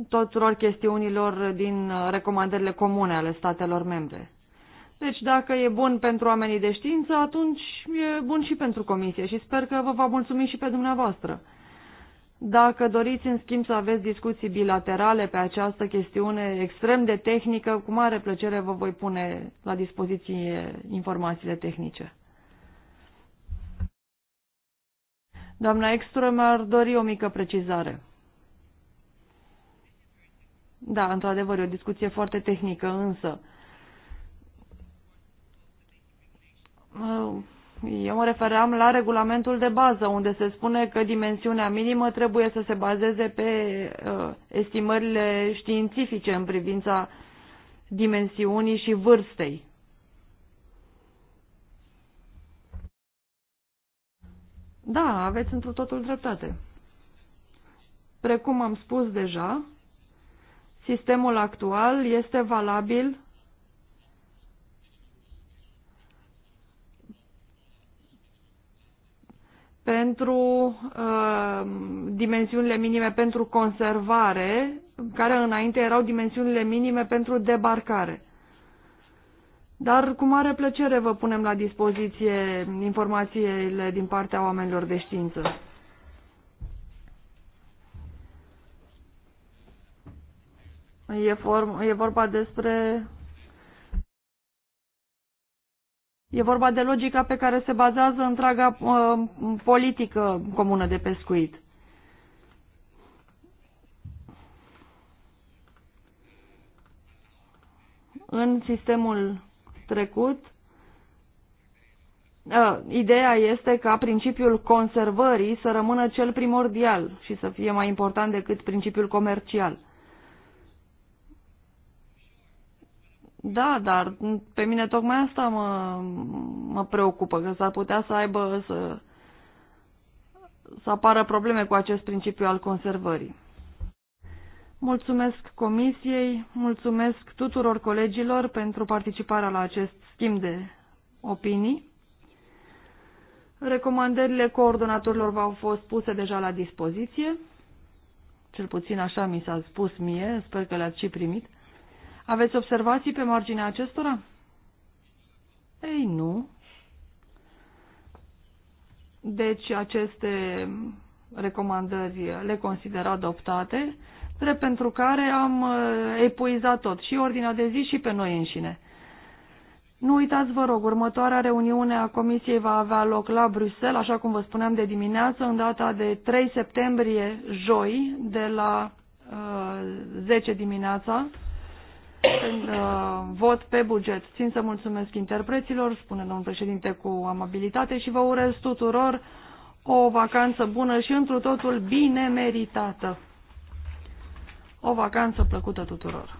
tuturor chestiunilor din uh, recomandările comune ale statelor membre. Deci dacă e bun pentru oamenii de știință, atunci e bun și pentru comisie și sper că vă va mulțumi și pe dumneavoastră. Dacă doriți, în schimb, să aveți discuții bilaterale pe această chestiune extrem de tehnică, cu mare plăcere vă voi pune la dispoziție informațiile tehnice. Doamna Extrem ar dori o mică precizare. Da, într-adevăr, e o discuție foarte tehnică, însă uh, eu mă refeream la regulamentul de bază, unde se spune că dimensiunea minimă trebuie să se bazeze pe uh, estimările științifice în privința dimensiunii și vârstei. Da, aveți într totul dreptate. Precum am spus deja, sistemul actual este valabil pentru uh, dimensiunile minime pentru conservare, care înainte erau dimensiunile minime pentru debarcare. Dar cu mare plăcere vă punem la dispoziție informațiile din partea oamenilor de știință. E, form, e vorba despre... E vorba de logica pe care se bazează întreaga uh, politică comună de pescuit. În sistemul trecut, ideea este ca principiul conservării să rămână cel primordial și să fie mai important decât principiul comercial. Da, dar pe mine tocmai asta mă, mă preocupă, că s-ar putea să aibă să, să apară probleme cu acest principiu al conservării. Mulțumesc Comisiei, mulțumesc tuturor colegilor pentru participarea la acest schimb de opinii. Recomandările coordonatorilor au fost puse deja la dispoziție, cel puțin așa mi s-a spus mie, sper că le-ați și primit. Aveți observații pe marginea acestora? Ei, nu. Deci aceste recomandări le consider adoptate drept pentru care am uh, epuizat tot, și ordinea de zi și pe noi înșine. Nu uitați, vă rog, următoarea reuniune a Comisiei va avea loc la Bruxelles, așa cum vă spuneam de dimineață, în data de 3 septembrie, joi, de la uh, 10 dimineața, în, uh, vot pe buget. Țin să mulțumesc interpreților, spune domnul președinte cu amabilitate și vă urez tuturor o vacanță bună și întru totul bine meritată. O vacanță plăcută tuturor!